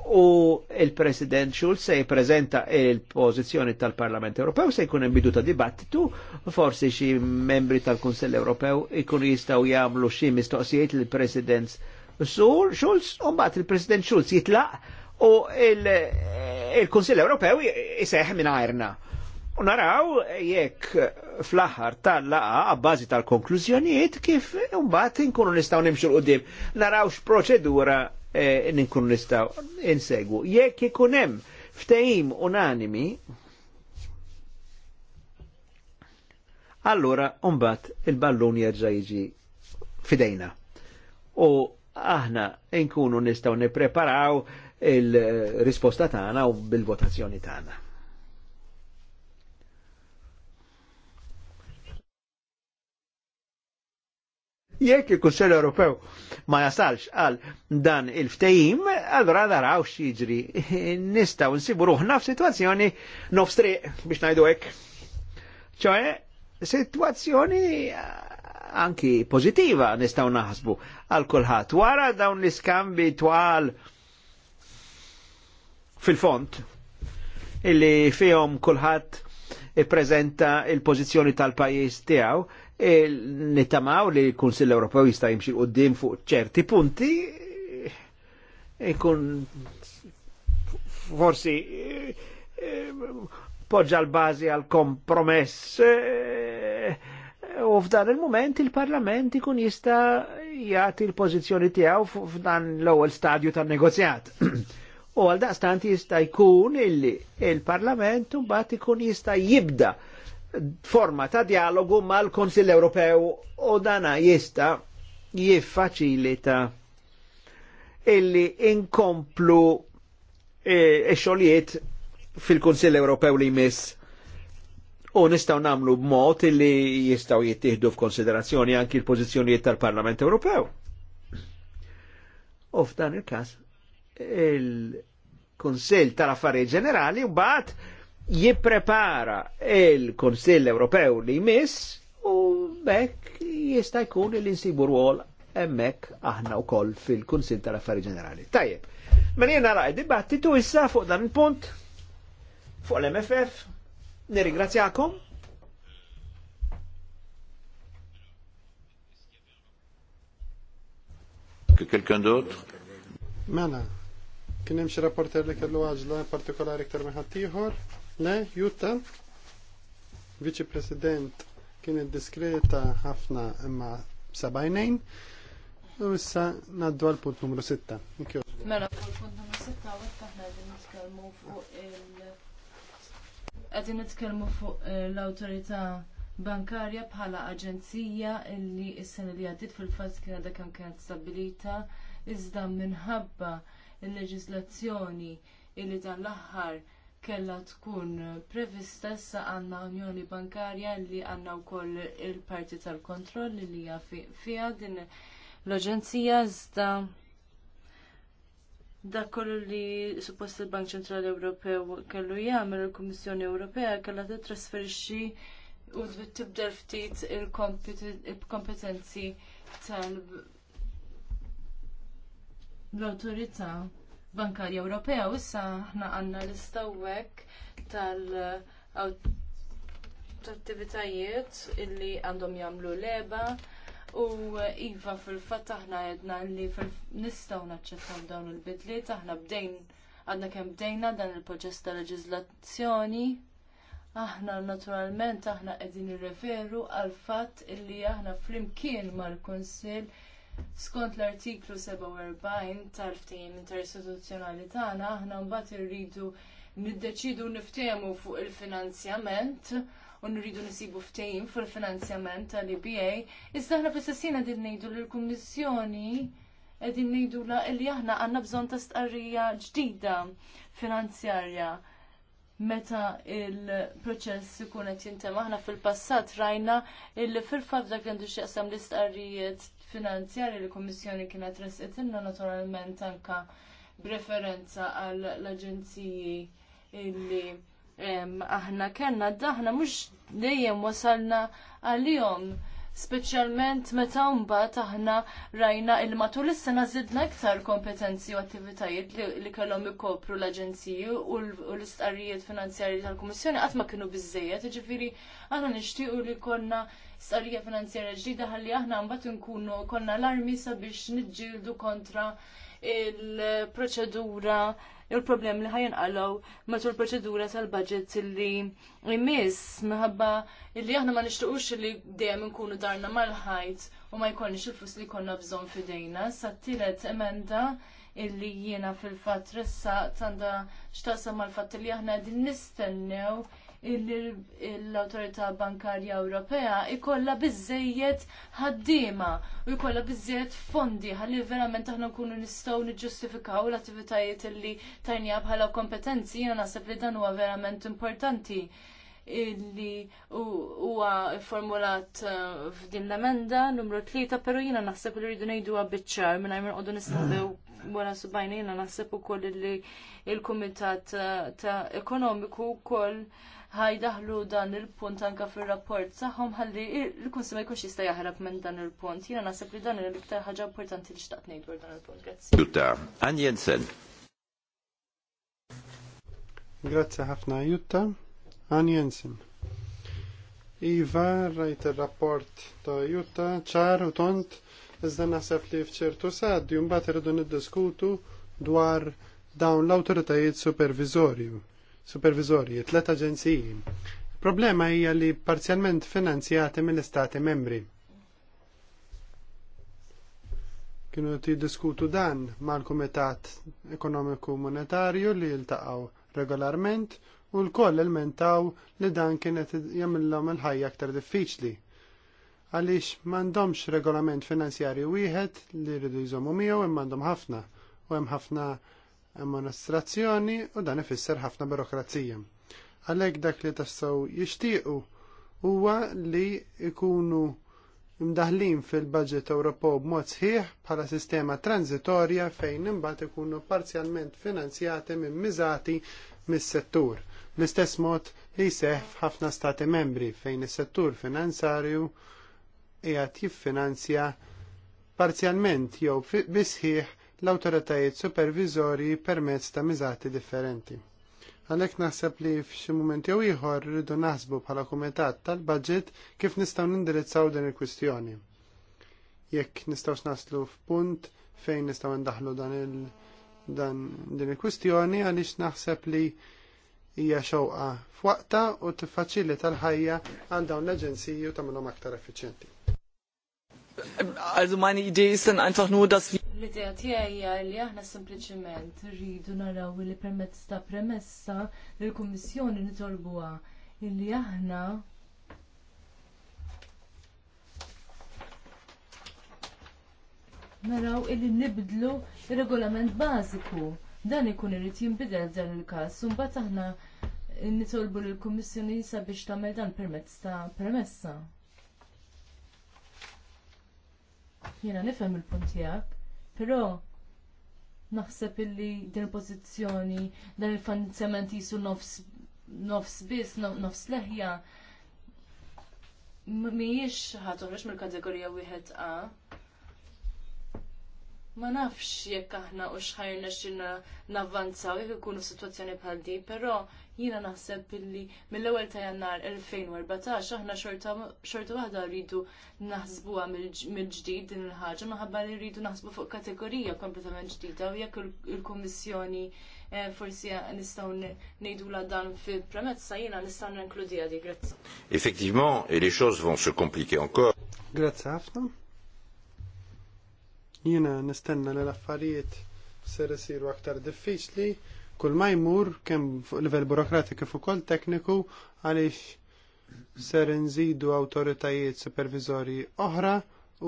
u il-President Schulz se jiprezenta il-pożizzjoni tal-Parlament Ewropew se jkun hemm bidu ta' dibattitu, forsi xi membri tal-Kunsell Ewropew ikun jistgħu jagħmlu xi mistoqsijiet il president Sul, Schulz u mbagħad il-President Schulz jitlaq u il-Kunsell Ewropew iseħ minn ajrna. U naraw jekk fl-aħħar tal-laqa għabbażi tal-konklużjonijiet kif mbagħad inkunu nistgħu nimxu l Naraw x'proċedura E, ninkun nistaw insegwu. Jekk ikun hemm ftehim unanimi, allora mbagħad il-ballun jerġa' jiġi fidejna. U aħna nkunu nistgħu nippreparaw il-risposta tagħna u bil-votazzjoni tagħna. Jekk il-Kunsell Ewropew ma jasalx għal dan il-ftejim, allora naraw x'jiġri. Nistgħu nsibu ruħna f'sitwazzjoni nofstri biex ngħidu hekk. Ċoħe, sitwazzjoni anki pożittiva nistgħu naħsbu għal kulħadd. Wara dawn l-iskambi twal fil-font illi fihom kulħadd ippreżenta il-pożizzjoni tal-pajjiż tiegħu, nittamaw li l-Kunsill Ewropew jista' jimxi qudiem fuq ċerti punti ikun forsi eh, poġġa l-bażi għal kompromess eh, u f'dan il-moment il-Parlament ikun jista' jagħti l-pożizzjoni tiegħu f'dan l-ewwel stadju tan-negozjat. U għal daqstant jista' jkun illi il-Parlament mbagħad ikun jista' jibda' forma ta' dialogu mal konsil Ewropew u dana jista jiffaċilita illi inkomplu e, xogħlijiet fil konsil Ewropew li jmiss u nistaw namlu b'mod illi jistaw jittieħdu f'konsiderazzjoni anki l-pożizzjonijiet tal-Parlament Ewropew. U f'dan il-każ il-Kunsill tal-Affarijiet Ġenerali bat jipprepara il-Konsill Ewropew li jmiss u bekk jista' jkun l nsibu rwol hemmhekk aħna wkoll fil-Kunsill tal affari Ġenerali. Tajjeb, Men mela jena raħi dibattitu issa fuq dan il-punt fuq l-MFF. Nirringrazzjakom. Que quelqu'un d'autre? Mela, kien hemm xi rapporter li kellu għaġla partikolari ktar minn Le, Jutta, viċi-president kienet diskreta ħafna imma sabajnejn. U issa naddu għal punt numru 6. Mela, fuq punt numru 6 għatta ħna għedin nitkelmu fuq il- għedin nitkelmu fuq l-autorita bankarja bħala aġenzija illi s-sena li għaddit fil-fat kien għadha kemm kienet stabilita iżda minħabba il leġizlazzjoni illi dan l-aħħar kella tkun prevista issa għandna Unjoni Bankarja li għandna wkoll il-parti tal-kontroll li hija fiha din l-Aġenzija iżda dak kollu li suppost il-Bank Ċentrali Ewropew kellu jagħmel il-Kummissjoni Ewropea kellha titrasferixxi u tibdel ftit il-kompetenzi tal l Bankarja Ewropea u issa aħna għandna l-istawwek tal-attivitajiet illi għandhom jagħmlu leba u iva fil-fatt aħna għedna li nistgħu naċċettaw dawn il-bidliet aħna bdejn għadna kemm bdejna dan il-proċess ta' leġiżlazzjoni aħna naturalment aħna qegħdin nirreferu għal fatt illi aħna flimkien mal-Kunsill skont l-artiklu 47 tal-ftehim interistituzzjonali tagħna aħna mbagħad irridu niddeċidu niftehmu fuq il-finanzjament u nridu nisibu ftehim fuq il-finanzjament tal-IBA, iżda aħna fl-istessina qegħdin ngħidu lill-Kummissjoni qegħdin ngħidu li aħna għandna bżonn ta' stqarrija ġdida finanzjarja meta il-proċess ikun qed jintema aħna fil-passat rajna illi fil-fatt dak għandu x'jaqsam l-istqarrijiet finanzjari li kummissjoni kienet resqitilna naturalment anka b'referenza għal l-aġenziji illi aħna kellna daħna mhux dejjem wasalna għalihom speċjalment meta mbagħad aħna rajna il matul is-sena żidna iktar kompetenzi u attivitajiet li kellhom ikopru l-aġenziji u l-istqarrijiet finanzjarji tal-Kummissjoni qatt ma kienu biżejjed, jiġifieri aħna nixtiequ li konna stqarrija finanzjarja ġdida ħalli aħna mbagħad nkunu konna l-armi sabiex niġġieldu kontra il-proċedura il-problem li ħajinqalaw matul proċedura tal-budget li jmiss minħabba li aħna ma nixtuqux li dejjem nkunu darna mal-ħajt u ma jkollniex il-flus li konna bżonn fidejna. Sattilet emenda illi jiena fil-fatt ressa tanda xtaqsam mal-fatt li aħna din nistennew l-Awtorità Bankarja Ewropea ikollha biżżejjed ħaddiema u jkollha biżżejjed fondi ħalli verament aħna nkunu nistgħu niġġustifikaw l-attivitajiet li tajnija bħala kompetenzi jiena naħseb li dan huwa verament importanti illi huwa formulat eh, f'din l-emenda numru 3, pero jiena naħseb li rridu ngħiduha biċ-ċar minn ma nqogħdu nistgħu wara subajnina naħseb ukoll li l kumitat eh, ta' Ekonomiku wkoll ħajdaħlu dan il-punt anka fil-rapport saħħom ħalli il-kunsi ma jkunx jista' jaħrab minn dan il-punt. Jiena naħseb li dan l-iktar ħaġa importanti li xtaqt ngħid dwar dan il-punt. Grazzi. Jutta, Ann Jensen. Grazzi ħafna Jutta. Ann Jensen. Iva, rajt il-rapport ta' Jutta, ċar u tont, iżda naħseb li fċertu sad mbagħad irridu niddiskutu dwar dawn l autoritajiet supervizorju supervizorji, tlet aġenziji. Problema hija li parzjalment finanzjati mill-Istati membri. Kienu tiddiskutu dan mal-Kumitat Ekonomiku Monetarju li jiltaqgħu regolarment u l-koll elmentaw li dan kienet jagħmilhom il-ħajja aktar diffiċli. Għaliex m'għandhomx regolament finanzjarju wieħed li jridu jżommu miegħu imma għandhom ħafna u hemm ħafna amministrazzjoni u dan ifisser ħafna burokrazija. Għalhekk dak li tassew jixtiequ huwa li jkunu imdaħlin fil-budget Ewropew b'mod sħiħ bħala sistema transitorja fejn imbagħad ikunu parzjalment finanzjati minn miżati mis-settur. L-istess mod li jseħħ f'ħafna stati membri fejn is-settur finanzarju qiegħed jiffinanzja parzjalment jew bisħiħ l-awtoritajiet superviżorji permezz ta' miżati differenti. Għalhekk naħseb li f'xi mument jew ieħor rridu naħsbu bħala kumitat tal-budget kif nistgħu nindirizzaw din il-kwistjoni. Jekk nistgħux naslu f'punt fejn nistgħu ndaħlu dan il dan din il-kwistjoni għaliex naħseb li hija xewqa f'waqta u tiffaċili tal-ħajja għal dawn l-aġenziji u tagħmilhom aktar effiċjenti. Also meine Idee ist dann einfach nur, dass wir l-idea tiegħi hija li aħna sempliċement rridu naraw li permezz ta' premessa li l-Kummissjoni nitolbuha li aħna naraw illi nibdlu regolament bażiku. Dan ikun irid jinbidel dan il-każ, u mbagħad aħna nitolbu lill-Kummissjoni sabiex tagħmel dan permezz ta' premessa. Jiena nifhem il-punt tiegħek. Però naħseb illi din il-pożizzjoni dan il-finanzjament jisu nofs nofs biss, nofs leħja mhijiex ħadd toħroġ mill-kategorija wieħed A ma nafx jekk aħna u xħajna xina navvanzaw jekk ikunu situazzjoni bħal di, però jina naħseb billi mill-ewwel ta' jannar 2014 aħna xorta waħda rridu naħsbuha mill-ġdid din il-ħaġa maħabba li rridu naħsbu fuq kategorija kompletament ġdida u jekk il-Kummissjoni eh, forsi nistgħu ngħidula dan fil-premezza jiena nistgħu ninkludija di grazzi. Effettivement, et les choses vont se compliquer encore. Grazie ħafna. Jiena nistenna li l-affarijiet ser isiru aktar diffiċli kull ma jmur kemm fuq livell burokratiku fuq ukoll tekniku għaliex ser nżidu awtoritajiet supervizori oħra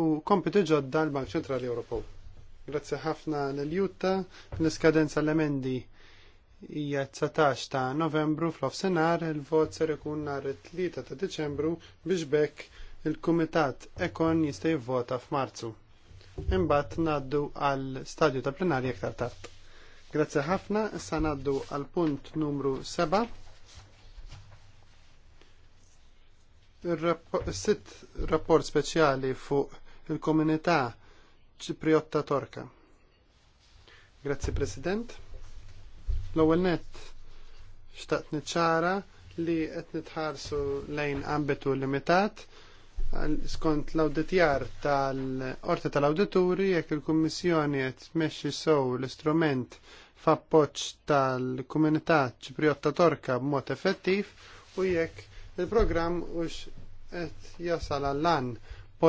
u kompiti ġodda l-Bank Ċentrali Ewropew. Grazzi ħafna l-Jutta, l-iskadenza l-emendi hija 19 ta' Novembru fl ofsenar il-vot ser ikun nhar it-3 ta' Diċembru biex bekk il-Kumitat Ekon jista' jivvota f'Marzu imbagħad ngħaddu għal stadju ta' plenarja aktar tard. Grazzi ħafna, issa naddu għal punt numru 7. Sitt rapport speċjali fuq il-komunità ċipriotta torka. Grazzi President. L-ewwel nett xtaqt niċċara li qed nitħarsu lejn ambitu limitat skont l-auditjar tal-orta tal-auditori jekk il-Kummissjoni qed tmexxi sew l-istrument f'appoġġ tal-Kumunità Ċipriotta Torka b'mod effettiv u jekk il-programm hux qed jasal għall-an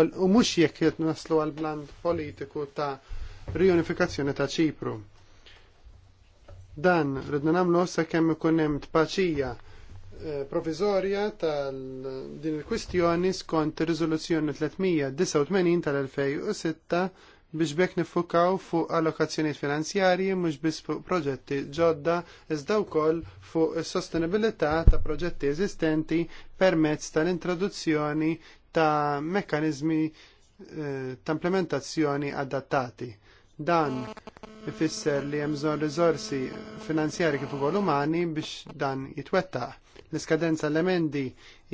u mhux jekk qed naslu għall-plan politiku ta' riunifikazzjoni ta' Ċipru. Dan ridna nagħmlu sa kemm ikun hemm tpaċija Eh, provizorja tal din il-kwistjoni skont ir-riżoluzzjoni 389 tal-2006 biex bekk nifukaw fuq allokazzjoniet finanzjarji mhux biss fuq proġetti ġodda iżda wkoll fuq is-sostenibilità ta' proġetti eżistenti permezz tal-introduzzjoni ta' mekkaniżmi eh, ta' implementazzjoni adattati. Dan ifisser li hemm bżonn riżorsi finanzjarji kif ukoll umani biex dan jitwettaq L-iskadenza l-emendi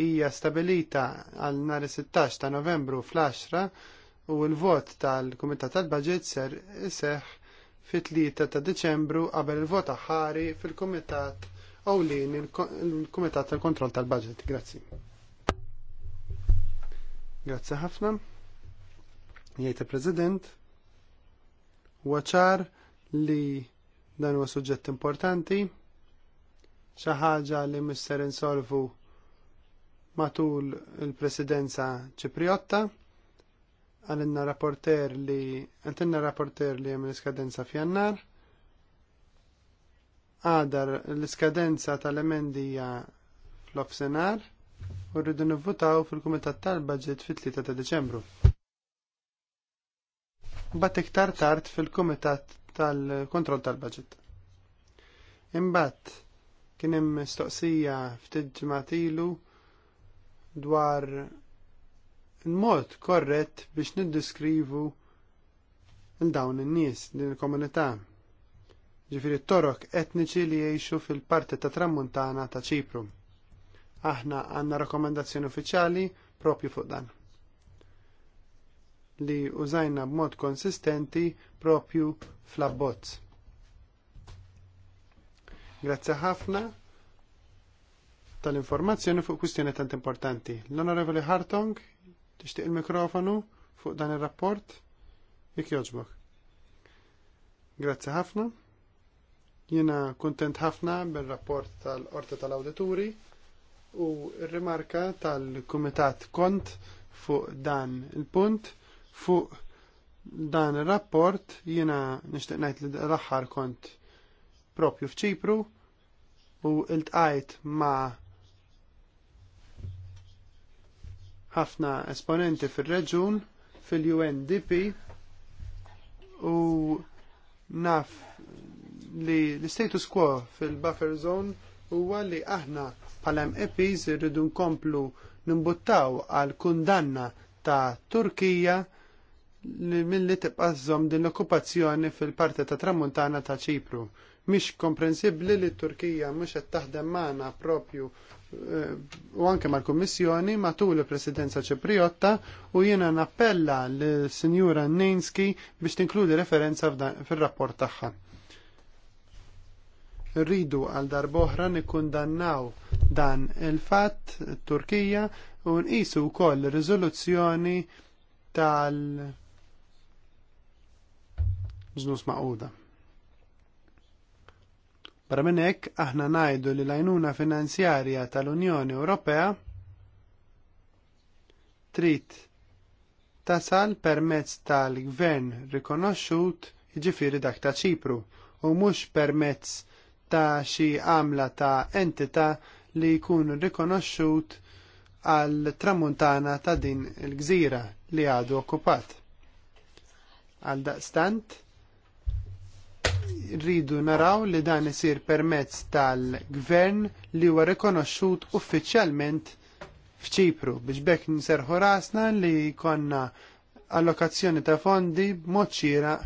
hija stabilita għal nhar 16 ta' Novembru fl-10 u l-vot tal-Kumitat tal-Baġit ser iseħ fit-3 ta' Deċembru qabel il-vot ħari fil-Kumitat Owlin il-Kumitat tal-Kontroll tal budget Grazzi. Grazzi ħafna. Jgħid il-President. Waċar li dan huwa suġġett importanti xi ħaġa li mister insolvu matul il-presidenza Ċipriotta għalinna rapporter li għantinna rapporter li għamil iskadenza fjannar għadar l-iskadenza tal-emendija fl-ofsenar u rridu nivvutaw fil-Kumitat tal-Budget fit-3 ta' Deċembru. Bat iktar tard fil-Kumitat tal-Kontroll tal-Budget. Imbat, Kien hemm mistoqsija ftit ġimatilu dwar il-mod korrett biex niddiskrivu il dawn in-nies din il-komunità. Ġifieri torok etniċi li jgħixu fil-parti ta' tramuntana ta' Ċipru. Aħna għandna rakkomandazzjoni uffiċjali propju fuq dan. Li użajna b'mod konsistenti propju fl-abbozz. Grazzi ħafna tal-informazzjoni fuq kwistjoni tant importanti. L-Onorevoli Hartong, tixtieq il-mikrofonu fuq dan ir-rapport jekk joġbok. Grazzi ħafna. Jiena kuntent ħafna bil rapport tal-Qorti tal-Awdituri u r-rimarka tal-Kumitat Kont fuq dan il-punt fuq dan ir-rapport jiena nixtieq ngħid li l-aħħar kont propju f'Ċipru u ltqajt ma' ħafna esponenti fil-reġun fil-UNDP u naf li l-status quo fil-buffer zone huwa li aħna bħala MEPs irridu nkomplu nimbuttaw għal kundanna ta' Turkija li mill-li tibqa' din l-okkupazzjoni fil-parti ta' tramuntana ta' Ċipru mhix komprensibbli li t-Turkija mhux qed taħdem magħna propju eh, u anke mal-Kummissjoni matul il-Presidenza Ċipriotta u jiena nappella l-Sinjura Ninski biex tinkludi referenza fir-rapport tagħha. Rridu għal darboħra nikkundannaw dan il-fatt Turkija u nqisu wkoll riżoluzzjoni tal- ġnus maquda. Barra minn hekk aħna ngħidu li l-għajnuna finanzjarja tal-Unjoni Ewropea trid tasal permezz tal-gvern rikonoxxut jiġifieri dak ta' Ċipru u mhux permezz ta' xi għamla ta' entità li jkun rikonoxxut għal tramuntana ta' din il-gżira li għadu okkupat. Għal daqstant, rridu naraw li dan isir permezz tal-gvern li huwa rikonoxxut uffiċjalment f'Ċipru biex bekk nserħu rasna li konna allokazzjoni ta' fondi b'mod xieraq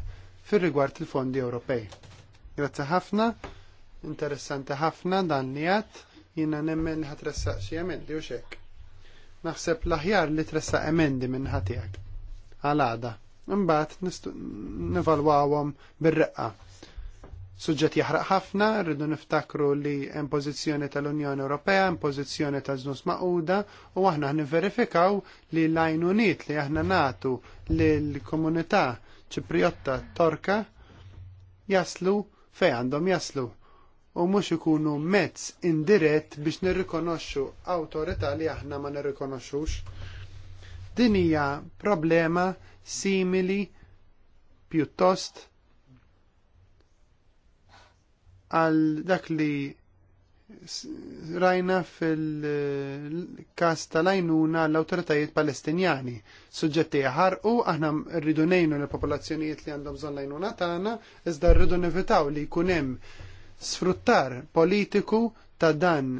fir-rigward il-fondi Ewropej. Grazzi ħafna, interessanti ħafna dan li għat, jina nemmen li ħatressaq xi emendi u xek. Naħseb l-aħjar li tressaq emendi minn ħatijak. Għal għada, imbagħad nivalwawhom bir-reqqa Suġġett jaħraq ħafna, rridu niftakru li hemm pożizzjoni tal-Unjoni Ewropea, hemm pożizzjoni tal-żnus maquda u aħna nivverifikaw li l għajnunit li aħna natu lill komunità ċipriotta torka jaslu fejn għandhom jaslu u mhux ikunu mezz indirett biex nirrikonoxxu awtorità li aħna ma nirrikonoxxux. Din hija problema simili pjuttost għal dak li rajna fil-kas tal-ajnuna l-autoritajiet palestinjani. Suġġetti u aħna rridu nejnu l-popolazzjonijiet li għandhom bżon l-ajnuna tagħna, iżda rridu nevitaw li jkun hemm sfruttar politiku ta' dan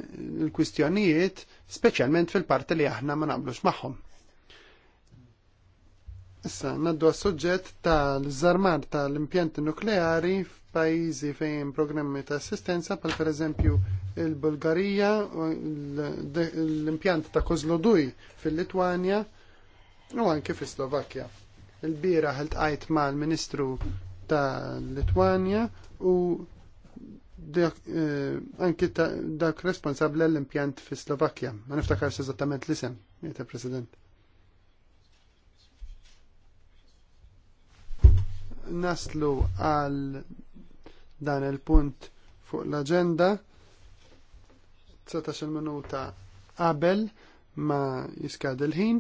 il-kwistjonijiet, speċjalment fil-parti li aħna ma naqblux magħhom. Issa, naddu għas-suġġett tal-żarmar tal-impjanti nukleari pajjiżi fejn programmi ta' assistenza pal pereżempju il-Bulgarija l-impjant ta' Kozloduj fil-Litwanja u anke fis-Slovakkja. Il-bira ħeltqajt mal-Ministru ta' Litwanja u eh, anke ta dak responsabli l-impjant fi Slovakkja. Ma niftakar eżattament l-isem, jgħid president Naslu għal dan il-punt fuq l-agenda 19 minuta qabel ma jiskad il-ħin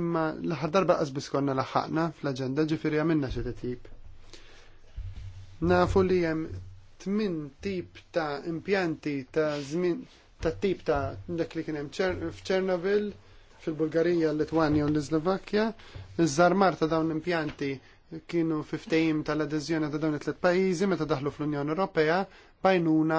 imma l-aħħar darba qasbis konna laħħaqna fl-agenda ġifiri għamilna xi tip. Nafu li hemm tmin tip ta' impjanti ta' żmien ta' tip ta' dak li kien hemm f'Ċernobil fil-Bulgarija, l-Litwanja u l-Slovakkja, iż-żarmar ta' dawn l-impjanti kienu fiftejim tal-adeżjoni ta' dawn it-tliet pajjiżi meta daħlu fl-Unjoni Ewropea bajnuna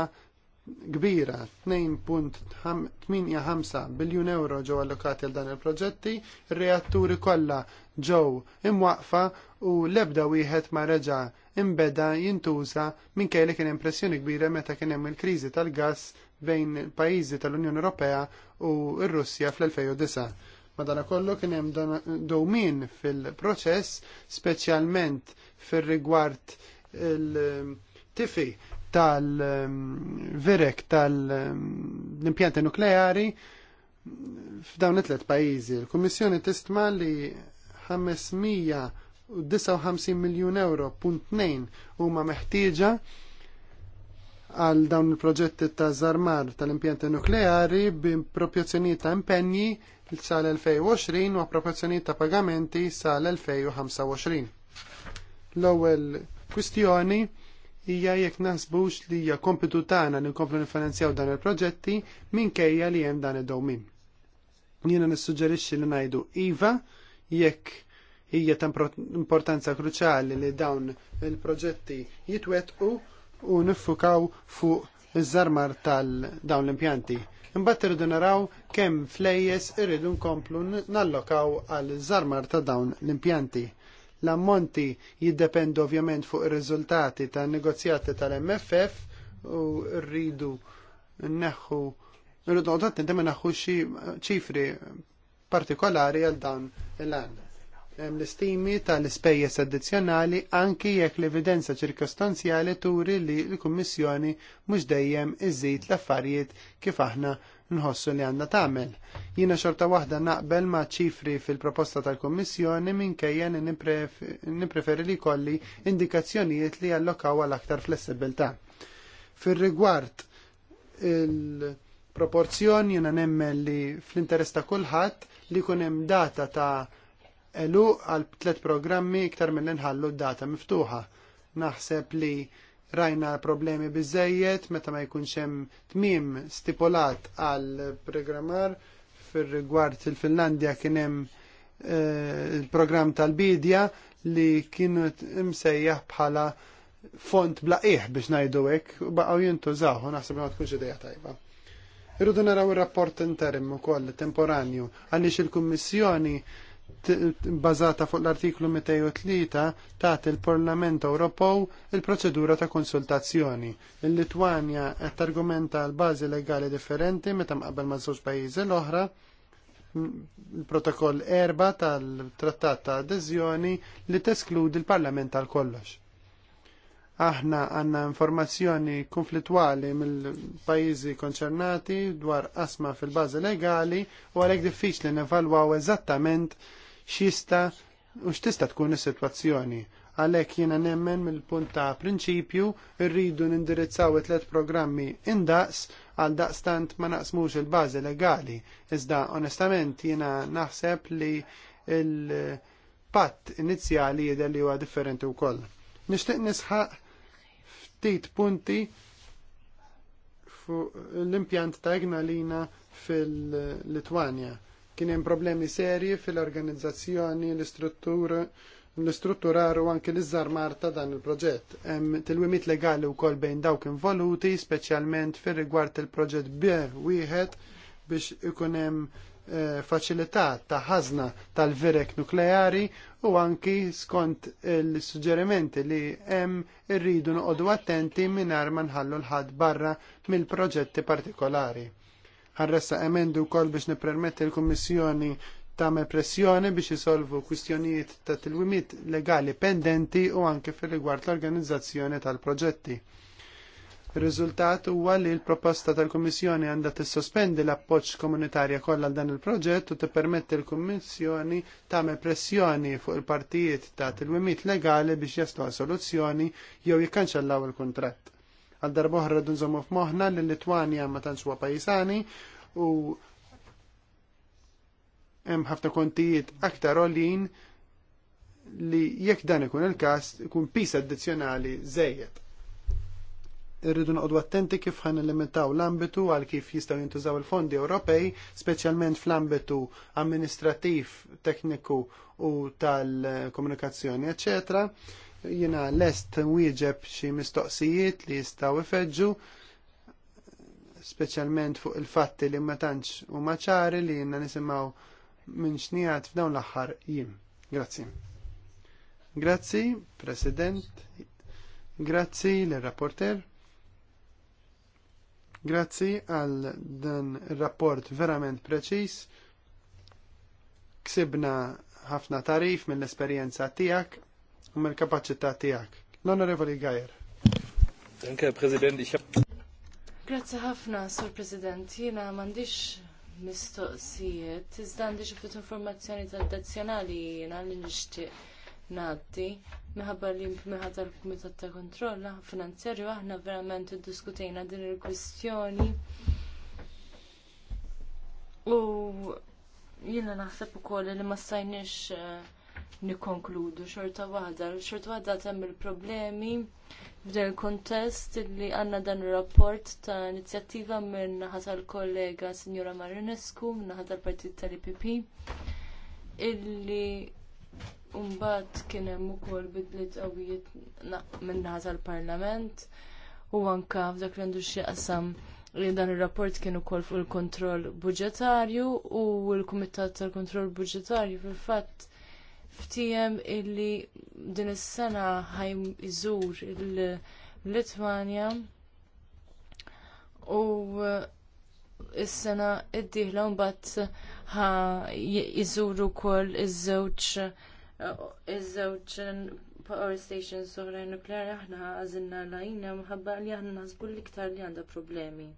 kbira 2.85 biljun euro ġew allokati għal dan il-proġetti, ir-reatturi kollha ġew imwaqfa u l-ebda wieħed ma reġa' imbeda jintuża minkejn li kien hemm pressjoni kbira meta kien hemm il-kriżi tal-gass bejn il-pajjiżi tal-Unjoni Ewropea u r-Russja fl-2009. Madanakollu kien hemm domin fil-proċess, speċjalment fir-rigward il-tifi tal virek tal-impjanti nukleari f'dawn it-tlet pajjiżi. Il-Kummissjoni tistma li 559 miljun euro punt 2 huma meħtieġa għal dawn il-proġetti ta' zarmar tal-impjanti nukleari b'impropjozzjoni ta' impenji sal-2020 u approporzjoni ta' pagamenti sal-2025. L-ewwel kwistjoni hija jekk naħsbux li hija kompitu tagħna li nkomplu nifinanzjaw dan il-proġetti minkejja li hemm dan id-dowmin. Jiena nissuġġerixxi li ngħidu iva jekk hija ta' importanza kruċjali li dawn il-proġetti jitwettqu u niffukaw fuq iż-żarmar tal-dawn l-impjanti. Imbagħad irridu naraw kemm flejjes irridu nkomplu nallokaw għal żarmar ta' dawn l-impjanti. L-ammonti jiddependu ovvjament fuq ir-riżultati tan negozjati tal-MFF u rridu neħu rridu għodat nintemmen naħu xi ċifri partikolari għal dawn l-għan. Hemm l-istimi tal-ispejjeż addizzjonali anki jekk l-evidenza ċirkostanzjali turi li l-Kummissjoni mhux dejjem iżid l-affarijiet kif aħna nħossu li għandna tagħmel. Jiena xorta waħda naqbel ma' ċifri fil-proposta tal-Kummissjoni minkejja nippreferi li kolli indikazzjonijiet li allokaw għal aktar flessibilità. Fil-rigward il- proporzjon jiena nemmen li fl-interess ta' kulħadd li jkun hemm data ta' elu għal tlet programmi iktar minn nħallu data miftuħa. Naħseb li rajna problemi bizzejiet meta ma jkunx hemm tmiem stipulat għal programmar fir-rigward il-Finlandja kien hemm eh, il-programm tal-bidja li kienu imsejjaħ bħala font blaqih biex najdu hekk u baqgħu jintużaw u naħseb li ma tkunx idea tajba. Irridu naraw ir-rapport interim ukoll temporanju għaliex il-Kummissjoni bazata fuq l-artiklu 203 tagħti il-Parlament Ewropew il-proċedura ta' konsultazzjoni. Il-Litwanja qed targumenta l-bażi legali differenti meta mqabbel ma' żewġ pajjiżi l-oħra il-protokoll erba tal-trattat ta' adeżjoni li teskludi l-Parlament tal kollox. Aħna għanna informazzjoni konflittwali mill pajjiżi konċernati dwar asma fil bażi legali u għalhekk diffiċli nevalwaw eżattament xista u x'tista' tkun is-sitwazzjoni. Għalhekk jiena nemmen mill-punt ta' prinċipju rridu nindirizzaw it let programmi indaqs għal daqstant ma naqsmux il-bażi legali. Iżda onestament jiena naħseb li il-patt inizjali jidher li huwa differenti wkoll. Nixtieq nisħaq ftit punti fuq l-impjant ta' Ignalina fil-Litwanja Kien hemm problemi serji fil-organizzazzjoni, l-istruttura, l-istrutturar u anke l-iżarmar ta' dan il-proġett. Hemm tilwimiet legali wkoll bejn dawk involuti, speċjalment fir-rigward il-proġett B wieħed biex ikun hemm eh, faċilità ta' ħazna tal-verek nukleari u anki skont il-suġġerimenti li hemm irridu noqogħdu attenti mingħajr ma nħallu l-ħadd barra mill-proġetti partikolari ħarressa emendu wkoll biex nippermetti l-Kummissjoni tagħmel pressjoni biex isolvu kwistjonijiet ta' tilwimit legali pendenti u anke fil rigward l-organizzazzjoni tal-proġetti. Ir-riżultat huwa li l-proposta tal-Kummissjoni għandha tissospendi l-appoġġ komunitarja kollha għal dan il-proġett u tippermetti l-Kummissjoni tagħmel pressjoni fuq il-partijiet ta' tilwimit legali biex jaslu soluzzjoni jew jikkanċellaw il-kuntratt. Għal darba oħra dunżomu f'moħħna l litwania ma tan suwa pajisani u hemm ħafna kontijiet aktar olin li jekk dan ikun il-każ ikun pis addizzjonali żejjed. Irridu noqogħdu attenti kif ħan limitaw l-ambitu għal kif jistgħu jintużaw il-fondi Ewropej, speċjalment fl-ambitu amministrattiv, tekniku u tal-komunikazzjoni, eċċetera jina lest nwieġeb xi mistoqsijiet li jistgħu ifeġġu speċjalment fuq il-fatti li ma tantx huma ċari li jina nisimgħu minn xnijat f'dawn l-aħħar jim. Grazzi. Grazzi, President. Grazzi l-rapporter. Grazzi għal dan il-rapport verament preċis. Ksibna ħafna tarif mill-esperjenza tijak u mill-kapaċità tiegħek. L-Onorevoli Gajer. Danke, President. Grazzi ħafna, Sur President. Jiena m'għandix mistoqsijiet, iżda għandi xi ftit informazzjoni tradizzjonali jiena li nixtieq ngħaddi. Minħabba li minħabba tal-Kumitat ta' Kontroll Finanzjarju aħna verament iddiskutejna din il-kwistjoni. U jiena naħseb ukoll li ma stajniex eh, nikkonkludu xorta waħda. Xorta waħda temm il-problemi f'dan il-kontest li għandna dan ir rapport ta' inizjattiva minn naħa tal-kollega Sinjora Marinescu, naħa tal-partit tal-IPP, illi mbagħad kien hemm ukoll bidliet qawwijiet minn naħa tal-Parlament u anke f'dak li għandu xi qasam li dan ir rapport kien ukoll fuq il-kontroll budġetarju u l-Kumitat tal-Kontroll Budġetarju fil-fatt Ftijem illi din is-sena ħajm iżur il-Litwanja u is-sena id dihla mbagħad ħa iżuru wkoll iż-żewġ iż-żewġ power stations soħra nukleari aħna għażilna lajna mħabba li aħna naħsbu l-iktar li għandha problemi.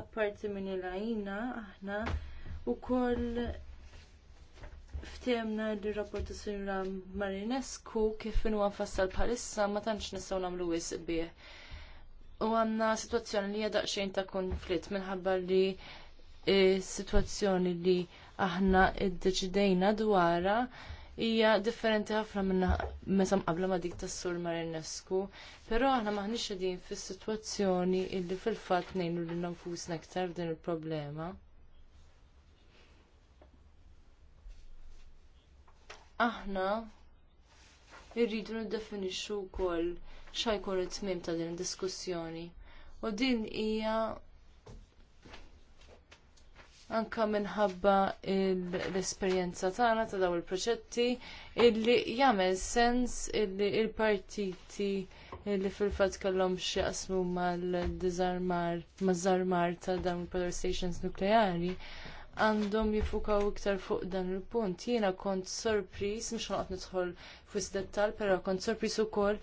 Apparti minn il-għajna aħna wkoll ftiemna li rapporti sinra Marinescu kif inhu għanfassal bħalissa ma tantx nistgħu nagħmlu wisq bih. U għandna sitwazzjoni li hija daqsxejn ta' konflitt minħabba li e, sitwazzjoni li aħna iddeċidejna dwarha hija differenti ħafna minna meta mqabla ma dik tas-sur Marinescu, però aħna maħniex qegħdin fis-sitwazzjoni illi fil-fatt ngħinu lil nfusna aktar f'din il-problema. aħna irridu niddefinixxu wkoll x'ajkun it-tmiem ta' din id-diskussjoni. U din hija anke minħabba l-esperjenza tagħna ta' dawn il-proġetti illi jagħmel sens illi l partiti illi fil-fatt kellhom x'jaqsmu mal-diżarmar maż-żarmar ta' dawn il-power stations nukleari għandhom jifukaw iktar fuq dan il-punt. Jiena kont sorpris, mux għanqat nidħol fuq dettal, pero kont sorpris ukoll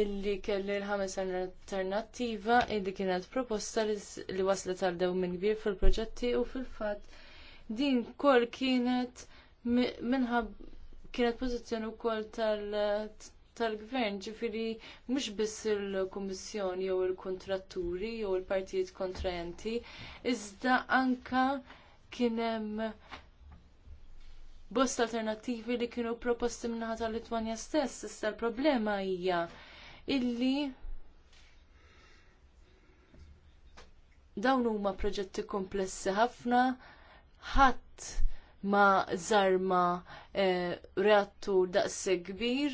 illi kelli l-ħames alternattiva illi kienet proposta li waslet għal minn kbir fil-proġetti u fil-fatt din kol kienet minħab kienet pożizzjoni wkoll tal tal-gvern ġifiri mhux biss il-kummissjoni jew il-kontratturi jew il-partijiet kontrajenti, iżda anka kien hemm bost alternattivi li kienu proposti minnaħa tal-Litwanja stess, issa l-problema hija illi dawn huma proġetti komplessi ħafna, ħadd ma żarma eh, reattur daqs kbir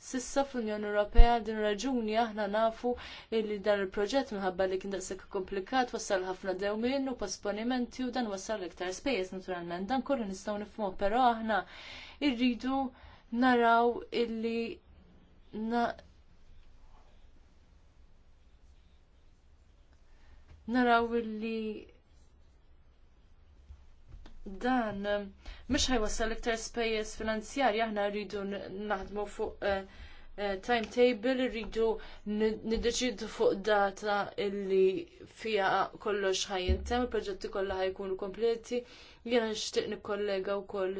Sissa fl-Unjoni Ewropea din raġuni aħna nafu li dan il-proġett minħabba li kien daqshekk komplikat wassal ħafna dewmien u posponimenti u dan wassal iktar spejjeż naturalment. Dan kollu nistgħu nifhmu però aħna rridu naraw illi na naraw illi dan eh, mhux ħajwassal iktar spejjeż finanzjarji aħna rridu naħdmu fuq eh, eh, timetable rridu niddeċidu fuq data illi fija kollox ħajjintem, il-proġetti kollha ħajkunu kompleti. Jena nixtieq nikkollega wkoll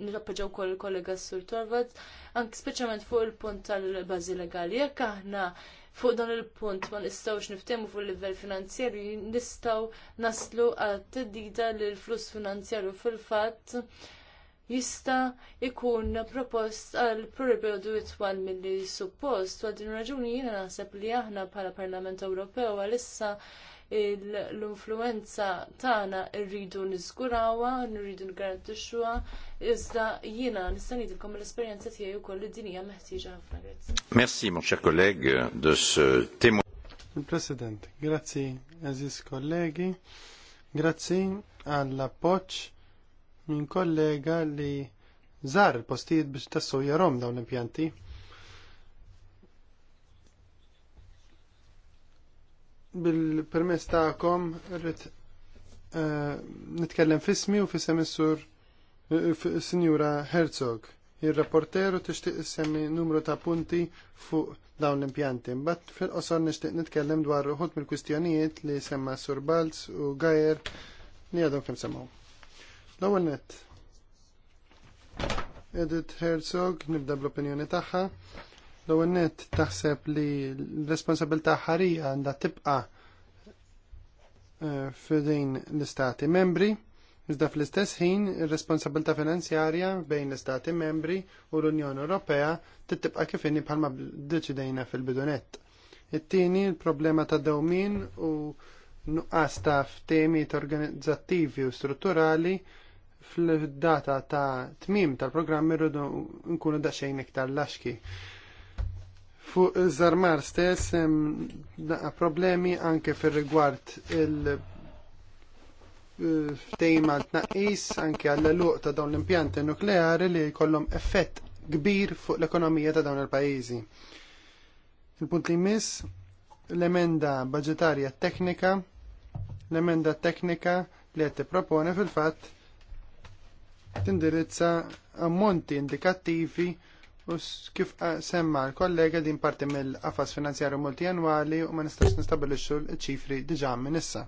nirrappoġġaw ukoll il-kollega Sur Torvalds, anke speċjalment fuq il-punt tal-bażi legali. Jekk aħna fuq dan il-punt ma nistgħux niftemu fuq il-livell finanzjarju nistgħu naslu għal teddida li l-flus finanzjarju fil-fatt jista' jkun propost għal periodu itwal milli suppost għal din raġuni jiena naħseb li aħna bħala Parlament Ewropew għalissa issa l-influenza tagħna rridu niżgurawha, rridu ngarantixxuha, iżda jiena nista' ngħidilkom l-esperjenza tiegħi wkoll li din hija meħtieġa ħafna grazzi. Merci mon cher collègue de ce témo. Il-President, grazzi aziz kollegi, grazzi għall-appoġġ minn kollega li żar postijiet biex tassu jarom dawn l-impjanti. bil-permess ta'kom rrit eh, nitkellem fismi u fissem is-sur eh, Sinjura Herzog. Il-rapporteru tixtieq issemmi numru ta' punti fuq dawn l-impjanti. Bat fil-qosor nixtieq nitkellem dwar uħut mill-kwistjonijiet li semma Sur Balz u Gajer li għadhom kemm semmu. L-ewwel nett. Edith Herzog nibda bl-opinjoni tagħha L-ewwel taħseb li l-responsabilità ħarija għandha tibqa' eh, f'din l-istati membri, iżda fl-istess ħin ir-responsabilità finanzjarja bejn l-istati membri u l-Unjoni Ewropea tittibqa' kif inni bħalma deċidejna fil-bidunett. It-tieni l-problema ta' dewmien u nuqqas ta' f'temi organizzattivi u strutturali fil-data ta' tmim tal-programm irridu nkunu daqsxejn iktar laxki. Fuq Zarmar stess naqa problemi anke fir-rigward il- ftejma tnaqqis anke għall-luq ta' dawn l-impjanti nukleari li jkollhom effett kbir fuq l-ekonomija ta' dawn il-pajjiżi. Il-punt li jmiss l-emenda budgetarja teknika, l-emenda teknika li qed propone fil-fatt tindirizza ammonti indikattivi U kif eh, semma l-kollega din parti mill-qafas finanzjarju multijanwali u ma nistax nistabilixxu l-ċifri diġà minn issa.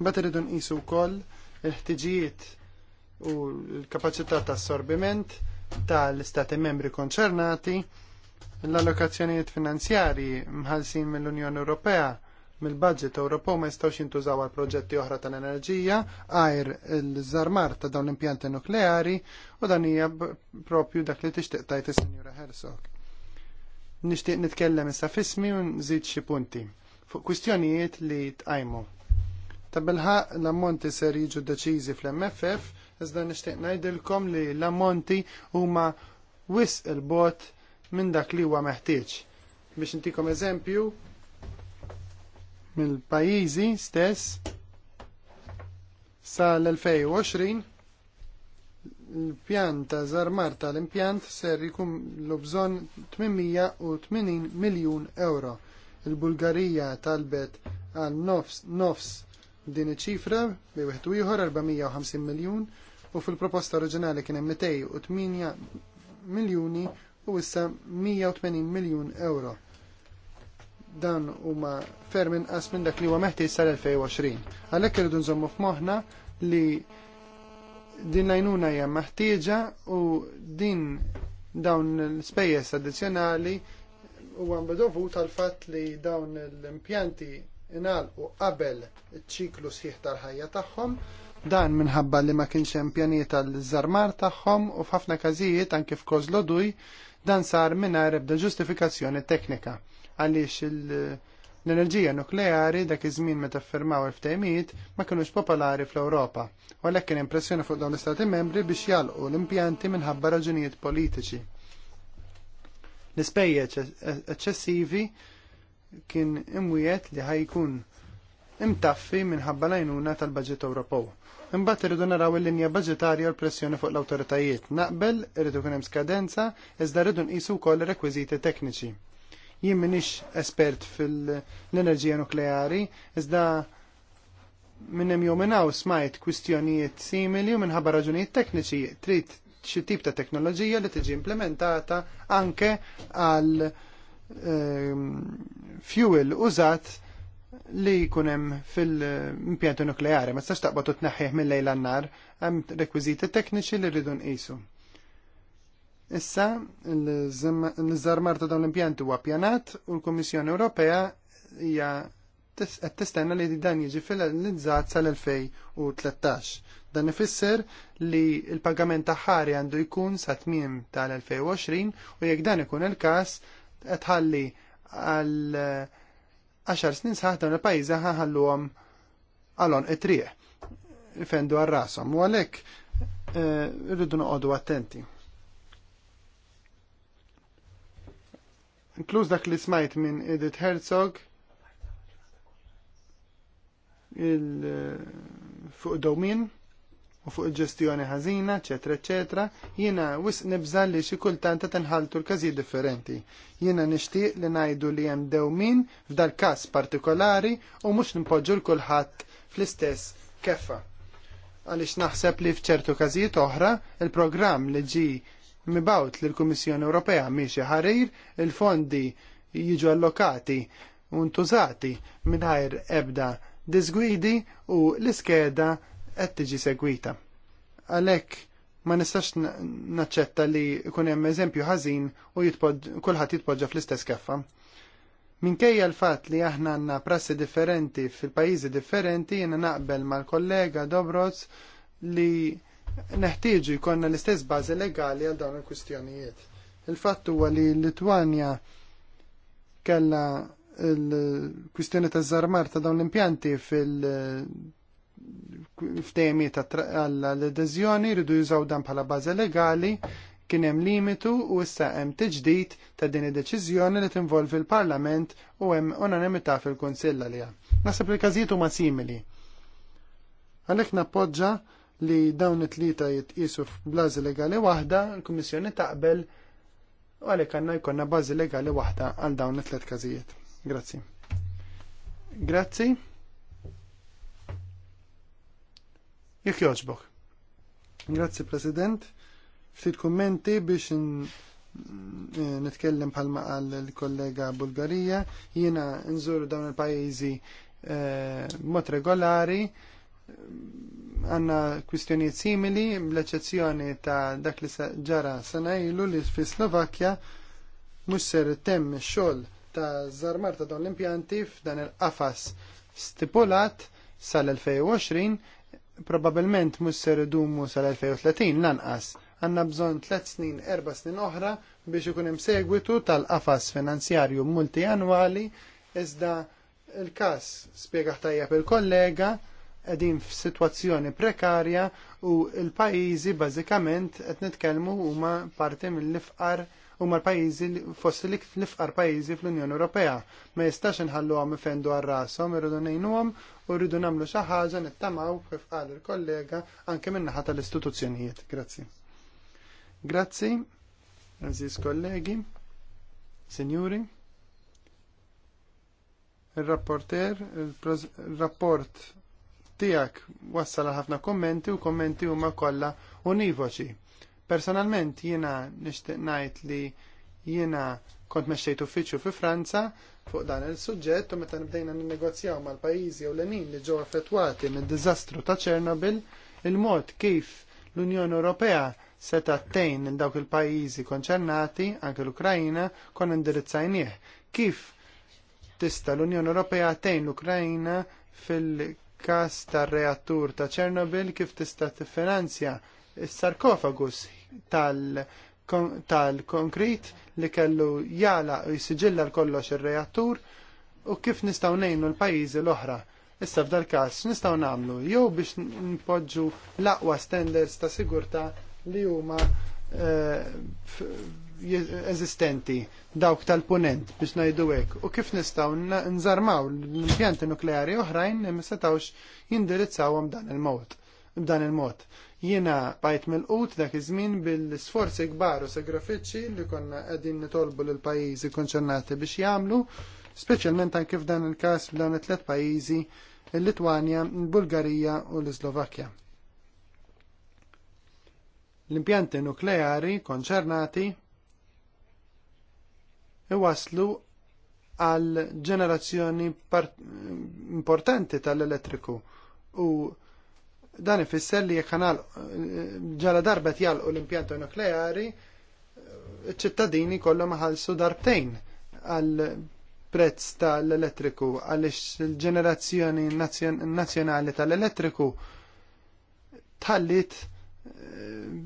Mbagħad iridu nqisu wkoll il-ħtiġijiet u l-kapaċità ta' assorbiment tal-istati membri konċernati l-allokazzjonijiet finanzjarji mħallsin mill-Unjoni Ewropea mill-budget Ewropew ma jistgħux jintużaw għal proġetti oħra tal-enerġija, għajr l-żarmar ta' dawn l-impjanti nukleari u dan hija propju dak li tixtieq tajt is-Sinjura Herzog. Nixtieq nitkellem issa fismi u nżid xi punti fuq kwistjonijiet li tqajmu. Ta' bilħaq l-ammonti ser jiġu deċiżi fl-MFF iżda nixtieq ngħidilkom li l-ammonti huma wisq il-bot minn dak li huwa meħtieġ. Biex intikom eżempju, mill-pajjiżi stess sal-2020 l pjanta ta' żarmar tal-impjant ser jkun l bżonn 880 miljun euro. Il-Bulgarija talbet għal nofs, nofs din iċ-ċifra bi wieħed ieħor 450 miljun u fil-proposta oriġinali kien hemm 208 miljuni u issa 180 miljun euro dan huma ferm inqas minn dak li huwa meħtieġ sal-2020. Għalhekk irridu nżommu f'moħħna li din l-għajnuna hija meħtieġa u din dawn l ispejjeż addizzjonali huwa dovut tal fatt li dawn l-impjanti inalqu qabel ċiklu sħiħ tal-ħajja tagħhom dan minħabba li ma kienx hemm pjanijiet tal-żarmar tagħhom u f'ħafna każijiet anke f'Kozloduj dan sar mingħajr ebda ġustifikazzjoni teknika għaliex l-enerġija nukleari dak iż-żmien meta ffirmaw il-ftehimiet ma kinux popolari fl-Ewropa, u għalhekk kien impressjoni fuq dawn l-Istati membri biex jalqu l-impjanti minħabba raġunijiet politiċi. L-ispejjeġ eċċessivi kien imwiet li ħajkun imtaffi minħabba l-għajnuna tal-budget Ewropew. Imbagħad irridu naraw il-linja baġitarja u l-pressjoni fuq l-awtoritajiet. Naqbel irridu kien hemm skadenza iżda rridu nqisu wkoll ir rekwiżiti tekniċi. Jien minix espert fil-enerġija nukleari, iżda minnem jew minnaw smajt kwistjonijiet simili u minħabba raġunijiet tekniċi trid xi tip ta' teknoloġija li tiġi implementata anke għal ehm, fuel użat li jkun hemm fil-impjanti nukleari, ma tistax taqbad tneħħih mill-lejl għan-nar, hemm rekwiżiti tekniċi li rridu nqisu. Issa l-żarmar ta' dawn l-impjanti huwa pjanat u l-Kummissjoni Ewropea hija qed tistenna li dan jiġi finalizzat sal-2013. Dan ifisser li l-pagament ta' ħari għandu jkun sa tmiem tal-2020 u jekk dan ikun il-każ qed ħalli għal 10 snin sħaħ dawn il-pajjiżi ħaħalluhom għalon it-triq fendu għal rashom u għalhekk eh, rridu noqogħdu attenti. inkluż dak li smajt minn Edith Herzog il eh, fuq domin u fuq il-ġestjoni ħażina, eċetera, eċetera, jiena wis nibżal li xi kultant qed inħaltu l-każijiet differenti. Jiena nixtieq li ngħidu li hemm dewmin f'dal każ partikolari u mhux nipoġġu l kulħadd fl-istess keffa. Għaliex naħseb li f'ċertu każijiet oħra il-programm li ġi mibawt lill-Kummissjoni Ewropea miex ħarir il-fondi jiġu allokati untużati mingħajr ebda disgwidi u l-iskeda qed tiġi segwita. Għalhekk ma nistax naċċetta li jkun hemm eżempju ħażin u kulħadd jitpoġġa fl-istess keffa. Minkejja l-fat li aħna għanna prassi differenti fil-pajizi differenti, jiena naqbel mal-kollega Dobroz li neħtieġu jkollna l-istess bażi legali għal dawn il-kwistjonijiet. Il-fatt huwa li Litwanja kellha l-kwistjoni ta' żarmar ta' dawn l-impjanti fil- ftemi ta' għall-adeżjoni rridu jużaw dan bħala bażi legali kien hemm limitu u issa hemm tiġdid ta' din id-deċiżjoni li tinvolvi l-Parlament u hemm unanimità fil-Kunsill għaliha. Naħseb li każijiet huma simili. Għalhekk nappoġġa li dawn it-tlieta jitqisu f'blażi legali waħda, l kummissjoni taqbel u għalhekk għandna jkollna bażi legali waħda għal dawn it-tliet każijiet. Grazzi. Grazzi. Jekk jogħġbok. Grazzi President. Ftit kummenti biex nitkellem bħalma għal il-kollega Bulgarija, jiena nżur dawn il-pajjiżi eh, mod regolari għanna kwistjoni simili, bl-eċezzjoni ta' dak li ġara sena ilu li fi Slovakkja mhux ser temm xogħol ta' żarmar ta' dawn l-impjanti f'dan il-qafas stipulat sal-2020 probabilment mhux ser idumu sal-2030 lanqas. Għanna bżonn tliet snin, erba snin oħra biex ikun hemm segwitu tal-qafas finanzjarju multianwali iżda il-każ spjegaħ tajjeb il-kollega qegħdin f'sitwazzjoni prekarja u l-pajjiżi bażikament qed nitkellmu huma parti mill u huma l-pajjiżi fost l-ifqar pajjiżi fossi l ifqar pajjiżi fl unjoni Ewropea. Ma jistax inħalluhom ifendu għal rashom, irridu ngħinuhom u rridu nagħmlu xi ħaġa nittamaw kif qal il-kollega anke min-naħa tal-istituzzjonijiet. Grazzi. Grazzi, aziz kollegi, sinjuri il-rapporter, il-rapport tijak wassal ħafna kommenti u kommenti huma kollha univoċi. Personalment jiena nixtieq ngħid li jiena kont mexxejt uffiċċju fi Franza fuq dan il-suġġett u meta nibdejna ninnegozjaw mal-pajjiżi ewlenin li ġew affettwati mid-diżastru ta' Ċernobil, il-mod kif l-Unjoni Ewropea se tattejn il dawk il-pajjiżi konċernati, anke l-Ukrajna, kon indirizzajnieh. Kif tista' l-Unjoni Ewropea tejn l-Ukrajna fil każ tar-reattur ta' Chernobyl kif tista' tiffinanzja is-sarkofagus tal-konkrit li kellu jala u jisġilla l-kollox ir-reattur u kif nistgħu ngħinu l-pajjiżi l-oħra. Issa f'dal każ nistgħu nagħmlu jew biex npoġġu l-aqwa standards ta' sigurtà li huma eh, eżistenti dawk tal-punent biex ngħidu hekk u kif nistgħu nżarmaw l-impjanti nukleari oħrajn ma setgħux jindirizzawhom dan il-mod. B'dan il-mod. Jiena bajt mill-qut dak iż-żmien bil-sforzi kbar u sagrifiċċji li konna qegħdin nitolbu lil pajjiżi konċernati biex jagħmlu, speċjalment anke f'dan il-każ f'dawn it-tliet pajjiżi il-Litwanja, il-Bulgarija u l-Slovakkja. L-impjanti nukleari konċernati iwaslu għal ġenerazzjoni importanti tal-elettriku u dan ifisser li jekk kanal ġala darba tjalqu l-impjanto nukleari ċittadini kollhom ħalsu darbtejn għal prezz tal-elettriku għaliex il-ġenerazzjoni nazzjonali tal-elettriku tħallit eh,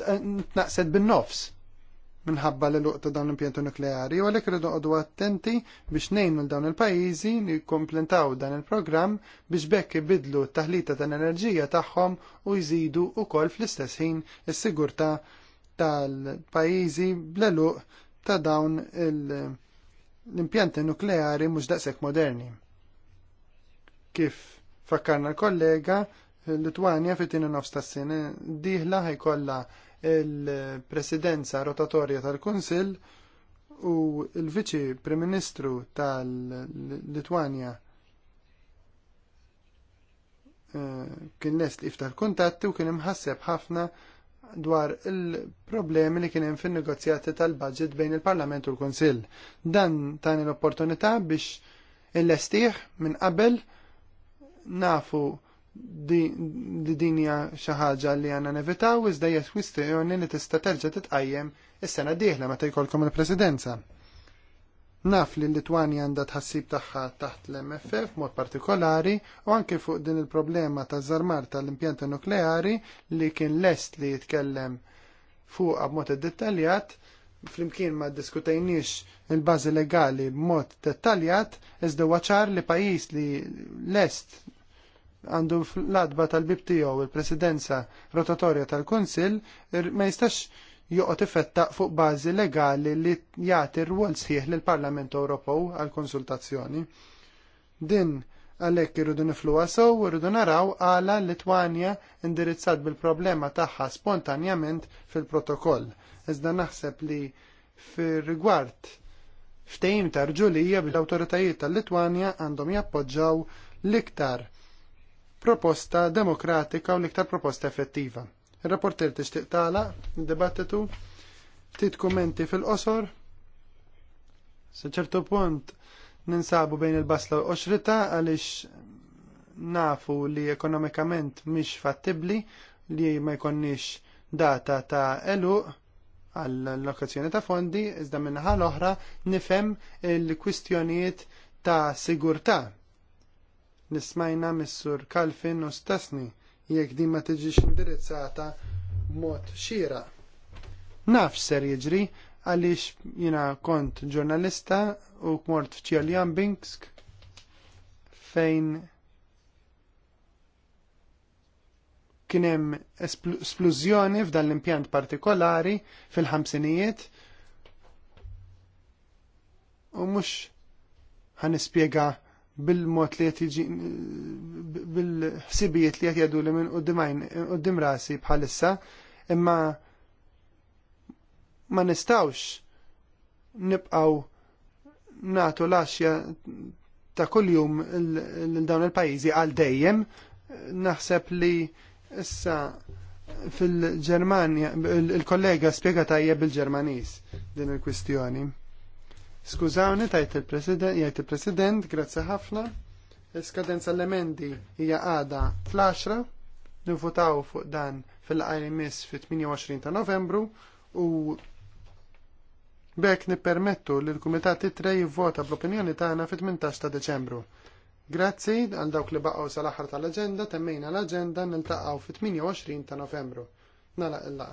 tnaqset bin-nofs minħabba l luqta dawn l-impjantu nukleari u għalhekk rridu għadu attenti biex nejnu l-dawn il-pajjiżi li komplentaw dan il-programm biex bekk ibidlu t-taħlita tal-enerġija tagħhom u jżidu wkoll fl-istess ħin is-sigurtà tal-pajjiżi bl-eluq ta' dawn l-impjanti nukleari mhux daqshekk moderni. Kif fakkarna l-kollega, Litwania fit-tina nofs tas-sena diħla ħajkollha il-presidenza rotatorja tal-Konsil u il-Viċi Prim-Ministru tal-Litwanja eh, kien lest iftar kuntatti u kien imħasseb ħafna dwar il-problemi li kien hemm fin-negozjati tal-budget bejn il-Parlament u l-Kunsill. Dan tani l-opportunità biex il-lestih minn qabel nafu li din hija xi ħaġa li għandna nevitaw iżda hija kwistjoni li tista' terġa' titqajjem is-sena diħla ma meta jkollkom il-Presidenza. Naf li l-Litwani għandha tħassib tagħha taħt l-MFF mod partikolari u anke fuq din il-problema ta' żarmar tal-impjanti nukleari li kien lest li jitkellem fuq b'mod iddettaljat flimkien ma diskutejniex il-bażi legali b'mod dettaljat iżda waċar li pajjiż li lest għandu fl adba tal-bib tiegħu il-presidenza rotatorja tal-Kunsill ma jistax joqgħod ifettaq fuq bażi legali li jagħti rwol sħiħ lill parlament Ewropew għal konsultazzjoni. Din għalhekk irridu niflu sew irridu naraw għala Litwanja indirizzat bil-problema tagħha spontanjament fil-protokoll. Iżda naħseb li fir-rigward ftejim tarġulija bil-awtoritajiet tal-Litwanja għandhom jappoġġaw l-iktar proposta demokratika u l-iktar proposta effettiva. Il-rapporter tixtieq tagħlaq id-dibattitu ftit kommenti fil-qosor. Se ċertu punt ninsabu bejn il-basla u xrita għaliex nafu li ekonomikament mhix fattibbli li ma jkonnix data ta' eluq għall-lokazzjoni ta' fondi, iżda minna l-oħra nifhem il-kwistjonijiet ta' sigurtà Nismajna smajna mis-Sur Kalfin u stasni jekk din ma tiġix indirizzata b'mod xira. Naf ser jiġri għaliex jiena kont ġurnalista u mort f'Ċjoljan Binksk fejn kien hemm esplużjoni f'dan l-impjant partikolari fil-ħamsinijiet u mhux ħanispjega bil-mod li jtiġi bil-ħsibijiet li jgħadu li minn qoddim rasi bħalissa, imma ma nistawx nibqaw natu laxja ta' kuljum l-dawn il-pajizi għal dejjem naħseb li issa fil-Germania, il-kollega spiega tajjeb bil-Germanis din il-kwistjoni. Skużawni tajt il-President, jgħid il-President, grazzi ħafna. L-skadenza l-emendi hija għada fl-10, nivvotaw fuq dan fil ims miss fit-28 ta' Novembru u bekk nippermettu li l-Kumitat titre jivvota bl-opinjoni tagħna fit-18 ta' Deċembru. Grazzi għal dawk li baqgħu sal-aħħar tal-aġenda, temmejna l-aġenda niltaqgħu fit-28 ta' Novembru. Nala illa.